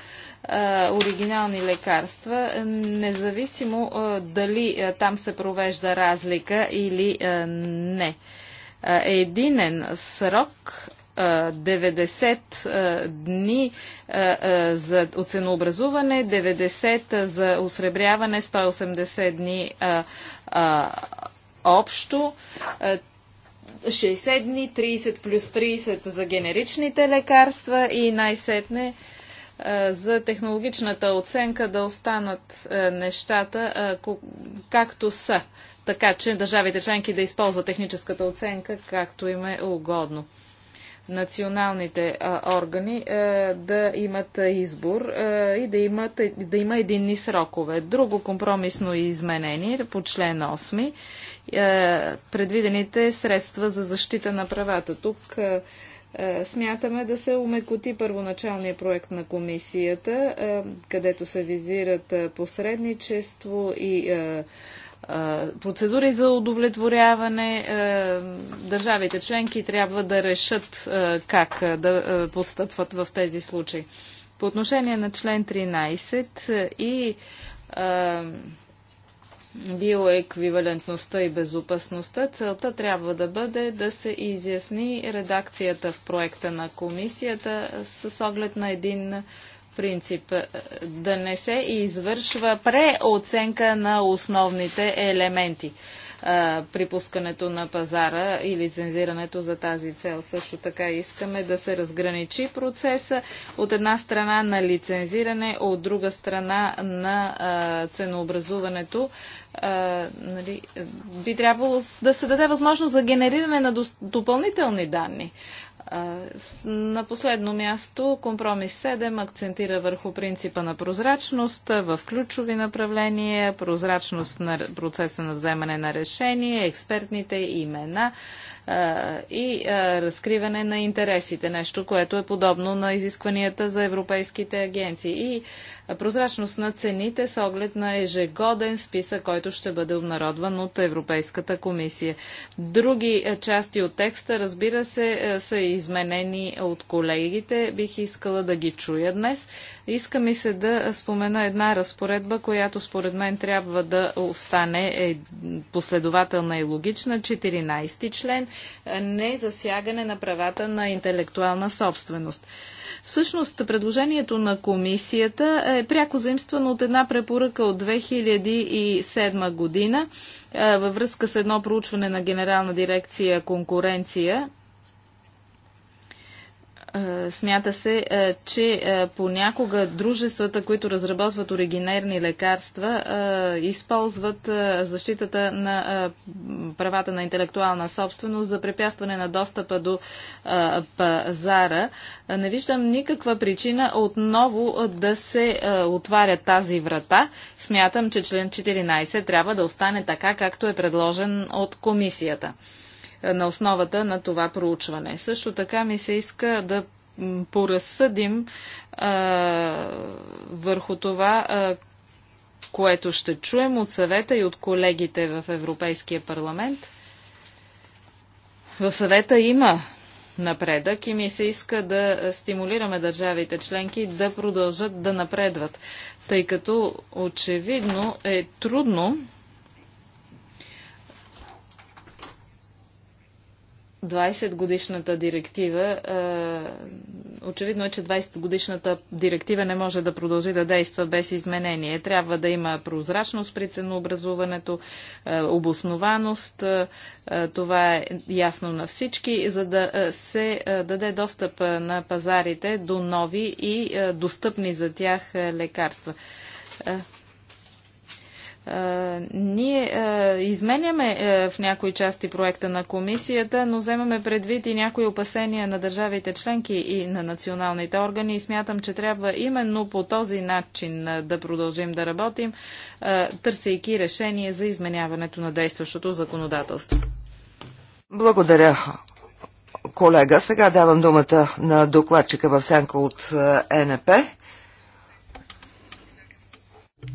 оригинални лекарства, независимо дали там се провежда разлика или не единен срок 90 дни за оценообразуване, 90 за усребряване, 180 дни общо. 60 дни, 30 плюс 30 за генеричните лекарства и най-сетне за технологичната оценка да останат нещата както са, така че държавите членки да използват техническата оценка както им е угодно националните а, органи а, е, да имат избор а, е, и да, имат, да има единни срокове. Друго компромисно изменение по член 8 е, предвидените средства за защита на правата. Тук смятаме да се умекоти първоначалния проект на комисията, където се визират посредничество и процедури за удовлетворяване. Държавите членки трябва да решат как да постъпват в тези случаи. По отношение на член 13 и биоеквивалентността и безопасността, целта трябва да бъде да се изясни редакцията в проекта на комисията с оглед на един принцип е, да не се извършва преоценка на основните елементи е, при пускането на пазара и лицензирането за тази цел. Също така искаме да се разграничи процеса от една страна на лицензиране, от друга страна на е, ценообразуването. Нали, би трябвало да се даде възможност за генериране на допълнителни данни. На последно място компромис 7 акцентира върху принципа на прозрачност в ключови направления, прозрачност на процеса на вземане на решение, експертните имена и разкриване на интересите, нещо, което е подобно на изискванията за европейските агенции. И прозрачност на цените с оглед на ежегоден списък, който ще бъде обнародван от Европейската комисия. Други е, части от текста, разбира се, е, са изменени от колегите. Бих искала да ги чуя днес. Иска ми се да спомена една разпоредба, която според мен трябва да остане е, последователна и логична. 14 член – не засягане на правата на интелектуална собственост. Всъщност, предложението на комисията е пряко заимствано от една препоръка от 2007 година е, във връзка с едно проучване на Генерална дирекция конкуренция е, смята се, е, че е, понякога дружествата, които разработват оригинерни лекарства, използват защитата на правата на интелектуална собственост за препятстване на достъпа до пазара. Не виждам никаква причина отново да се отваря тази врата. Смятам, че член 14 трябва да остане така, както е предложен от комисията на основата на това проучване. Също така ми се иска да поразсъдим а, върху това, а, което ще чуем от съвета и от колегите в Европейския парламент. В съвета има напредък и ми се иска да стимулираме държавите членки да продължат да напредват, тъй като очевидно е трудно 20-годишната директива, очевидно е, че 20-годишната директива не може да продължи да действа без изменение. Трябва да има прозрачност при ценообразуването, обоснованост. Това е ясно на всички, за да се даде достъп на пазарите до нови и достъпни за тях лекарства. Е, ние е, изменяме е, в някои части проекта на комисията, но вземаме предвид и някои опасения на държавите членки и на националните органи и смятам, че трябва именно по този начин да продължим да работим, търсейки решение за изменяването на действащото законодателство. Благодаря, колега. Сега давам думата на докладчика в сянка от НП.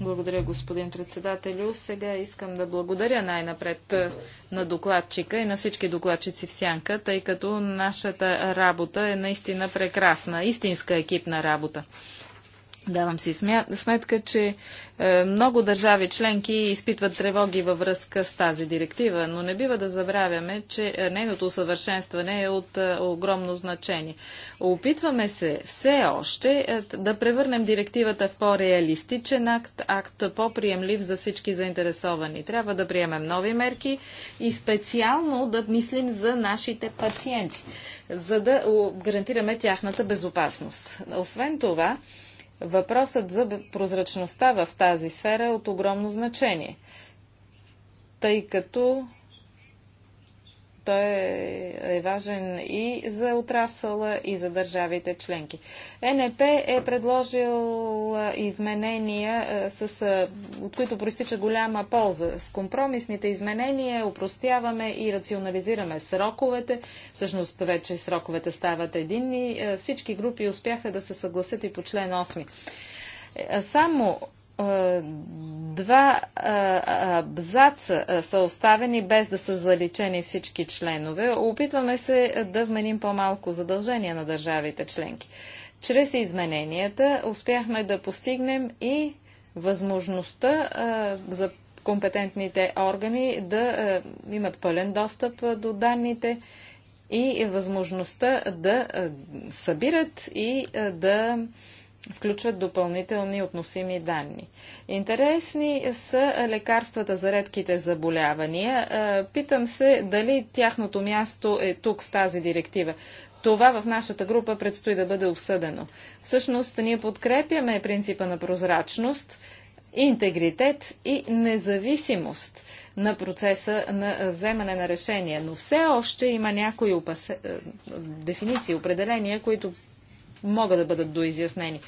Благодаря, господин председателю. Сега искам да благодаря най-напред е, на докладчика и на всички докладчици в Сянка, тъй като нашата работа е наистина прекрасна, истинска екипна работа. Давам си сметка, че е, много държави членки изпитват тревоги във връзка с тази директива, но не бива да забравяме, че е, нейното усъвършенстване е от е, огромно значение. Опитваме се все още да превърнем директивата в по-реалистичен акт, акт по-приемлив за всички заинтересовани. Трябва да приемем нови мерки и специално да мислим за нашите пациенти, за да гарантираме тяхната безопасност. Освен това, Въпросът за прозрачността в тази сфера е от огромно значение, тъй като той е важен и за отрасъла, и за държавите членки. Е НП е предложил изменения, с, от които проистича голяма полза. С компромисните изменения упростяваме и рационализираме сроковете. Всъщност вече сроковете стават единни. Всички групи успяха да се съгласят и по член 8. Е, само е, два е, е, абзаца са оставени без да са заличени всички членове. Опитваме се да вменим по-малко задължения на държавите членки. Чрез измененията успяхме да постигнем и възможността за компетентните органи да имат пълен достъп до данните и възможността да събират и да включват допълнителни относими данни. Интересни са лекарствата за редките заболявания. Е, питам се дали тяхното място е тук в тази директива. Това в нашата група предстои да бъде обсъдено. Всъщност, ние подкрепяме принципа на прозрачност, интегритет и независимост на процеса на вземане на решение. Но все още има някои опасе... Е, дефиниции, определения, които могат да бъдат доизяснени.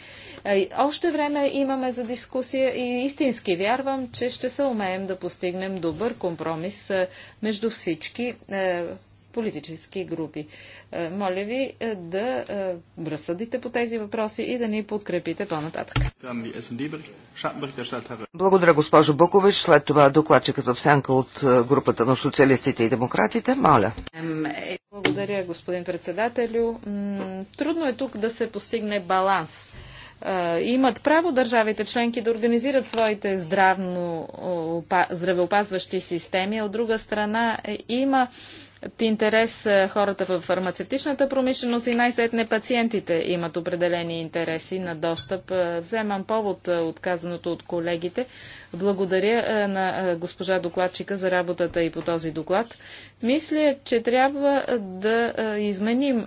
Още време имаме за дискусия и истински вярвам, че ще се умеем да постигнем добър компромис между всички политически групи. Е, моля ви е, да е, разсъдите по тези въпроси и да ни подкрепите по-нататък. Благодаря, госпожо Букович. След това докладчикът Овсянка сянка от групата на социалистите и демократите. Моля. Благодаря, господин председателю. Трудно е тук да се постигне баланс имат право държавите членки да организират своите здравно, здравеопазващи системи. От друга страна има интерес е, хората в фармацевтичната промишленост и най-сетне пациентите имат определени интереси на достъп. Е, вземам повод е, от казаното от колегите благодаря е, на е, госпожа докладчика за работата и по този доклад. Мисля, че трябва е, да изменим,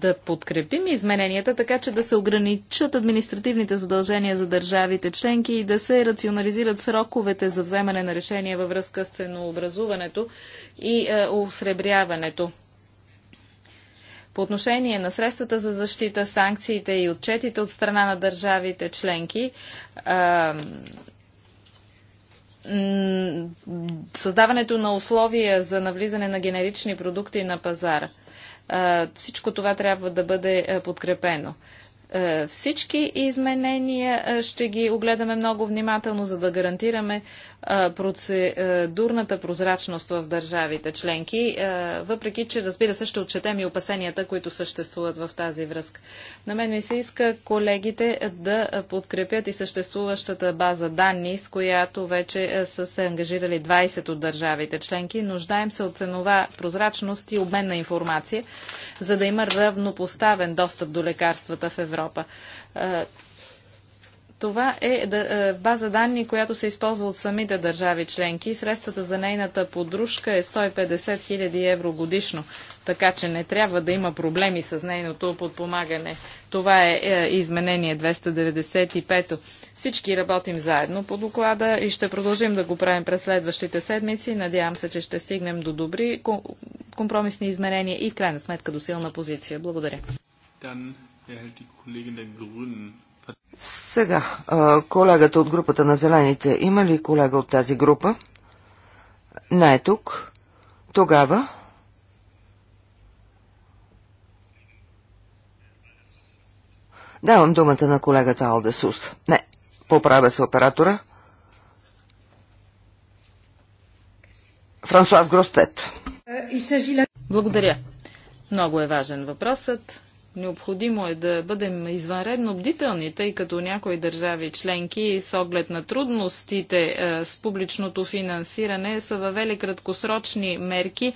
да подкрепим измененията, така че да се ограничат административните задължения за държавите членки и да се рационализират сроковете за вземане на решения във връзка с ценообразуването и усребряването. По отношение на средствата за защита, санкциите и отчетите от страна на държавите членки, създаването на условия за навлизане на генерични продукти на пазара. Всичко това трябва да бъде е, подкрепено. Е, всички изменения е, ще ги огледаме много внимателно, за да гарантираме е, процедурната прозрачност в държавите членки, въпреки че, разбира се, ще отчетем и опасенията, които съществуват в тази връзка. На мен ми се иска колегите да подкрепят и съществуващата база данни, с която вече са се ангажирали 20 от държавите членки. Нуждаем се от ценова прозрачност и обмен на информация, за да има равнопоставен достъп до лекарствата в Европа. Европа. Това е база данни, която се използва от самите държави членки. Средствата за нейната подружка е 150 000 евро годишно, така че не трябва да има проблеми с нейното подпомагане. Това е, е изменение 295. то Всички работим заедно по доклада и ще продължим да го правим през следващите седмици. Надявам се, че ще стигнем до добри компромисни изменения и в крайна сметка до силна позиция. Благодаря. Сега, колегата от групата на зелените, има ли колега от тази група? Не е тук. Тогава Давам думата на колегата Алдесус. Не, поправя се оператора. Франсуаз Гростет. Благодаря. Много е важен въпросът. Необходимо е да бъдем извънредно бдителни, тъй като някои държави членки с оглед на трудностите е, с публичното финансиране са въвели краткосрочни мерки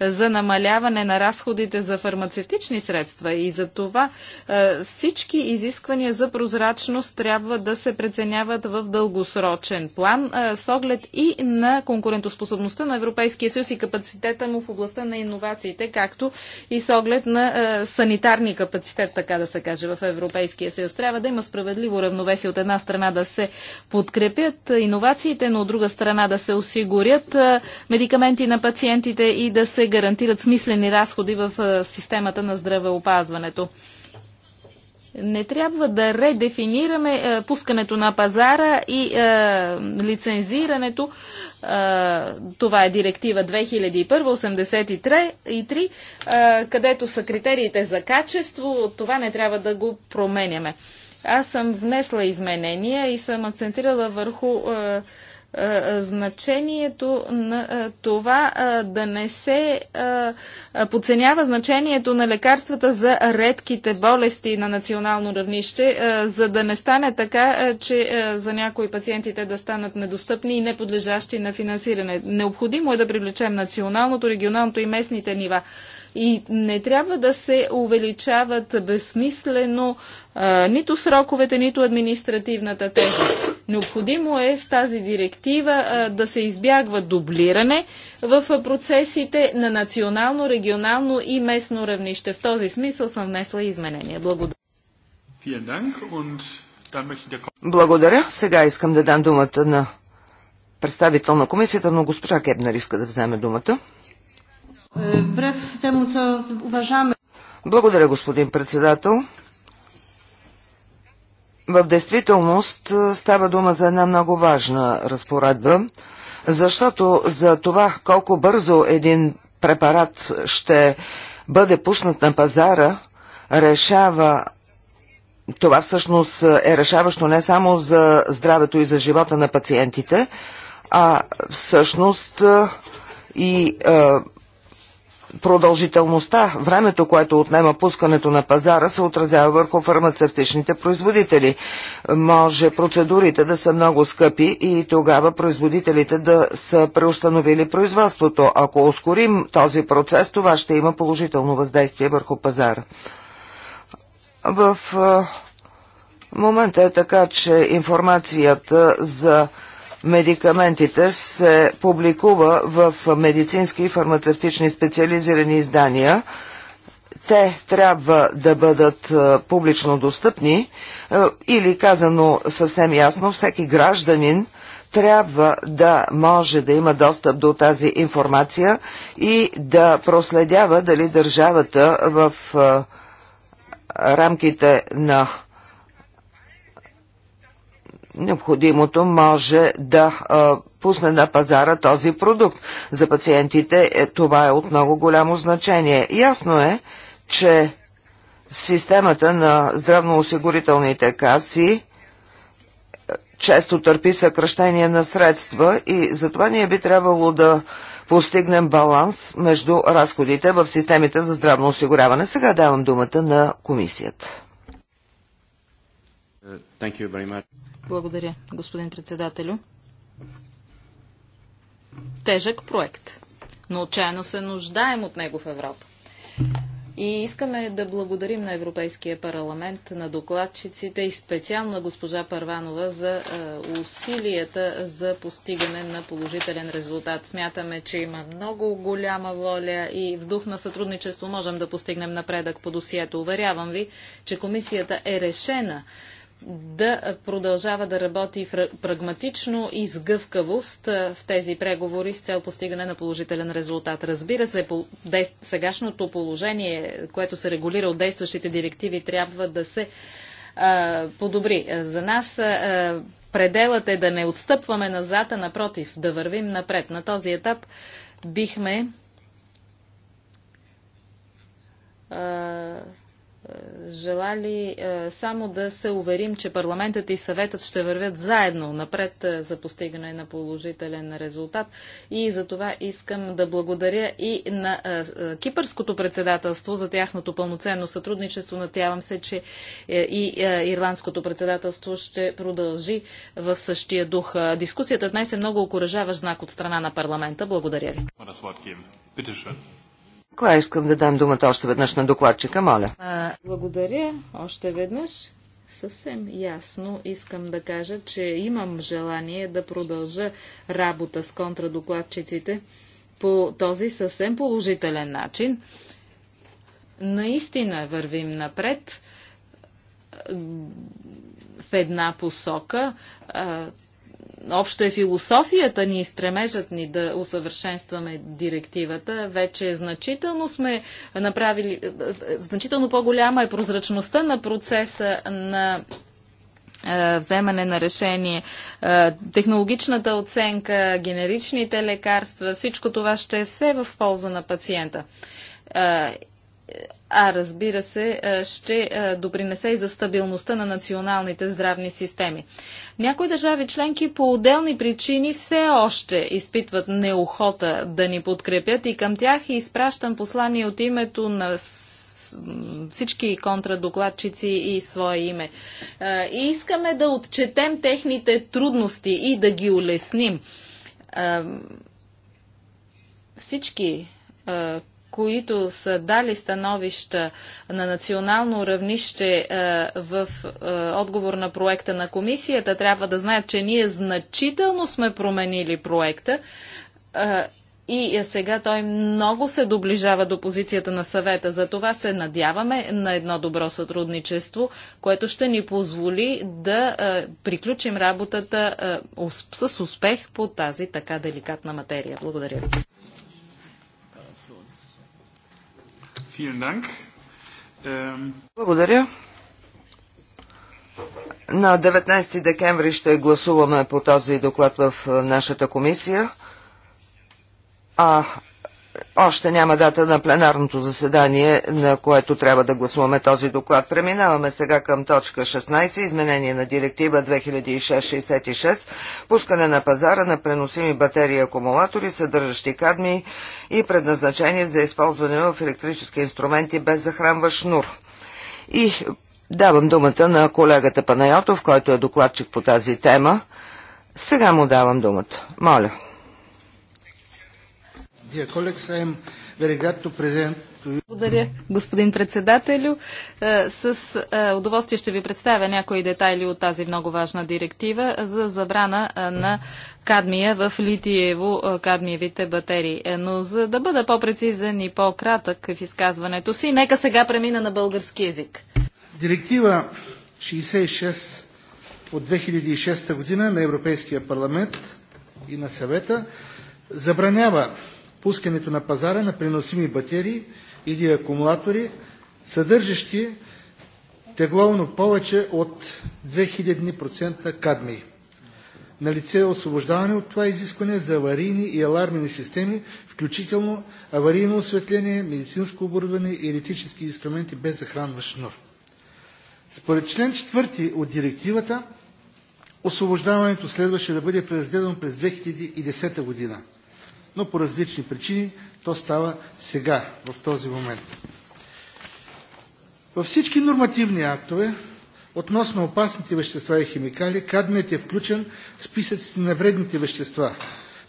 е, за намаляване на разходите за фармацевтични средства и за това е, всички изисквания за прозрачност трябва да се преценяват в дългосрочен план с оглед и на конкурентоспособността на Европейския съюз и капацитета му в областта на иновациите, както и с оглед на санитарни капацитет, така да се каже, в Европейския съюз. Трябва да има справедливо равновесие от една страна да се подкрепят иновациите, но от друга страна да се осигурят медикаменти на пациентите и да се гарантират смислени разходи в системата на здравеопазването не трябва да редефинираме а, е, пускането на пазара и а, е, лицензирането. А, е, това е директива 2001-83, където са критериите за качество. Това не трябва да го променяме. Аз съм внесла изменения и съм акцентирала върху А, е, е, значението на е, това да не се подценява значението на лекарствата за редките болести на национално равнище, за да не стане така, че за някои пациентите да станат недостъпни и неподлежащи на финансиране. Необходимо е да привлечем националното, регионалното и местните нива и не трябва да се увеличават безсмислено а, нито сроковете, нито административната тежест. Необходимо е с тази директива а, да се избягва дублиране в процесите на национално, регионално и местно равнище. В този смисъл съм внесла изменения. Благодаря. Благодаря. Сега искам да дам думата на представител на комисията, но госпожа Кебнер иска да вземе думата тему, Благодаря, господин председател. В действителност става дума за една много важна разпоредба, защото за това колко бързо един препарат ще бъде пуснат на пазара, решава това всъщност е решаващо не само за здравето и за живота на пациентите, а всъщност и е, продължителността, времето, което отнема пускането на пазара, се отразява върху фармацевтичните производители. Може процедурите да са много скъпи и тогава производителите да са преустановили производството. Ако ускорим този процес, това ще има положително въздействие върху пазара. В момента е така, че информацията за медикаментите се публикува в медицински и фармацевтични специализирани издания. Те трябва да бъдат е, публично достъпни е, или казано съвсем ясно, всеки гражданин трябва да може да има достъп до тази информация и да проследява дали държавата в е, рамките на необходимото може да а, пусне на пазара този продукт. За пациентите е, това е от много голямо значение. Ясно е, че системата на здравноосигурителните каси е, често търпи съкръщение на средства и затова ние би трябвало да постигнем баланс между разходите в системите за здравно осигуряване. Сега давам думата на комисията. Благодаря, господин председателю. Тежък проект, но отчаяно се нуждаем от него в Европа. И искаме да благодарим на Европейския парламент, на докладчиците и специално на госпожа Парванова за е, усилията за постигане на положителен резултат. Смятаме, че има много голяма воля и в дух на сътрудничество можем да постигнем напредък по досието. Уверявам ви, че комисията е решена да продължава да работи прагматично и с гъвкавост в тези преговори с цел постигане на положителен резултат. Разбира се, по сегашното положение, което се регулира от действащите директиви, трябва да се а, подобри. За нас а, пределът е да не отстъпваме назад, а напротив, да вървим напред. На този етап бихме а, желали само да се уверим, че парламентът и съветът ще вървят заедно напред за постигане на положителен резултат. И за това искам да благодаря и на Кипърското председателство за тяхното пълноценно сътрудничество. Надявам се, че е, и Ирландското председателство ще продължи в същия дух. Дискусията днес е много окоръжаващ знак от страна на парламента. Благодаря ви. Кла, искам да дам думата още веднъж на докладчика, моля. Благодаря още веднъж. Съвсем ясно искам да кажа, че имам желание да продължа работа с контрадокладчиците по този съвсем положителен начин. Наистина вървим напред в една посока обща е философията ни и стремежът ни да усъвършенстваме директивата. Вече значително сме направили, значително по-голяма е прозрачността на процеса на е, вземане на решение, е, технологичната оценка, генеричните лекарства, всичко това ще е все в полза на пациента е, а разбира се, ще допринесе и за стабилността на националните здравни системи. Някои държави членки по отделни причини все още изпитват неохота да ни подкрепят и към тях изпращам послание от името на всички контрадокладчици и свое име. И искаме да отчетем техните трудности и да ги улесним. Всички които са дали становища на национално равнище е, в е, отговор на проекта на комисията, трябва да знаят, че ние значително сме променили проекта. Е, и сега той много се доближава до позицията на съвета. За това се надяваме на едно добро сътрудничество, което ще ни позволи да е, приключим работата е, с успех по тази така деликатна материя. Благодаря ви. Ähm, Благодаря. На 19 декември ще гласуваме по този доклад в е, нашата комисия. А още няма дата на пленарното заседание, на което трябва да гласуваме този доклад. Преминаваме сега към точка 16, изменение на директива 2666, пускане на пазара на преносими батерии и акумулатори, съдържащи кадми и предназначение за използване в електрически инструменти без захранващ шнур. И давам думата на колегата Панайотов, който е докладчик по тази тема. Сега му давам думата. Моля. Благодаря, господин председателю. Е, с е, удоволствие ще ви представя някои детайли от тази много важна директива за забрана е, на кадмия в литиево-кадмиевите батерии. Но за да бъда по-прецизен и по-кратък в изказването си, нека сега премина на български язик. Директива 66 от 2006 година на Европейския парламент и на съвета забранява пускането на пазара на преносими батерии или акумулатори, съдържащи тегловно повече от 2000% На лице е освобождаване от това изискване за аварийни и алармени системи, включително аварийно осветление, медицинско оборудване и електрически инструменти без захранва шнур. Според член 4 от директивата, освобождаването следваше да бъде преразгледано през 2010 година но по различни причини то става сега, в този момент. Във всички нормативни актове относно опасните вещества и химикали, кадмият е включен в списъците на вредните вещества,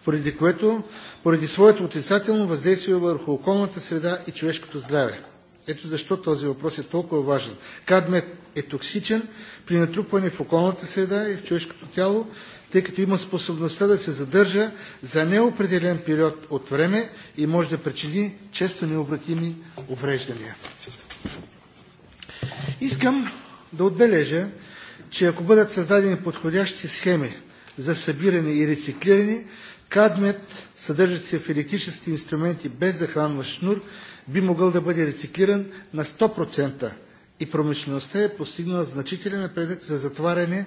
поради което, поради своето отрицателно въздействие върху околната среда и човешкото здраве. Ето защо този въпрос е толкова важен. Кадмият е токсичен при натрупване в околната среда и в човешкото тяло тъй като има способността да се задържа за неопределен период от време и може да причини често необратими увреждания. Искам да отбележа, че ако бъдат създадени подходящи схеми за събиране и рециклиране, кадмет, съдържат се в електрически инструменти без захранващ шнур, би могъл да бъде рециклиран на 100% и промишлеността е постигнала значителен напредък за затваряне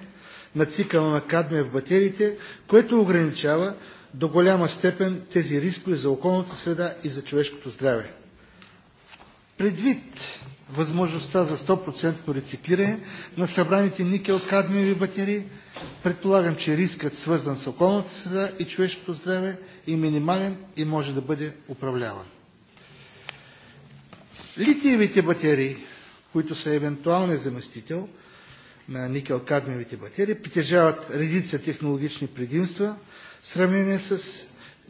на цикъла на кадмия в батериите, което ограничава до голяма степен тези рискове за околната среда и за човешкото здраве. Предвид възможността за 100% рециклиране на събраните никел-кадмиеви батерии, предполагам, че рискът свързан с околната среда и човешкото здраве е минимален и може да бъде управляван. Литиевите батерии, които са евентуалният заместител – на никел-кадмиевите батерии притежават редица технологични предимства в сравнение с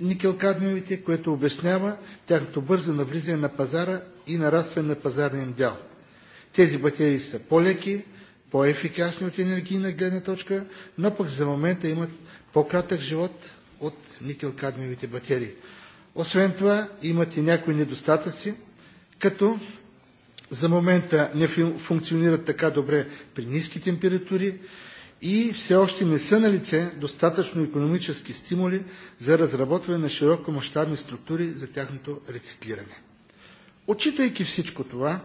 никел-кадмиевите, което обяснява тяхното бързо навлизане на пазара и нарастване на пазарния им дял. Тези батерии са по-леки, по-ефикасни от енергийна гледна точка, но пък за момента имат по-кратък живот от никел-кадмиевите батерии. Освен това имат и някои недостатъци, като за момента не функционират така добре при ниски температури и все още не са на лице достатъчно економически стимули за разработване на широко мащабни структури за тяхното рециклиране. Отчитайки всичко това,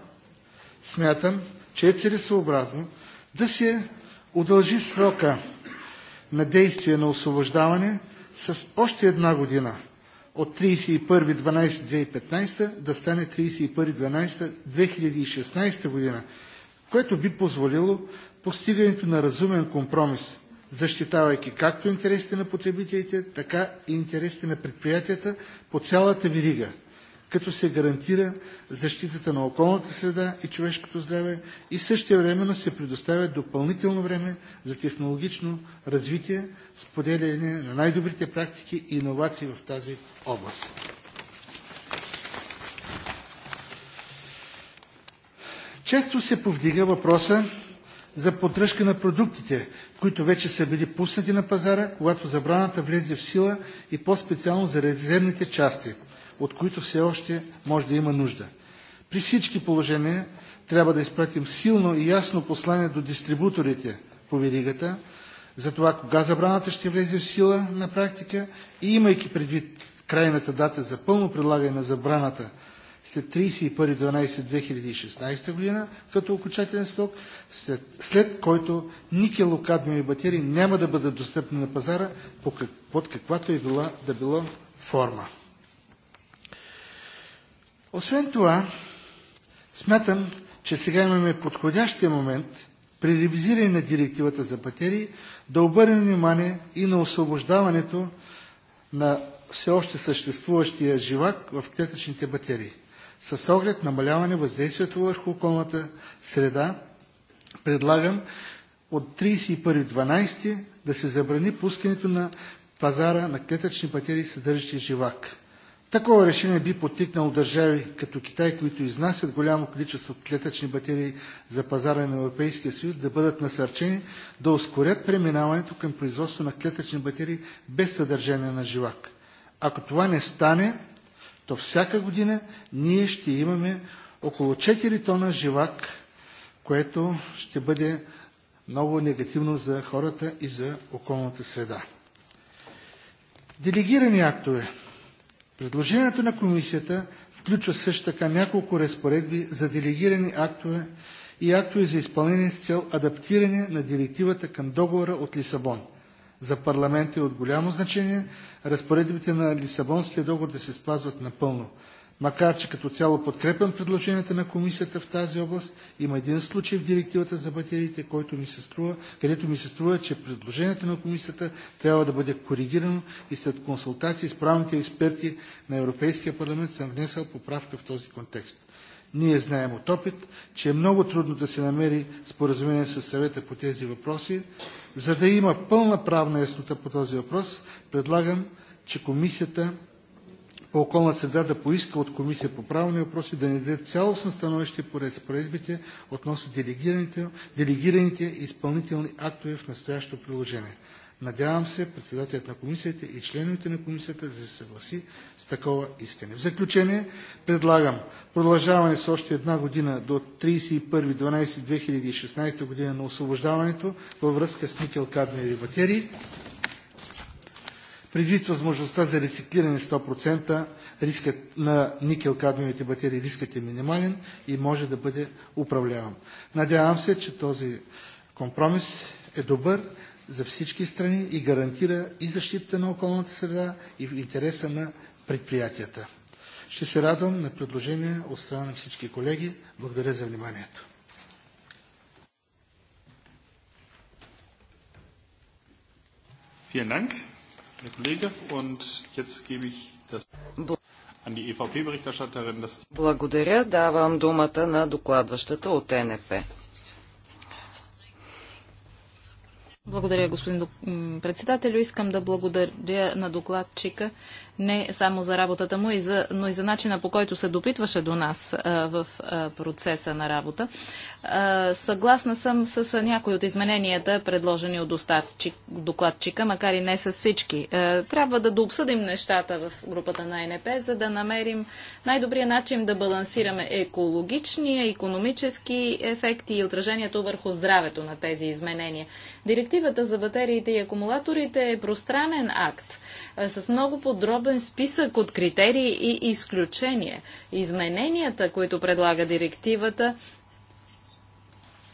смятам, че е целесообразно да се удължи срока на действие на освобождаване с още една година от 31.12.2015 да стане 31.12.2016 година, което би позволило постигането на разумен компромис, защитавайки както интересите на потребителите, така и интересите на предприятията по цялата верига – като се гарантира защитата на околната среда и човешкото здраве и времено се предоставя допълнително време за технологично развитие, споделяне на най-добрите практики и иновации в тази област. Често се повдига въпроса за поддръжка на продуктите, които вече са били пуснати на пазара, когато забраната влезе в сила и по-специално за резервните части – от които все още може да има нужда. При всички положения трябва да изпратим силно и ясно послание до дистрибуторите по веригата за това кога забраната ще влезе в сила на практика и имайки предвид крайната дата за пълно прилагане на забраната след 31.12.2016 година като окончателен срок, след, след който никел кадмиум и батерии няма да бъдат достъпни на пазара под каквато е била да било форма. Освен това, смятам, че сега имаме подходящия момент при ревизиране на директивата за батерии да обърнем внимание и на освобождаването на все още съществуващия живак в клетъчните батерии, с оглед намаляване въздействието върху околната среда, предлагам от 31.12 да се забрани пускането на пазара на клетъчни батерии, съдържащи живак. Такова решение би потикнало държави като Китай, които изнасят голямо количество клетъчни батерии за пазара на Европейския съюз, да бъдат насърчени да ускорят преминаването към производство на клетъчни батерии без съдържание на живак. Ако това не стане, то всяка година ние ще имаме около 4 тона живак, което ще бъде много негативно за хората и за околната среда. Делегирани актове. Предложението на комисията включва също така няколко разпоредби за делегирани актове и актове за изпълнение с цел адаптиране на директивата към договора от Лисабон. За парламента е от голямо значение разпоредбите на Лисабонския договор да се спазват напълно. Макар че като цяло подкрепям предложенията на Комисията в тази област, има един случай в Директивата за батериите, който ми се струва, където ми се струва, че предложението на Комисията трябва да бъде коригирано и след консултации с правните експерти на Европейския парламент съм внесъл поправка в този контекст. Ние знаем от опит, че е много трудно да се намери споразумение с съвета по тези въпроси. За да има пълна правна яснота по този въпрос, предлагам, че комисията по околна среда да поиска от комисия по правни въпроси да ни даде цялостно становище по разпоредбите относно делегираните изпълнителни актове в настоящото приложение. Надявам се председателят на комисията и членовете на комисията да се съгласи с такова искане. В заключение предлагам продължаване с още една година до 31.12.2016 година на освобождаването във връзка с никел кадмиеви батерии Предвид възможността за рециклиране 100%, рискът на никел-кадмиевите батерии рискът е минимален и може да бъде управляван. Надявам се, че този компромис е добър за всички страни и гарантира и защитата на околната среда и в интереса на предприятията. Ще се радвам на предложения от страна на всички колеги. Благодаря за вниманието. Vielen Dank. E Благодаря. Давам думата на докладващата от НП. Благодаря, господин председател. Искам да благодаря на докладчика не само за работата му, но и за начина по който се допитваше до нас в процеса на работа. съгласна съм с някои от измененията, предложени от докладчика, макар и не с всички. Трябва да дообсъдим нещата в групата на НП, за да намерим най-добрия начин да балансираме екологичния, економически ефекти и отражението върху здравето на тези изменения. Директивата за батериите и акумулаторите е пространен акт с много подробен списък от критерии и изключения. Измененията, които предлага директивата,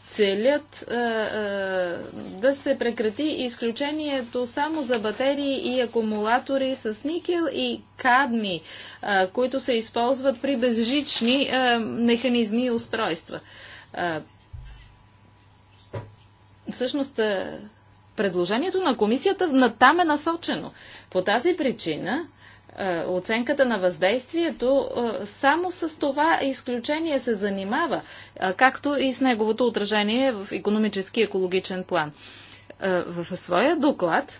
целят а, а, да се прекрати изключението само за батерии и акумулатори с никел и кадми, а, които се използват при безжични а, механизми и устройства. А, Всъщност, е, предложението на комисията на там е насочено. По тази причина е, оценката на въздействието е, само с това изключение се занимава, както и с неговото отражение в економически и екологичен план. В своя доклад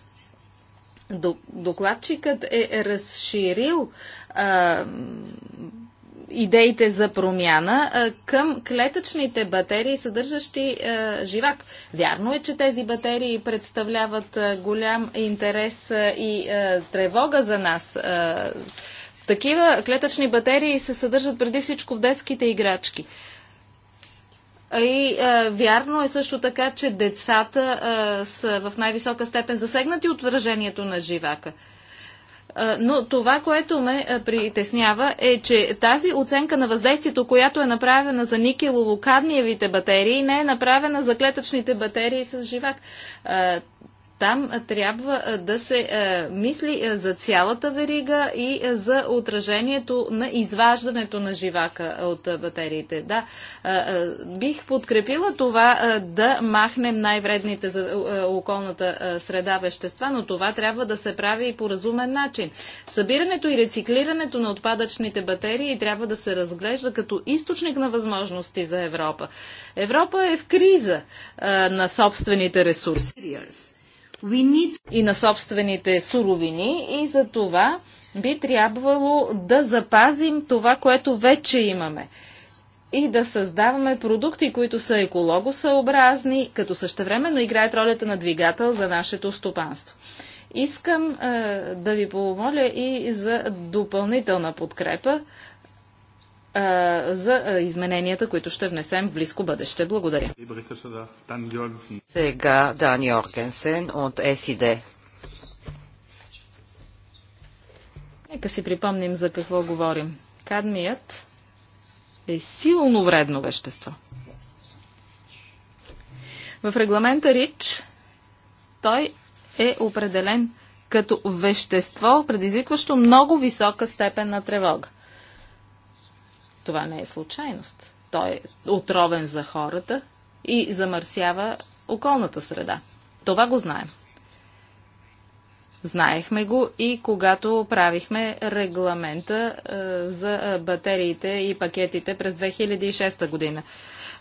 докладчикът е разширил идеите за промяна към клетъчните батерии, съдържащи живак. Вярно е, че тези батерии представляват голям интерес и тревога за нас. такива клетъчни батерии се съдържат преди всичко в детските играчки. И е, вярно е също така, че децата е, са в най-висока степен засегнати от отражението на живака. Но това, което ме притеснява е, че тази оценка на въздействието, която е направена за никелово-кадмиевите батерии, не е направена за клетъчните батерии с живак. Там трябва да се мисли за цялата верига и за отражението на изваждането на живака от батериите. Да, бих подкрепила това да махнем най-вредните за околната среда вещества, но това трябва да се прави и по разумен начин. Събирането и рециклирането на отпадъчните батерии трябва да се разглежда като източник на възможности за Европа. Европа е в криза на собствените ресурси need... и на собствените суровини и за това би трябвало да запазим това, което вече имаме и да създаваме продукти, които са екологосъобразни, като същевременно играят ролята на двигател за нашето стопанство. Искам е, да ви помоля и за допълнителна подкрепа за измененията, които ще внесем в близко бъдеще. Благодаря. Сега Дан Оркенсен от СИД. Нека си припомним за какво говорим. Кадмият е силно вредно вещество. В регламента РИЧ той е определен като вещество, предизвикващо много висока степен на тревога. Това не е случайност. Той е отровен за хората и замърсява околната среда. Това го знаем. Знаехме го и когато правихме регламента е, за батериите и пакетите през 2006 година.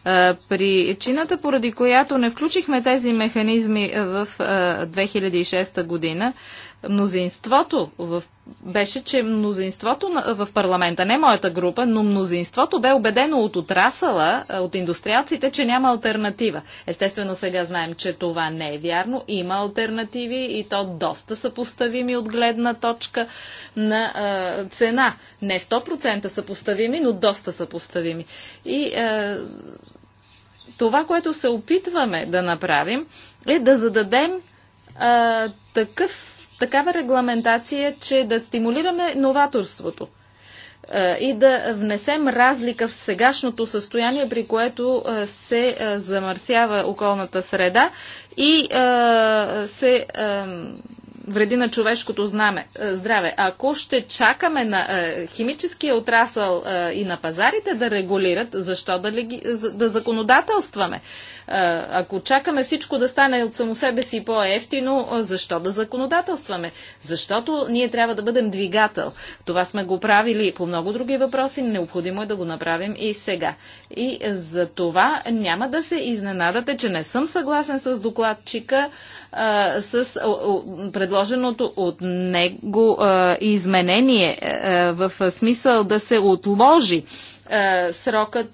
Е, причината, поради която не включихме тези механизми е, в е, 2006 година, мнозинството в... беше, че мнозинството в парламента, не моята група, но мнозинството бе убедено от отрасъла, от индустриалците, че няма альтернатива. Естествено сега знаем, че това не е вярно. Има альтернативи и то доста съпоставими от гледна точка на а, цена. Не 100% съпоставими, но доста съпоставими. И а, това, което се опитваме да направим, е да зададем а, такъв такава регламентация, че да стимулираме новаторството е, и да внесем разлика в сегашното състояние, при което е, се е, замърсява околната среда и се вреди на човешкото знаме, е, здраве. Ако ще чакаме на е, химическия отрасъл е, и на пазарите да регулират, защо да, ли, да законодателстваме? Ако чакаме всичко да стане от само себе си по-ефтино, защо да законодателстваме? Защото ние трябва да бъдем двигател. Това сме го правили по много други въпроси, необходимо е да го направим и сега. И за това няма да се изненадате, че не съм съгласен с докладчика, с предложението предложеното от него изменение в смисъл да се отложи срокът,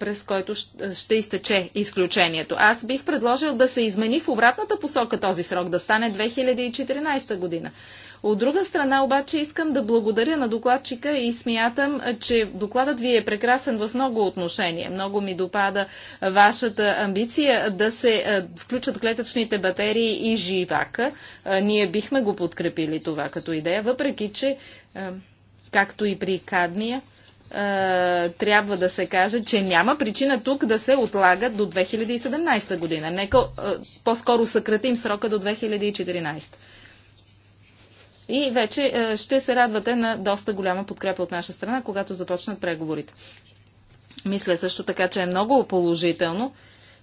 през който ще изтече изключението. Аз бих предложил да се измени в обратната посока този срок, да стане 2014 година. От друга страна обаче искам да благодаря на докладчика и смятам, че докладът ви е прекрасен в много отношения. Много ми допада вашата амбиция да се е, включат клетъчните батерии и живака. Е, ние бихме го подкрепили това като идея, въпреки че, е, както и при кадмия, трябва да се каже, че няма причина тук да се отлага до 2017 година. Нека по-скоро съкратим срока до 2014. И вече е, ще се радвате на доста голяма подкрепа от наша страна, когато започнат преговорите. Мисля също така, че е много положително,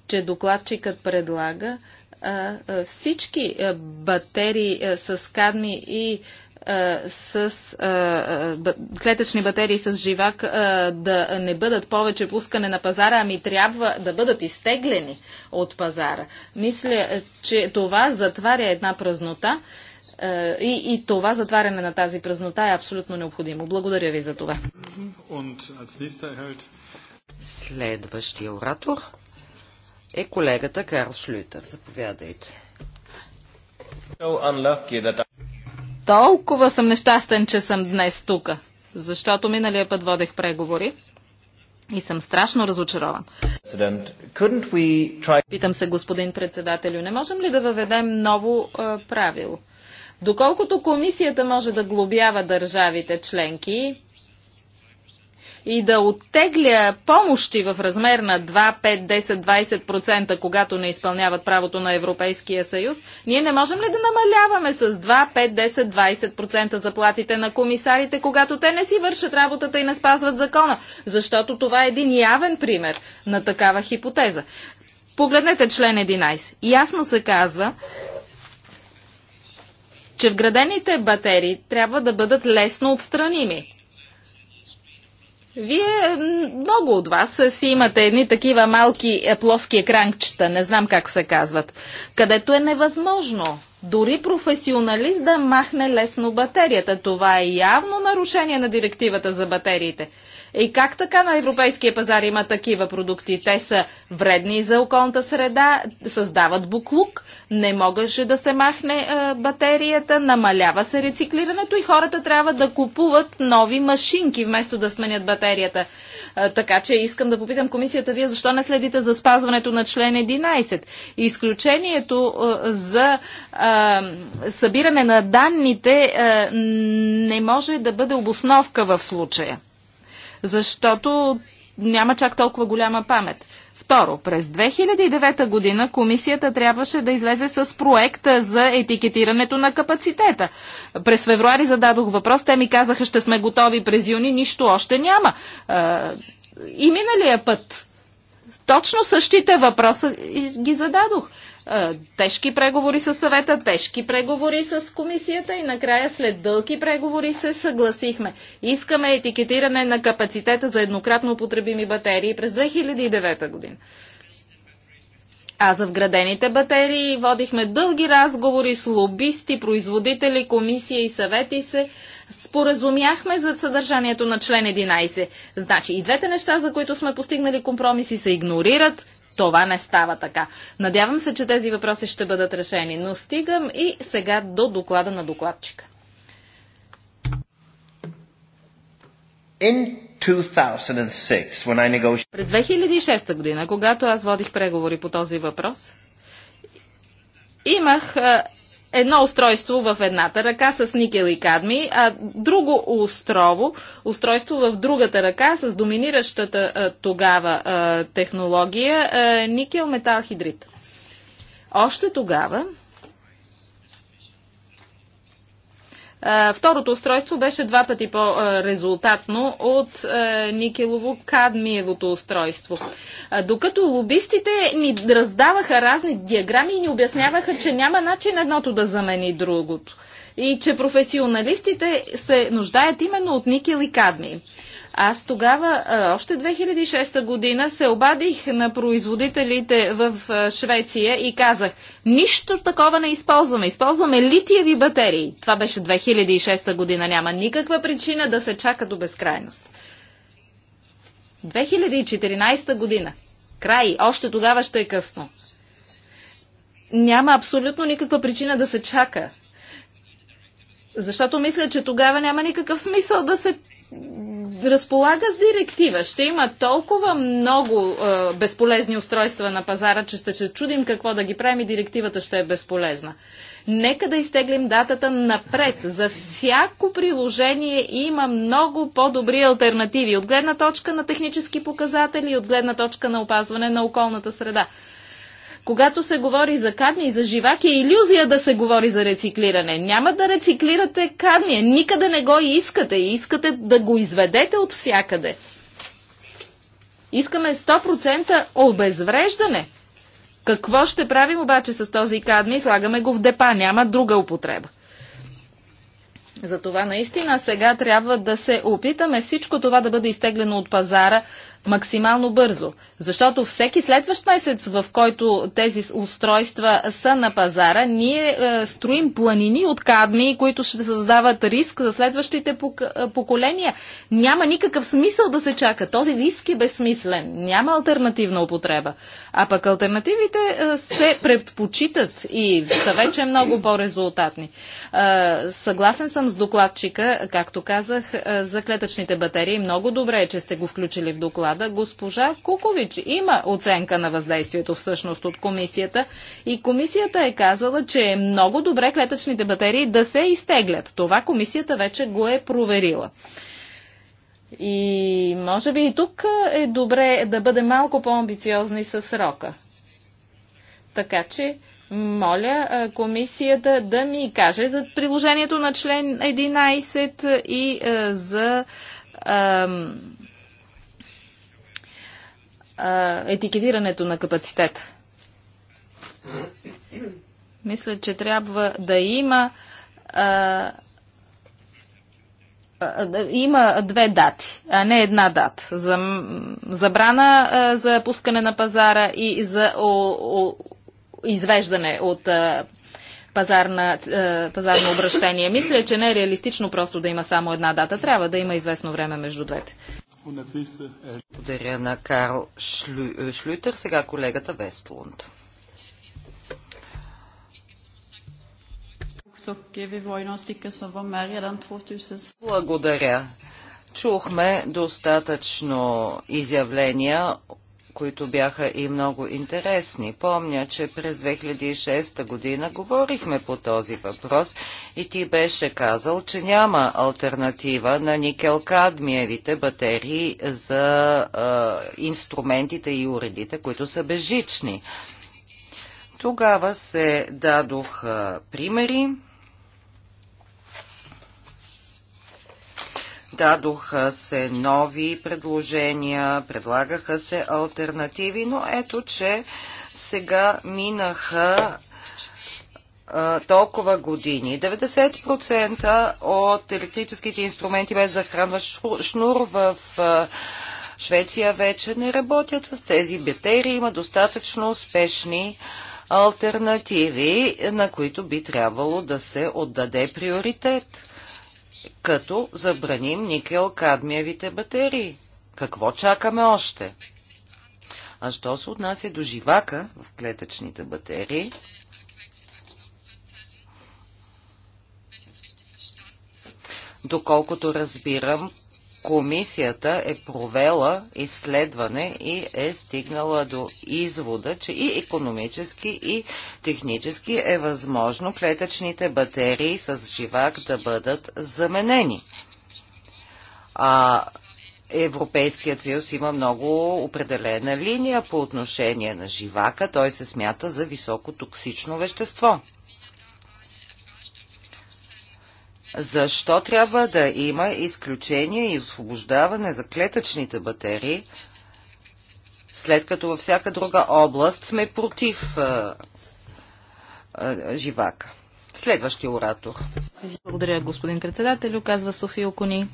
че докладчикът предлага е, е, всички батерии с кадми и с клетъчни батерии с живак да не бъдат повече пускане на пазара, ами трябва да бъдат изтеглени от пазара. Мисля, че това затваря една празнота е, и, и това затваряне на тази празнота е абсолютно необходимо. Благодаря ви за това. Следващия оратор е колегата Карл Шлютер. Заповядайте. Толкова съм нещастен, че съм днес тук, защото миналия път водех преговори и съм страшно разочарован. Питам се, господин председателю, не можем ли да въведем ново а, е, правило? Доколкото комисията може да глобява държавите членки и да оттегля помощи в размер на 2, 5, 10, 20%, когато не изпълняват правото на Европейския съюз, ние не можем ли да намаляваме с 2, 5, 10, 20% заплатите на комисарите, когато те не си вършат работата и не спазват закона? Защото това е един явен пример на такава хипотеза. Погледнете член 11. Ясно се казва, че вградените батерии трябва да бъдат лесно отстраними. Вие, много от вас си имате едни такива малки е, плоски екранчета, не знам как се казват, където е невъзможно дори професионалист да махне лесно батерията. Това е явно нарушение на директивата за батериите. И как така на европейския пазар има такива продукти? Те са вредни за околната среда, създават буклук, не могаше да се махне батерията, намалява се рециклирането и хората трябва да купуват нови машинки вместо да сменят батерията. така че искам да попитам комисията вие защо не следите за спазването на член 11. Изключението за събиране на данните не може да бъде обосновка в случая защото няма чак толкова голяма памет. Второ, през 2009 година комисията трябваше да излезе с проекта за етикетирането на капацитета. През февруари зададох въпрос, те ми казаха, ще сме готови през юни, нищо още няма. И миналия път точно същите въпроса ги зададох. Е, тежки преговори с съвета, тежки преговори с комисията и накрая след дълги преговори се съгласихме. Искаме етикетиране на капацитета за еднократно употребими батерии през 2009 година. А за вградените батерии водихме дълги разговори с лобисти, производители, комисия и съвети и се споразумяхме за съдържанието на член 11. Значи и двете неща, за които сме постигнали компромиси, се игнорират това не става така. Надявам се, че тези въпроси ще бъдат решени, но стигам и сега до доклада на докладчика. In 2006, when I През 2006 година, когато аз водих преговори по този въпрос, имах е, едно устройство в едната ръка с никел и кадми, а друго устрово, устройство в другата ръка с доминиращата а, тогава а, технология а, никел метал хидрид. Още тогава Второто устройство беше два пъти по-резултатно от никелово-кадмиевото устройство. Докато лобистите ни раздаваха разни диаграми и ни обясняваха, че няма начин едното да замени другото. И че професионалистите се нуждаят именно от никел и кадмий. Аз тогава, още 2006 година, се обадих на производителите в Швеция и казах, нищо такова не използваме, използваме литиеви батерии. Това беше 2006 година, няма никаква причина да се чака до безкрайност. 2014 година. Край, още тогава ще е късно. Няма абсолютно никаква причина да се чака. Защото мисля, че тогава няма никакъв смисъл да се разполага с директива. Ще има толкова много е, безполезни устройства на пазара, че ще се чудим какво да ги правим и директивата ще е безполезна. Нека да изтеглим датата напред. За всяко приложение има много по-добри альтернативи от гледна точка на технически показатели и от гледна точка на опазване на околната среда. Когато се говори за кадми и за живак, е иллюзия да се говори за рециклиране. Няма да рециклирате кадмия. Никъде не го искате. Искате да го изведете от всякъде. Искаме 100% обезвреждане. Какво ще правим обаче с този кадми? Слагаме го в депа. Няма друга употреба. Затова наистина сега трябва да се опитаме всичко това да бъде изтеглено от пазара максимално бързо. Защото всеки следващ месец, в който тези устройства са на пазара, ние е, строим планини от кадми, които ще създават риск за следващите е, поколения. Няма никакъв смисъл да се чака. Този риск е безсмислен. Няма альтернативна употреба. А пък альтернативите е, се предпочитат и са вече много по-резултатни. Е, съгласен съм с докладчика, както казах, е, за клетъчните батерии. Много добре е, че сте го включили в доклад доклада госпожа Кукович. Има оценка на въздействието всъщност от комисията и комисията е казала, че е много добре клетъчните батерии да се изтеглят. Това комисията вече го е проверила. И може би и тук е добре да бъде малко по-амбициозни със срока. Така че, моля комисията да ми каже за приложението на член 11 и за етикетирането на капацитет. Мисля, че трябва да има а, има две дати, а не една дата. За забрана за пускане на пазара и за о, о, извеждане от пазарна, пазарно обращение. Мисля, че не е реалистично просто да има само една дата. Трябва да има известно време между двете. Е. Благодаря на Карл е, Шлютер. Сега колегата Вестлунд. Благодаря. Чухме достатъчно изявления които бяха и много интересни. Помня, че през 2006 година говорихме по този въпрос и ти беше казал, че няма альтернатива на никелкадмиевите батерии за а, инструментите и уредите, които са безжични. Тогава се дадох примери Дадоха се нови предложения, предлагаха се альтернативи, но ето, че сега минаха толкова години. 90% от електрическите инструменти без захранващ шнур в Швеция вече не работят с тези бетерии. Има достатъчно успешни альтернативи, на които би трябвало да се отдаде приоритет като забраним никел-кадмиевите батерии. Какво чакаме още? А що се отнася до живака в клетъчните батерии, доколкото разбирам, комисията е провела изследване и е стигнала до извода, че и економически, и технически е възможно клетъчните батерии с живак да бъдат заменени. А Европейският съюз има много определена линия по отношение на живака. Той се смята за високо токсично вещество. Защо трябва да има изключение и освобождаване за клетъчните батерии, след като във всяка друга област сме против а, а, живака? Следващия оратор. Благодаря, господин председател, Казва София Окуни.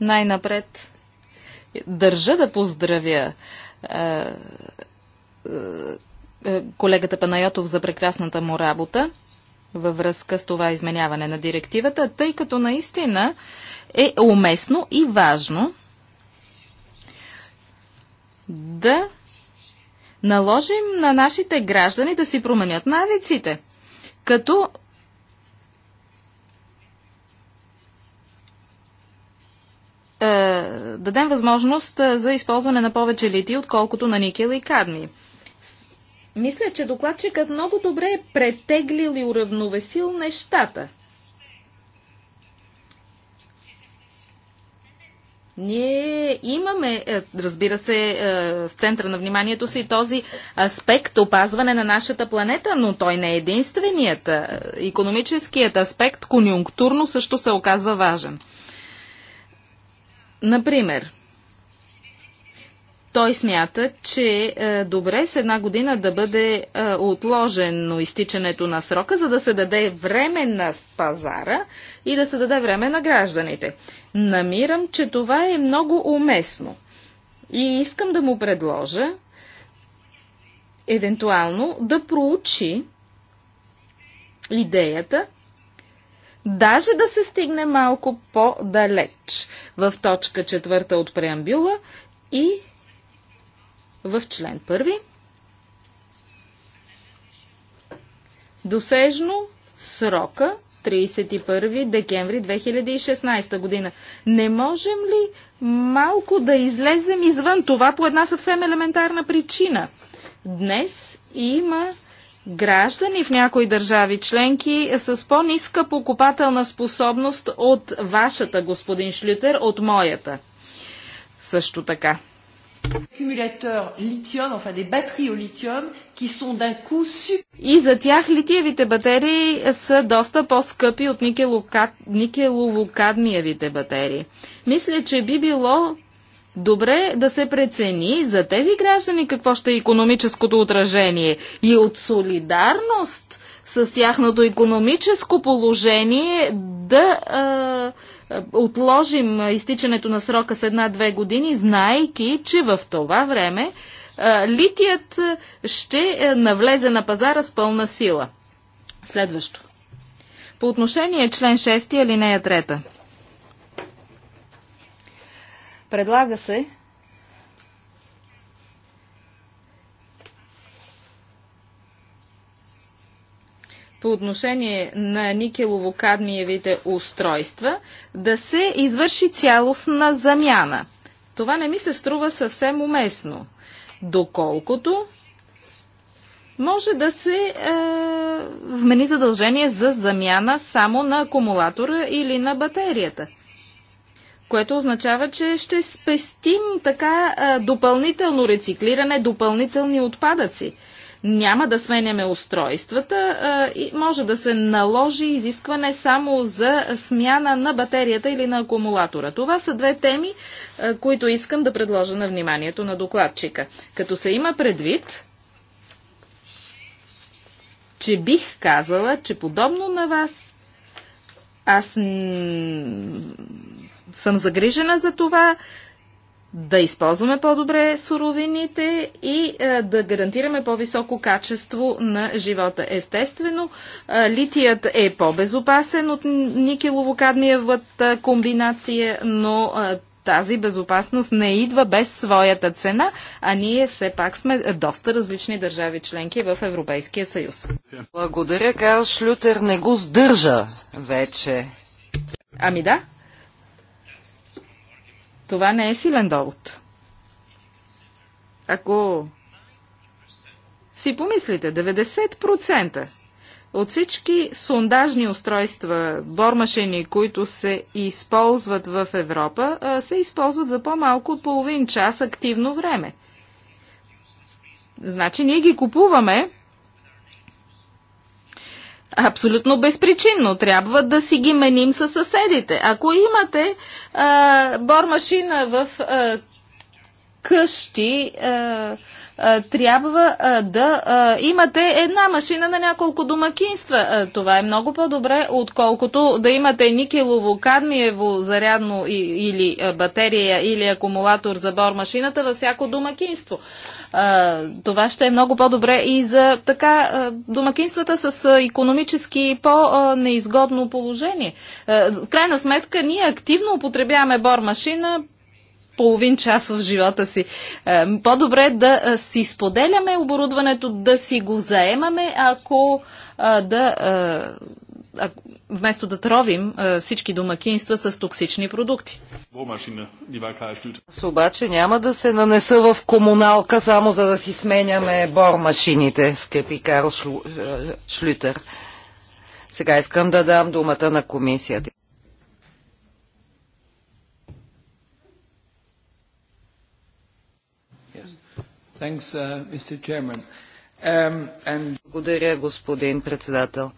Най-напред държа да поздравя а, колегата Панайотов за прекрасната му работа във връзка с това изменяване на директивата, тъй като наистина е уместно и важно да наложим на нашите граждани да си променят навиците, като е, дадем възможност е, за използване на повече лити, отколкото на никел и кадми. Мисля, че докладчикът много добре е претеглил и уравновесил нещата. Ние имаме, е, разбира се, е, в центъра на вниманието си този аспект опазване на нашата планета, но той не е единственият. Економическият аспект конюнктурно също се оказва важен. Например, той смята, че е добре с една година да бъде е, отложено изтичането на срока, за да се даде време на пазара и да се даде време на гражданите. Намирам, че това е много уместно. И искам да му предложа евентуално да проучи идеята даже да се стигне малко по-далеч в точка четвърта от преамбюла и в член първи. Досежно срока 31 декември 2016 година. Не можем ли малко да излезем извън това по една съвсем елементарна причина? Днес има граждани в някои държави членки с по-ниска покупателна способност от вашата, господин Шлютер, от моята. Също така. И за тях литиевите батерии са доста по-скъпи от никелово-кадмиевите батерии. Мисля, че би било добре да се прецени за тези граждани какво ще е економическото отражение и от солидарност с тяхното економическо положение да а, отложим изтичането на срока с една-две години, знаейки, че в това време литият ще навлезе на пазара с пълна сила. Следващо. По отношение член 6, алинея 3. Предлага се по отношение на никелово-кадмиевите устройства да се извърши цялостна замяна. Това не ми се струва съвсем уместно, доколкото може да се е, вмени задължение за замяна само на акумулатора или на батерията което означава, че ще спестим така е, допълнително рециклиране, допълнителни отпадъци. Няма да сменяме устройствата а, и може да се наложи изискване само за смяна на батерията или на акумулатора. Това са две теми, а, които искам да предложа на вниманието на докладчика. Като се има предвид, че бих казала, че подобно на вас, аз съм загрижена за това, да използваме по-добре суровините и а, е, да гарантираме по-високо качество на живота. Естествено, а, е, литият е по-безопасен от никелово-кадмиевата комбинация, но а, е, тази безопасност не идва без своята цена, а ние все пак сме доста различни държави членки в Европейския съюз. Благодаря, Карл Шлютер не го сдържа вече. Ами да, това не е силен довод. Ако си помислите, 90% от всички сондажни устройства, бормашини, които се използват в Европа, се използват за по-малко от половин час активно време. Значи ние ги купуваме Абсолютно безпричинно. Трябва да си ги меним със съседите. Ако имате а, бормашина в а, къщи е, е, трябва е, да е, имате една машина на няколко домакинства. Е, това е много по-добре, отколкото да имате никелово, кадмиево зарядно и, или е, батерия или акумулатор за бор машината във всяко домакинство. Е, това ще е много по-добре и за така е, домакинствата с економически по-неизгодно е, положение. Е, в крайна сметка ние активно употребяваме бор машина половин час в живота си. Е, по-добре да е, си споделяме оборудването, да си го заемаме, ако е, да вместо да тровим всички домакинства с токсични продукти. Аз обаче няма да се нанеса в комуналка, само за да си сменяме бормашините, скъпи Карл Шлютер. Сега искам да дам думата на комисията. Uh, um, Благодаря, господин председател.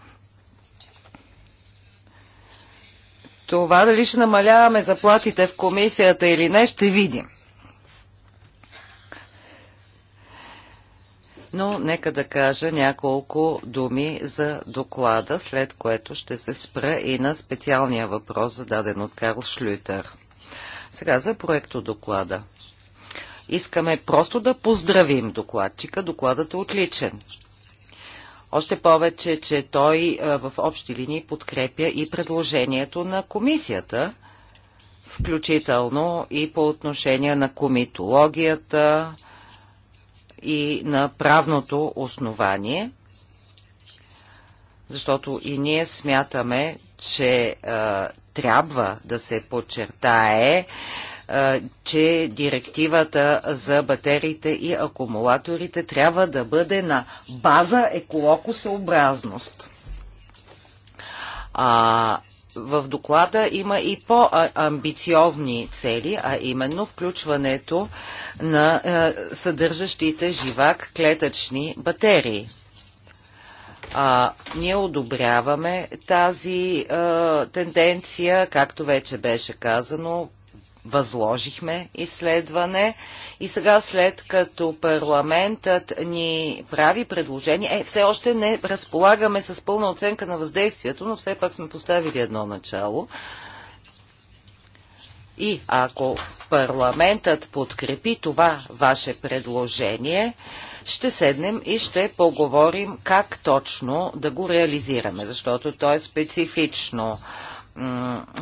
Това дали ще намаляваме заплатите в комисията или не, ще видим. но нека да кажа няколко думи за доклада, след което ще се спра и на специалния въпрос, зададен от Карл Шлютер. Сега за проекто доклада. Искаме просто да поздравим докладчика. Докладът е отличен. Още повече, че той в общи линии подкрепя и предложението на комисията, включително и по отношение на комитологията и на правното основание, защото и ние смятаме, че трябва да се подчертае, че директивата за батериите и акумулаторите трябва да бъде на база еколокосъобразност. А, в доклада има и по-амбициозни цели, а именно включването на е, съдържащите живак клетъчни батерии. А, ние одобряваме тази е, тенденция, както вече беше казано, възложихме изследване и сега след като парламентът ни прави предложение, е, все още не разполагаме с пълна оценка на въздействието, но все пак сме поставили едно начало. И ако парламентът подкрепи това ваше предложение, ще седнем и ще поговорим как точно да го реализираме, защото то е специфично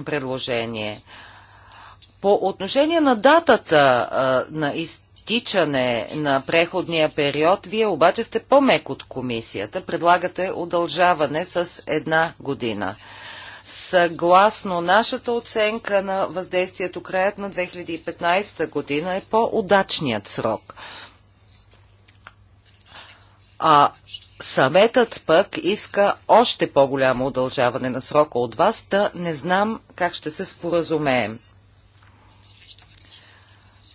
предложение. По отношение на датата а, на изтичане на преходния период, вие обаче сте по-мек от комисията. Предлагате удължаване с една година. Съгласно нашата оценка на въздействието, краят на 2015 година е по-удачният срок. А Съветът пък иска още по-голямо удължаване на срока от вас, да не знам как ще се споразумеем.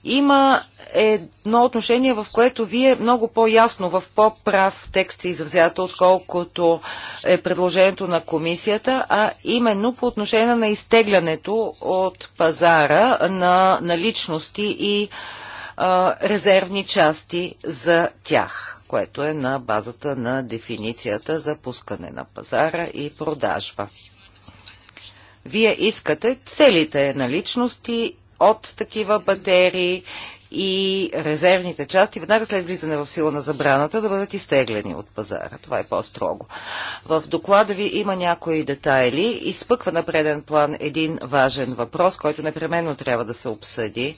Има едно отношение, в което вие много по-ясно, в по-прав текст се изразявате, отколкото е предложението на комисията, а именно по отношение на изтеглянето от пазара на наличности и а, резервни части за тях, което е на базата на дефиницията за пускане на пазара и продажба. Вие искате целите наличности от такива батерии и резервните части веднага след влизане в сила на забраната да бъдат изтеглени от пазара. Това е по-строго. В доклада ви има някои детайли. Изпъква на преден план един важен въпрос, който непременно трябва да се обсъди.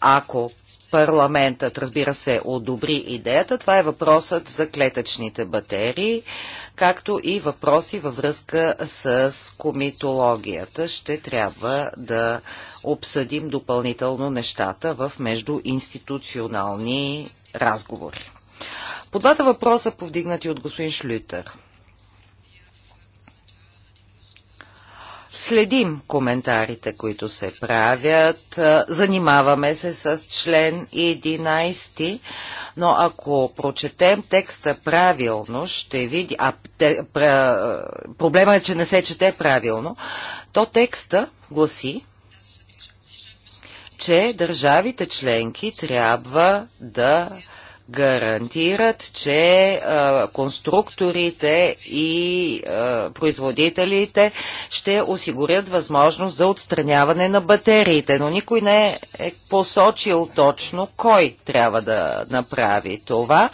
Ако парламентът, разбира се, одобри идеята. Това е въпросът за клетъчните батерии, както и въпроси във връзка с комитологията. Ще трябва да обсъдим допълнително нещата в междуинституционални разговори. По двата въпроса, повдигнати от господин Шлютер – Следим коментарите, които се правят, занимаваме се с член 11, но ако прочетем текста правилно, ще види, а те, пра, проблема е, че не се чете правилно, то текста гласи, че държавите членки трябва да гарантират, че а, конструкторите и а, производителите ще осигурят възможност за отстраняване на батериите, но никой не е посочил точно кой трябва да направи това.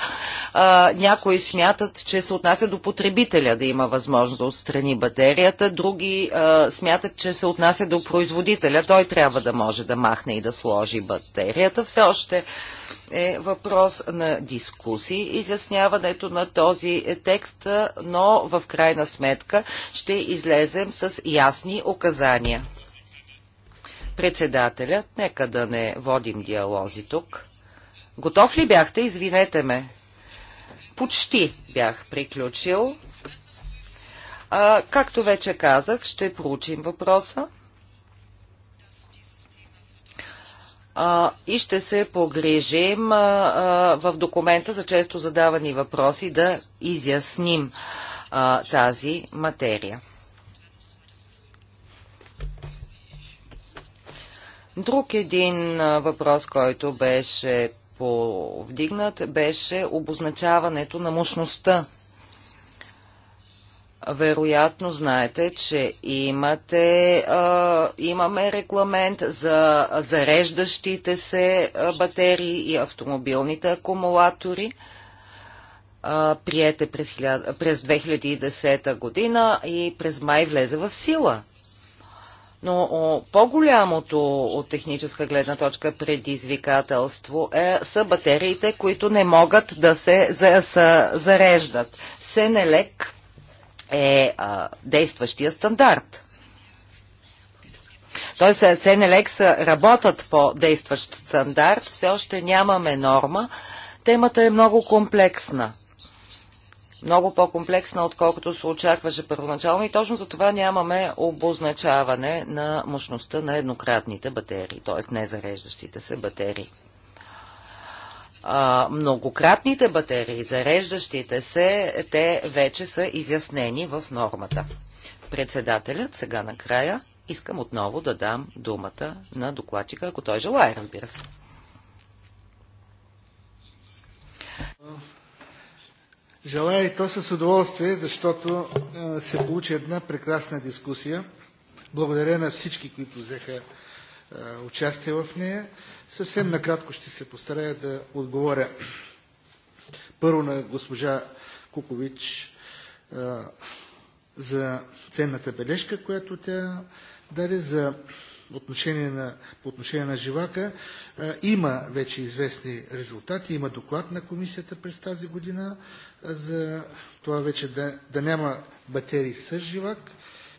А, някои смятат, че се отнася до потребителя да има възможност да отстрани батерията, други а, смятат, че се отнася до производителя. Той трябва да може да махне и да сложи батерията. Все още е въпрос на дискусии, изясняването на този текст, но в крайна сметка ще излезем с ясни указания. Председателят, нека да не водим диалози тук. Готов ли бяхте? Извинете ме. Почти бях приключил. А, както вече казах, ще проучим въпроса. и ще се погрижим в документа за често задавани въпроси да изясним тази материя. Друг един въпрос, който беше повдигнат, беше обозначаването на мощността вероятно знаете, че имате, а, имаме регламент за зареждащите се батерии и автомобилните акумулатори. А, приете през, през 2010 година и през май влезе в сила. Но по-голямото от техническа гледна точка предизвикателство е, са батериите, които не могат да се за, са, зареждат. Сенелек е а, действащия стандарт. Тоест, СНЛЕКС работят по действащ стандарт, все още нямаме норма. Темата е много комплексна. Много по-комплексна, отколкото се очакваше първоначално и точно за това нямаме обозначаване на мощността на еднократните батерии, т.е. незареждащите се батерии а, многократните батерии, зареждащите се, те вече са изяснени в нормата. Председателят сега накрая искам отново да дам думата на докладчика, ако той желая, разбира се. Желая и то с удоволствие, защото е, се получи една прекрасна дискусия. Благодаря на всички, които взеха е, участие в нея. Съвсем накратко ще се постарая да отговоря първо на госпожа Кукович за ценната бележка, която тя даде за отношение на, по отношение на живака. Има вече известни резултати, има доклад на комисията през тази година за това вече да, да няма батерии с живак.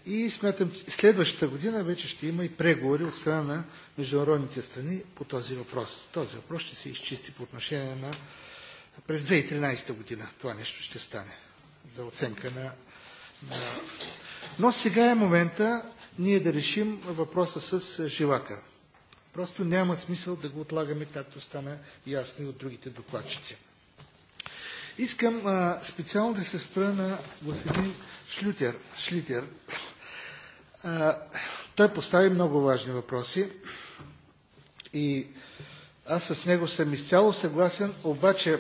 И смятам, че следващата година вече ще има и преговори от страна на международните страни по този въпрос. Този въпрос ще се изчисти по отношение на през 2013 година. Това нещо ще стане за оценка на, на... Но сега е момента ние да решим въпроса с е, жилака. Просто няма смисъл да го отлагаме, както стана ясно и от другите докладчици. Искам а, специално да се спра на господин Шлютер, Шлитер, той постави много важни въпроси и аз с него съм изцяло съгласен, обаче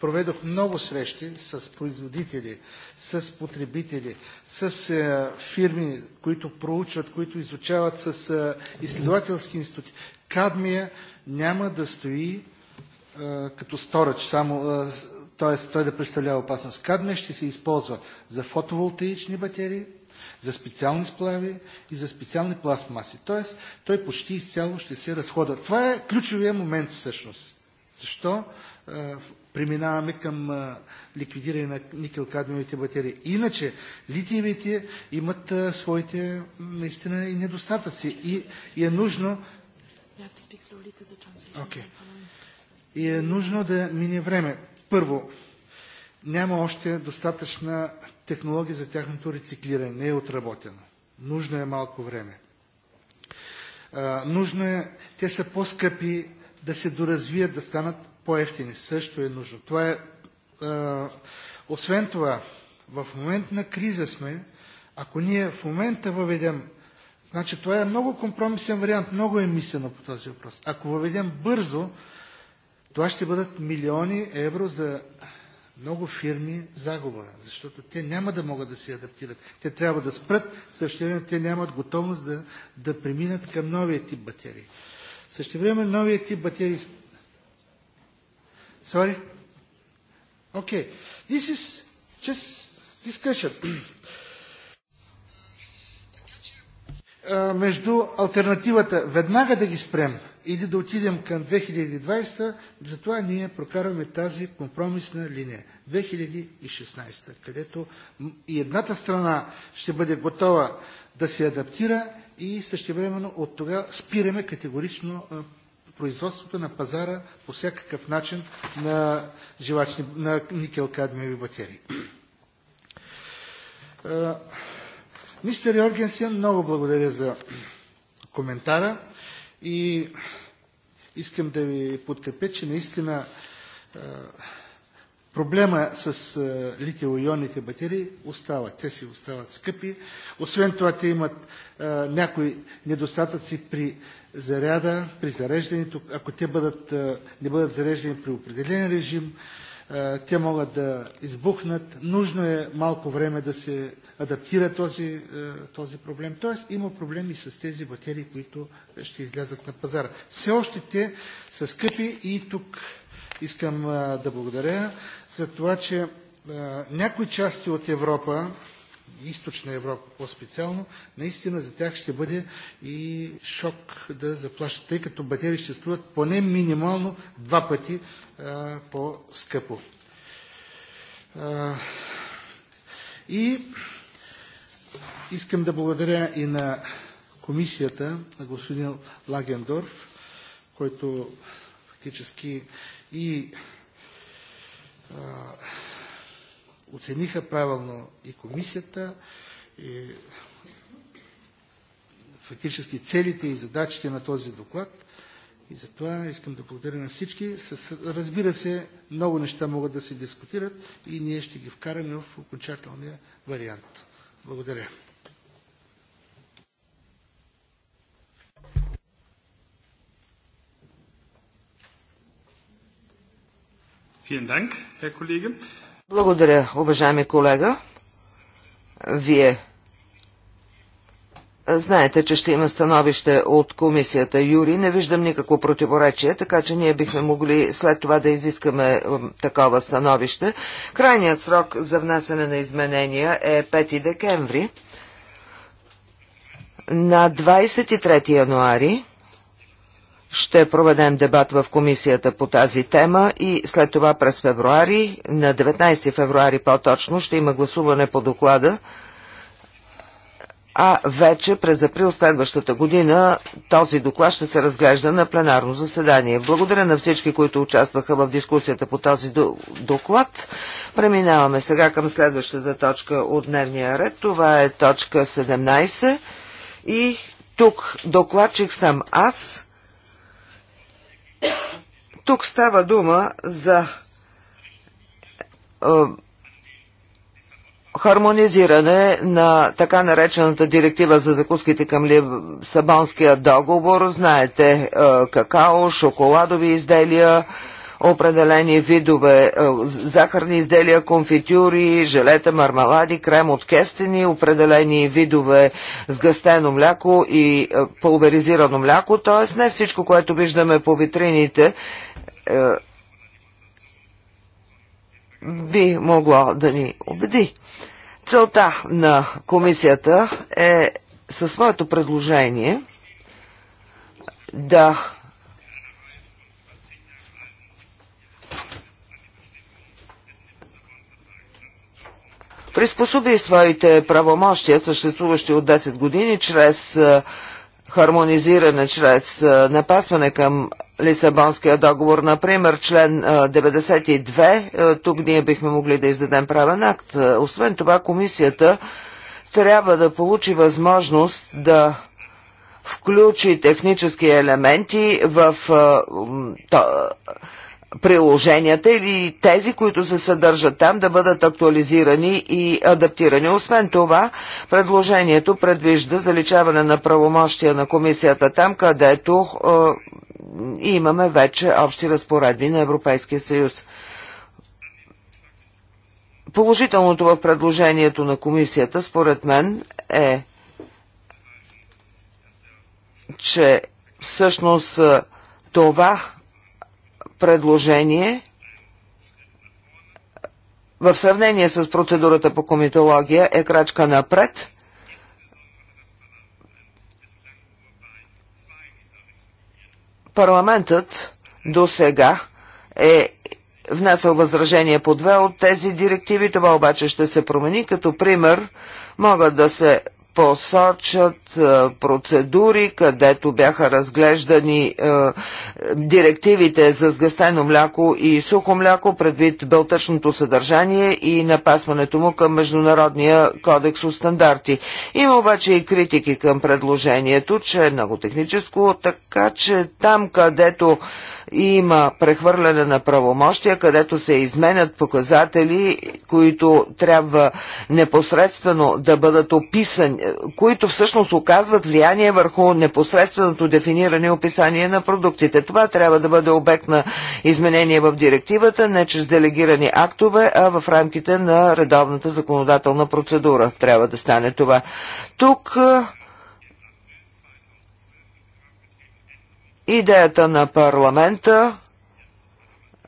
проведох много срещи с производители, с потребители, с е, фирми, които проучват, които изучават, с е, изследователски институти. Кадмия няма да стои е, като сторъч, само, т.е. той да представлява опасност. Кадмия ще се използва за фотоволтаични батерии, за специални сплави и за специални пластмаси. Тоест, той почти изцяло ще се разхода. Това е ключовия момент всъщност. Защо а, преминаваме към а, ликвидиране на никел кадмиовите батерии? Иначе, литиевите имат а, своите наистина и недостатъци. И, и е нужно... Okay. И е нужно да мине време. Първо, няма още достатъчна технология за тяхното рециклиране не е отработена. Нужно е малко време. А, нужно е, те са по-скъпи, да се доразвият, да станат по-ефтини. Също е нужно. Това е, а, освен това, в момент на криза сме, ако ние в момента въведем, значи това е много компромисен вариант, много е мислено по този въпрос. Ако въведем бързо, това ще бъдат милиони евро за много фирми загуба, защото те няма да могат да се адаптират. Те трябва да спрат, същевременно те нямат готовност да, да преминат към новия тип батерии. Същевременно новия тип батерии... Sorry? Okay. This is just discussion. между альтернативата веднага да ги спрем – или да отидем към 2020, затова ние прокарваме тази компромисна линия 2016, където и едната страна ще бъде готова да се адаптира и същевременно от тога спираме категорично производството на пазара по всякакъв начин на, живачни, на никел-кадмиеви батерии. Мистер Йоргенсен, много благодаря за коментара. И искам да ви подкрепя, че наистина проблема с литиоионните батерии остават. Те си остават скъпи. Освен това, те имат някои недостатъци при заряда, при зареждането, ако те бъдат, не бъдат зареждани при определен режим, е, те могат да избухнат. Нужно е малко време да се адаптира този, е, този проблем. Тоест има проблеми с тези батерии, които ще излязат на пазара. Все още те са скъпи и тук искам е, да благодаря за това, че някои части от Европа, източна Европа по-специално, наистина за тях ще бъде и шок да заплащат, тъй като батерии ще струват поне минимално два пъти по-скъпо. И искам да благодаря и на комисията, на господин Лагендорф, който фактически и оцениха правилно и комисията, и фактически целите и задачите на този доклад. И затова искам да благодаря на всички. С, разбира се, много неща могат да се дискутират и ние ще ги вкараме в окончателния вариант. Благодаря. Благодаря, уважаеми колега. Вие Знаете, че ще има становище от комисията Юри. Не виждам никакво противоречие, така че ние бихме могли след това да изискаме такова становище. Крайният срок за внасяне на изменения е 5 декември. На 23 януари ще проведем дебат в комисията по тази тема и след това през февруари, на 19 февруари по-точно, ще има гласуване по доклада а вече през април следващата година този доклад ще се разглежда на пленарно заседание. Благодаря на всички, които участваха в дискусията по този доклад. Преминаваме сега към следващата точка от дневния ред. Това е точка 17 и тук докладчик съм аз. Тук става дума за е, хармонизиране на така наречената директива за закуските към Лисабонския договор. Знаете, е, какао, шоколадови изделия, определени видове е, захарни изделия, конфитюри, желета, мармалади, крем от кестени, определени видове сгъстено мляко и е, пулверизирано мляко, т.е. не всичко, което виждаме по витрините, би могло да ни убеди. Целта на комисията е със своето предложение да приспособи своите правомощия, съществуващи от 10 години, чрез хармонизиране чрез напасване към Лисабонския договор, например член 92, тук ние бихме могли да издадем правен акт. Освен това, комисията трябва да получи възможност да включи технически елементи в приложенията или тези, които се съдържат там, да бъдат актуализирани и адаптирани. Освен това, предложението предвижда заличаване на правомощия на комисията там, където е, имаме вече общи разпоредби на Европейския съюз. Положителното в предложението на комисията, според мен, е, че всъщност е, това предложение в сравнение с процедурата по комитология е крачка напред. Парламентът до сега е внесъл възражение по две от тези директиви. Това обаче ще се промени. Като пример могат да се посочат е, процедури, където бяха разглеждани е, директивите за сгъстено мляко и сухо мляко предвид белтъчното съдържание и напасването му към Международния кодекс от стандарти. Има обаче и критики към предложението, че е много техническо, така че там, където има прехвърляне на правомощия, където се изменят показатели, които трябва непосредствено да бъдат описани, които всъщност оказват влияние върху непосредственото дефиниране и описание на продуктите. Това трябва да бъде обект на изменение в директивата, не чрез делегирани актове, а в рамките на редовната законодателна процедура трябва да стане това. Тук Идеята на парламента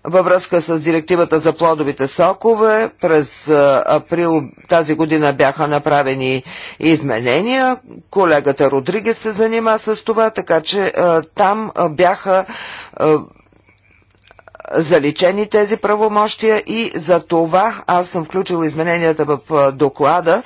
във връзка с директивата за плодовите сокове през април тази година бяха направени изменения. Колегата Родригес се занима с това, така че там бяха заличени тези правомощия и за това аз съм включил измененията в доклада,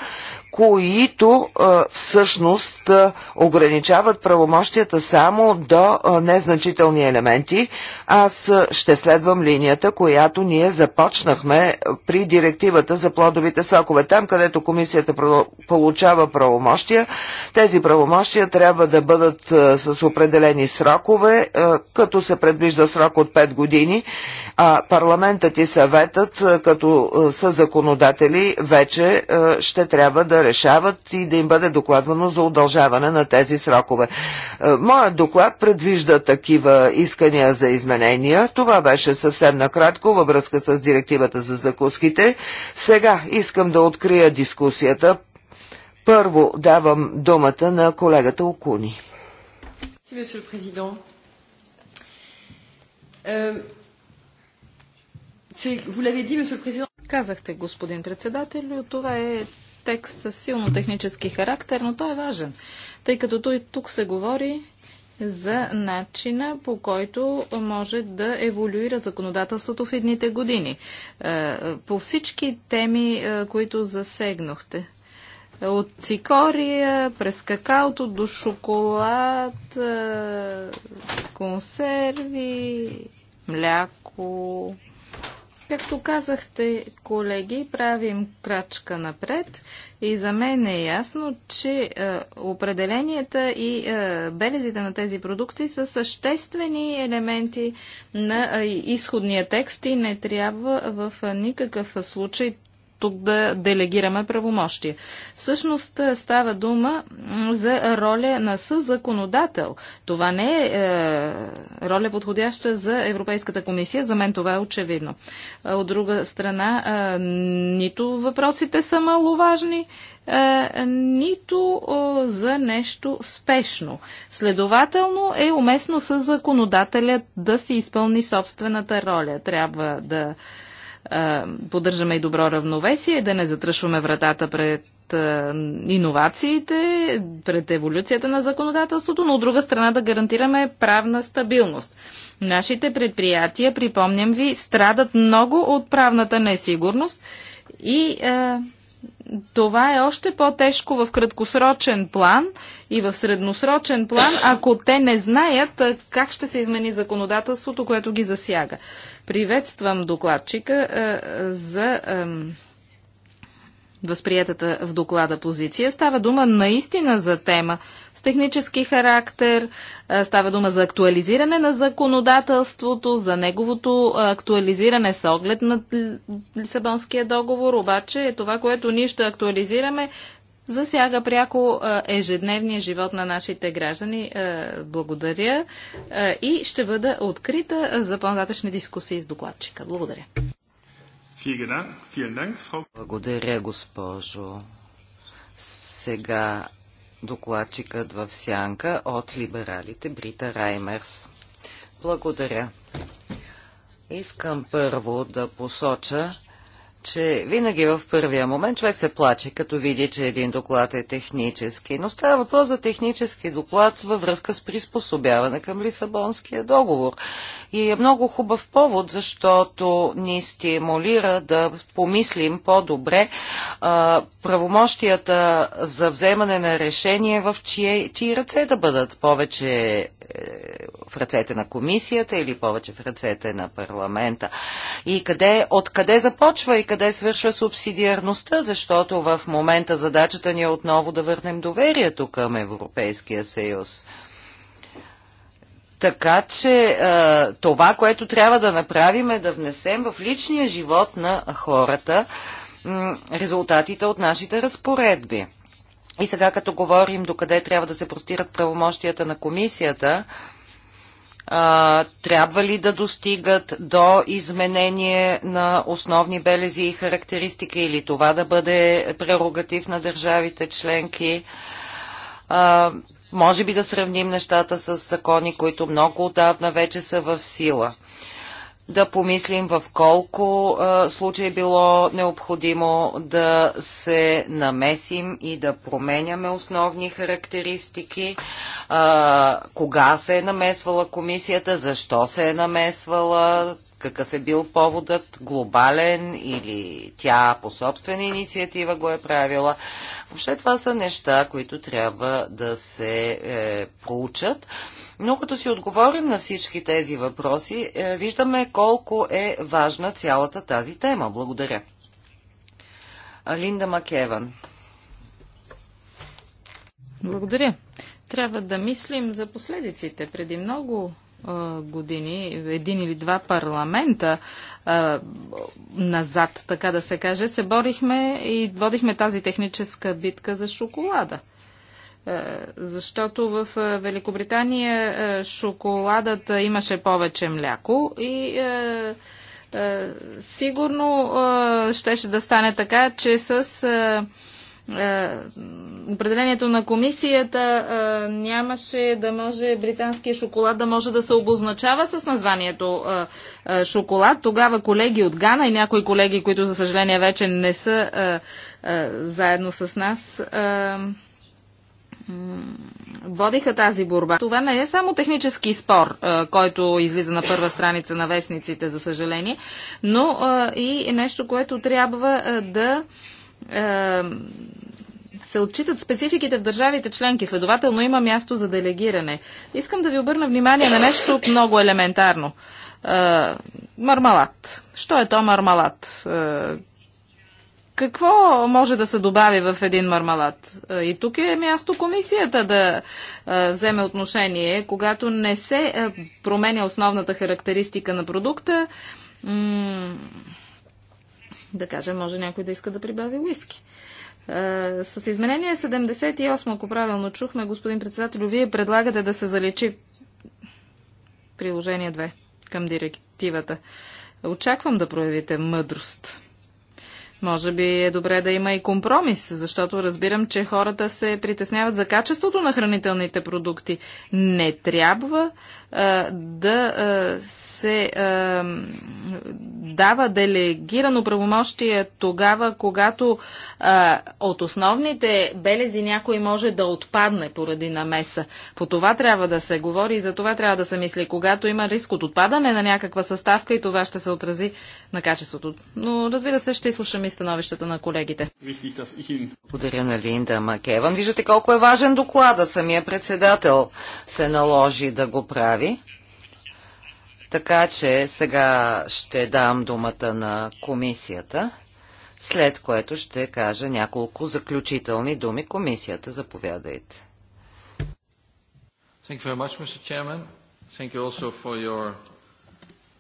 които всъщност ограничават правомощията само до незначителни елементи. Аз ще следвам линията, която ние започнахме при директивата за плодовите сокове. Там, където комисията получава правомощия, тези правомощия трябва да бъдат с определени срокове, като се предвижда срок от 5 години, а парламентът и съветът, като са законодатели, вече ще трябва да да решават и да им бъде докладвано за удължаване на тези срокове. Е, моят доклад предвижда такива искания за изменения. Това беше съвсем накратко във връзка с директивата за закуските. Сега искам да открия дискусията. Първо давам думата на колегата Окуни. Е, Казахте, господин председател, това е текст с силно технически характер, но той е важен, тъй като той тук се говори за начина по който може да еволюира законодателството в едните години. Е, по всички теми, е, които засегнахте. От цикория, през какаото до шоколад, е, консерви, мляко, Както казахте, колеги, правим крачка напред и за мен е ясно, че е, определенията и е, белезите на тези продукти са съществени елементи на е, изходния текст и не трябва в никакъв случай тук да делегираме правомощия. Всъщност е, става дума за роля на съзаконодател. Това не е, е роля подходяща за Европейската комисия. За мен това е очевидно. От друга страна, е, нито въпросите са маловажни, е, нито е, за нещо спешно. Следователно е уместно с законодателят да си изпълни собствената роля. Трябва да поддържаме и добро равновесие, да не затръшваме вратата пред иновациите, пред еволюцията на законодателството, но от друга страна да гарантираме правна стабилност. Нашите предприятия, припомням ви, страдат много от правната несигурност и а, това е още по-тежко в краткосрочен план и в средносрочен план, ако те не знаят как ще се измени законодателството, което ги засяга. Приветствам докладчика за възприетата в доклада позиция. Става дума наистина за тема с технически характер, става дума за актуализиране на законодателството, за неговото актуализиране с оглед на Лисабонския договор, обаче това, което ние ще актуализираме, засяга пряко ежедневния живот на нашите граждани. Благодаря и ще бъда открита за по-нататъчни дискусии с докладчика. Благодаря. Благодаря, госпожо. Сега докладчикът в сянка от либералите Брита Раймерс. Благодаря. Искам първо да посоча, че винаги в първия момент човек се плаче, като види, че един доклад е технически. Но става въпрос за технически доклад във връзка с приспособяване към Лисабонския договор. И е много хубав повод, защото ни стимулира да помислим по-добре правомощията за вземане на решение в чие, чии ръце да бъдат повече в ръцете на комисията или повече в ръцете на парламента. И къде, от къде започва и къде свършва субсидиарността, защото в момента задачата ни е отново да върнем доверието към Европейския съюз. Така че това, което трябва да направим е да внесем в личния живот на хората резултатите от нашите разпоредби. И сега, като говорим до къде трябва да се простират правомощията на комисията, а, трябва ли да достигат до изменение на основни белези и характеристики или това да бъде прерогатив на държавите членки? А, може би да сравним нещата с закони, които много отдавна вече са в сила да помислим в колко а, случаи било необходимо да се намесим и да променяме основни характеристики, а, кога се е намесвала комисията, защо се е намесвала, какъв е бил поводът, глобален или тя по собствена инициатива го е правила. Въобще това са неща, които трябва да се е, проучат. Но като си отговорим на всички тези въпроси, е, виждаме колко е важна цялата тази тема. Благодаря. Линда Макеван. Благодаря. Трябва да мислим за последиците. Преди много години, един или два парламента а, назад, така да се каже, се борихме и водихме тази техническа битка за шоколада. А, защото в Великобритания а, имаше повече мляко и сигурно щеше да стане така, че с е, определението на комисията а, е, нямаше да може британския шоколад да може да се обозначава с названието а, е, а, шоколад. Тогава колеги от Гана и някои колеги, които за съжаление вече не са а, а, заедно с нас, а, водиха тази борба. Това не е само технически спор, който излиза на първа страница на вестниците, за съжаление, но и нещо, което трябва да е, се отчитат спецификите в държавите членки, следователно има място за делегиране. Искам да ви обърна внимание на нещо много елементарно. Е, мармалат. Що е то мармалат? Е, какво може да се добави в един мармалат? И тук е място комисията да вземе отношение, когато не се променя основната характеристика на продукта да кажем, може някой да иска да прибави уиски. с изменение 78, ако правилно чухме, господин председател, вие предлагате да се заличи приложение 2 към директивата. Очаквам да проявите мъдрост. Може би е добре да има и компромис, защото разбирам, че хората се притесняват за качеството на хранителните продукти. Не трябва да се дава делегирано правомощие тогава, когато от основните белези някой може да отпадне поради намеса. По това трябва да се говори и за това трябва да се мисли. Когато има риск от отпадане на някаква съставка и това ще се отрази на качеството. Но разбира се, ще изслушам и становищата на колегите. Благодаря на Линда Макеван. Виждате колко е важен доклада. Самия председател се наложи да го прави държави. Така че сега ще дам думата на комисията, след което ще кажа няколко заключителни думи. Комисията, заповядайте. Thank you very much, Mr. Chairman. Thank you also for your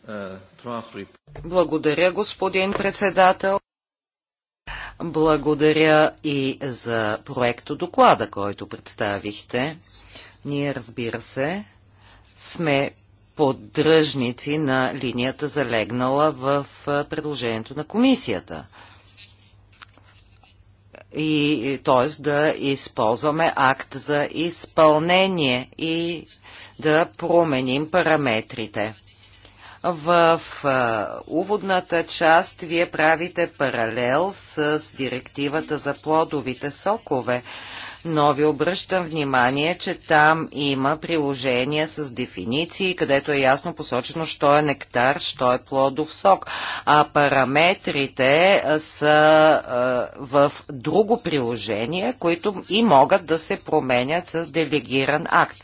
uh, благодаря, господин председател. Благодаря и за проекто доклада, който представихте. Ние, разбира се, сме поддръжници на линията залегнала в предложението на комисията. И, т.е. да използваме акт за изпълнение и да променим параметрите. В уводната част вие правите паралел с директивата за плодовите сокове но ви обръщам внимание, че там има приложения с дефиниции, където е ясно посочено, що е нектар, що е плодов сок, а параметрите са в друго приложение, които и могат да се променят с делегиран акт.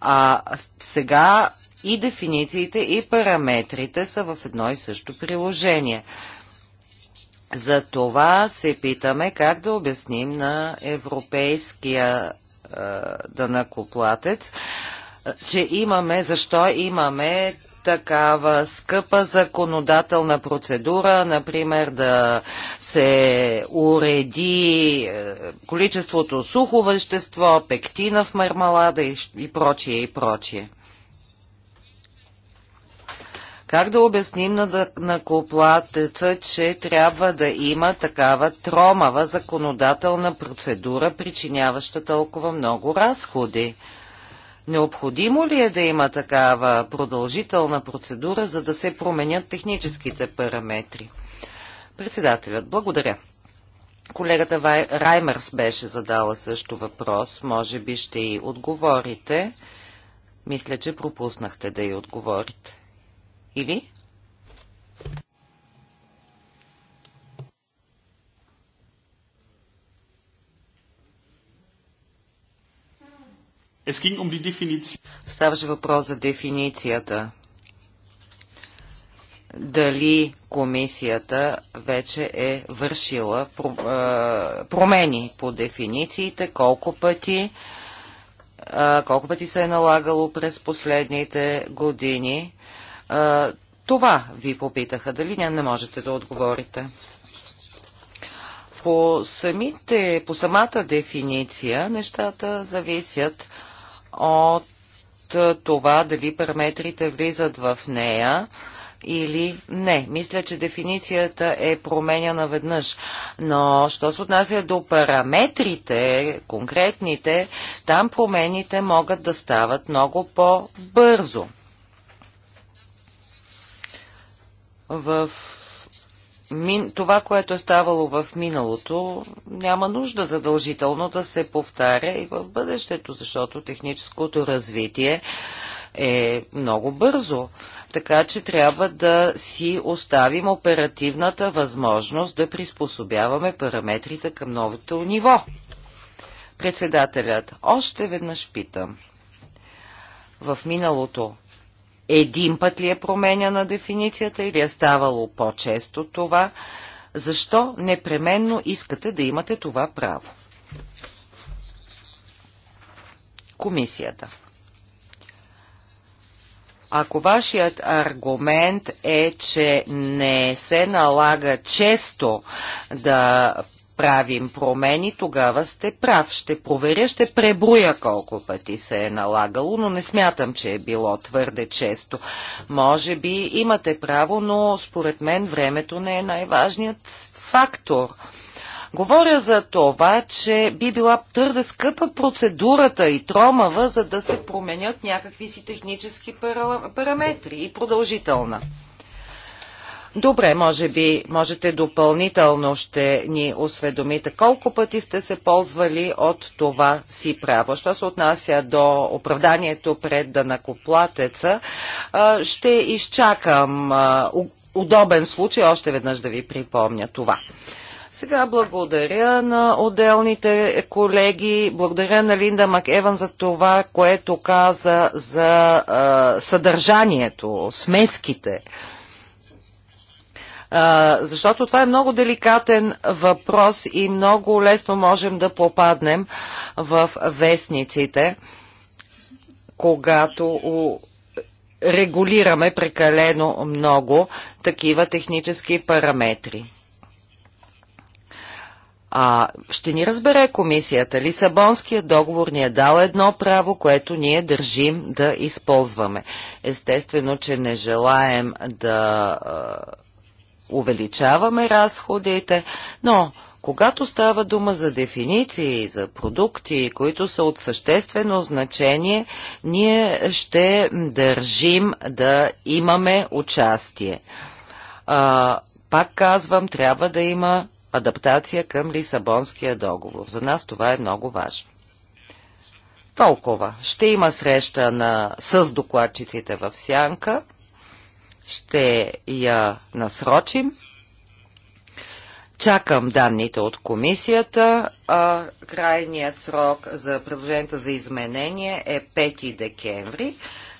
А сега и дефинициите, и параметрите са в едно и също приложение. За това се питаме как да обясним на европейския е, дънакоплатец, че имаме, защо имаме такава скъпа законодателна процедура, например да се уреди е, количеството сухо вещество, пектина в мармалада и, и прочие, и прочие. Как да обясним на коплатеца, че трябва да има такава тромава законодателна процедура, причиняваща толкова много разходи? Необходимо ли е да има такава продължителна процедура, за да се променят техническите параметри? Председателят, благодаря. Колегата Вай... Раймърс беше задала също въпрос. Може би ще и отговорите. Мисля, че пропуснахте да и отговорите. Или? Um Ставаше въпрос за дефиницията. Дали комисията вече е вършила промени по дефинициите, колко пъти, колко пъти се е налагало през последните години а, това ви попитаха. Дали не, не можете да отговорите? По, самите, по самата дефиниция нещата зависят от това дали параметрите влизат в нея или не. Мисля, че дефиницията е променяна веднъж. Но, що се отнася до параметрите, конкретните, там промените могат да стават много по-бързо. в мин... това, което е ставало в миналото, няма нужда задължително да се повтаря и в бъдещето, защото техническото развитие е много бързо. Така че трябва да си оставим оперативната възможност да приспособяваме параметрите към новото ниво. Председателят, още веднъж питам. В миналото един път ли е променяна дефиницията или е ставало по-често това? Защо непременно искате да имате това право? Комисията. Ако вашият аргумент е, че не се налага често да правим промени, тогава сте прав. Ще проверя, ще преброя колко пъти се е налагало, но не смятам, че е било твърде често. Може би имате право, но според мен времето не е най-важният фактор. Говоря за това, че би била твърде скъпа процедурата и тромава, за да се променят някакви си технически параметри и продължителна. Добре, може би можете допълнително ще ни осведомите колко пъти сте се ползвали от това си право. Що се отнася до оправданието пред данакоплатеца, ще изчакам удобен случай още веднъж да ви припомня това. Сега благодаря на отделните колеги, благодаря на Линда Макеван за това, което каза за съдържанието, смеските защото това е много деликатен въпрос и много лесно можем да попаднем в вестниците, когато регулираме прекалено много такива технически параметри. А ще ни разбере комисията. Лисабонският договор ни е дал едно право, което ние държим да използваме. Естествено, че не желаем да увеличаваме разходите, но когато става дума за дефиниции, за продукти, които са от съществено значение, ние ще държим да имаме участие. А, пак казвам, трябва да има адаптация към Лисабонския договор. За нас това е много важно. Толкова. Ще има среща на, с докладчиците в Сянка – ще я насрочим. Чакам данните от комисията. А, крайният срок за предложението за изменение е 5 декември.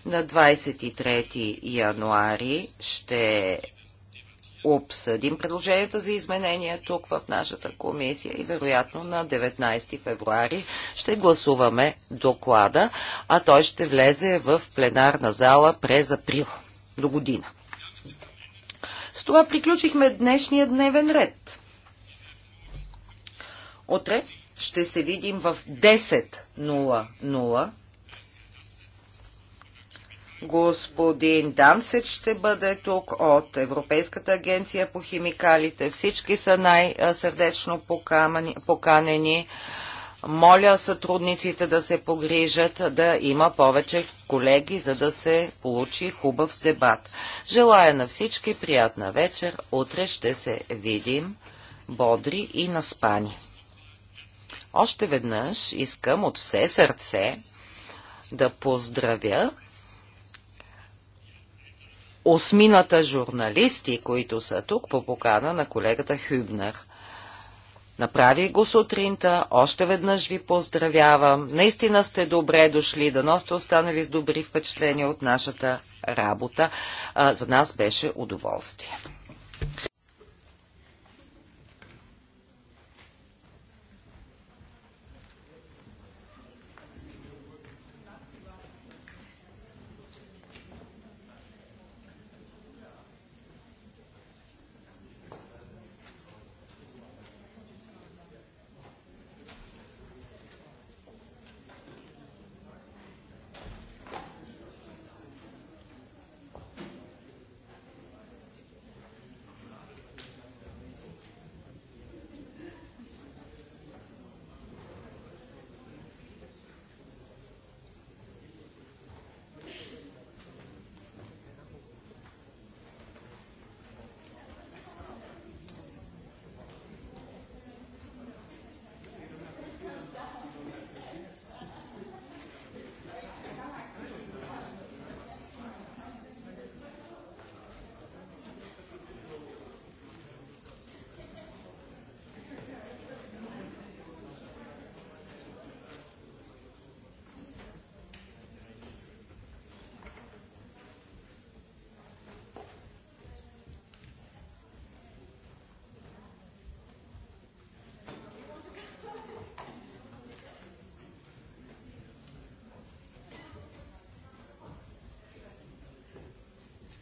На 23 януари ще обсъдим предложението за изменение тук в нашата комисия и вероятно на 19 февруари ще гласуваме доклада, а той ще влезе в пленарна зала през април до година. С това приключихме днешния дневен ред. Утре ще се видим в 10.00. Господин Дансет ще бъде тук от Европейската агенция по химикалите. Всички са най-сърдечно поканени. Моля сътрудниците да се погрижат, да има повече колеги, за да се получи хубав дебат. Желая на всички приятна вечер. Утре ще се видим бодри и наспани. Още веднъж искам от все сърце да поздравя осмината журналисти, които са тук по покана на колегата Хюбнер. Направих го сутринта, още веднъж ви поздравявам. Наистина сте добре дошли, но сте останали с добри впечатления от нашата работа. за нас беше удоволствие.